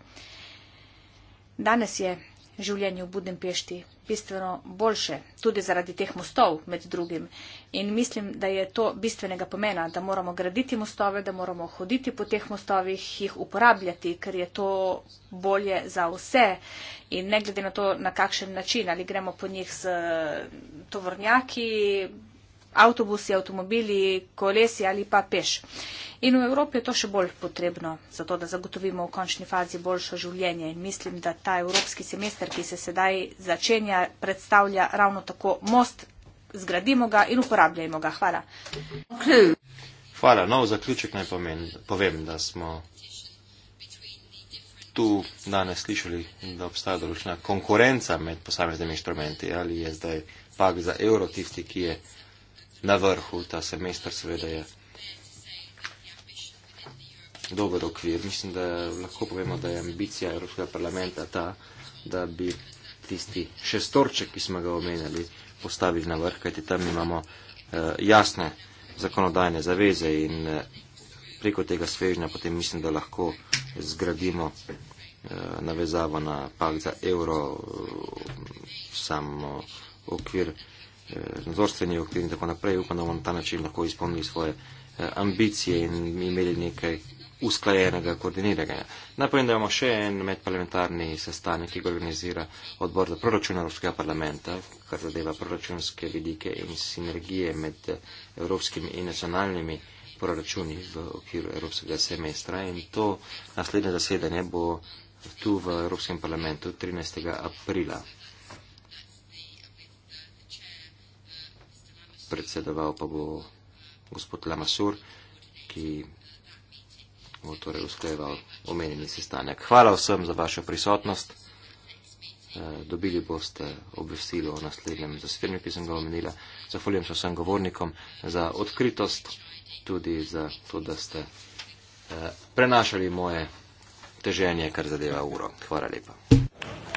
Danes je življenje v Budimpešti bistveno boljše, tudi zaradi teh mostov med drugim. In mislim, da je to bistvenega pomena, da moramo graditi mostove, da moramo hoditi po teh mostovih, jih uporabljati, ker je to bolje za vse. In ne glede na to, na kakšen način, ali gremo po njih s tovornjaki, avtobusi, avtomobili, kolesi ali pa peš. In v Evropi je to še bolj potrebno, zato da zagotovimo v končni fazi boljšo življenje. In mislim, da ta evropski semester, ki se sedaj začenja, predstavlja ravno tako most, zgradimo ga in uporabljajmo ga. Hvala.
Hvala. No, v zaključek naj pomen, povem, da smo tu danes slišali, da obstaja določena konkurenca med posameznimi inštrumenti, ali je zdaj pak za euro tisti, ki je na vrhu, ta semester seveda je dober okvir. Mislim, da lahko povemo, da je ambicija Evropskega parlamenta ta, da bi tisti šestorček, ki smo ga omenjali, postavili na vrh, kajti tam imamo eh, jasne zakonodajne zaveze in eh, preko tega svežnja potem mislim, da lahko zgradimo eh, navezavo na pakt za evro, eh, samo okvir. Eh, nadzorstveni okvir in tako naprej. Upam, da bomo na ta način lahko izpolnili svoje eh, ambicije in imeli nekaj usklajenega, koordiniranega. Naj povem, da imamo še en medparlamentarni sestanek, ki ga organizira odbor za proračun Evropskega parlamenta, kar zadeva proračunske vidike in sinergije med eh, evropskimi in nacionalnimi proračuni v okviru Evropskega semestra in to naslednje zasedanje bo tu v Evropskem parlamentu 13. aprila. predsedoval pa bo gospod Lamasur, ki bo torej uskleval omenjeni sestanek. Hvala vsem za vašo prisotnost. Eh, dobili boste obvestilo o naslednjem zasedanju, ki sem ga omenila. Zahvaljujem se vsem govornikom za odkritost, tudi za to, da ste eh, prenašali moje teženje, kar zadeva uro. Hvala lepa.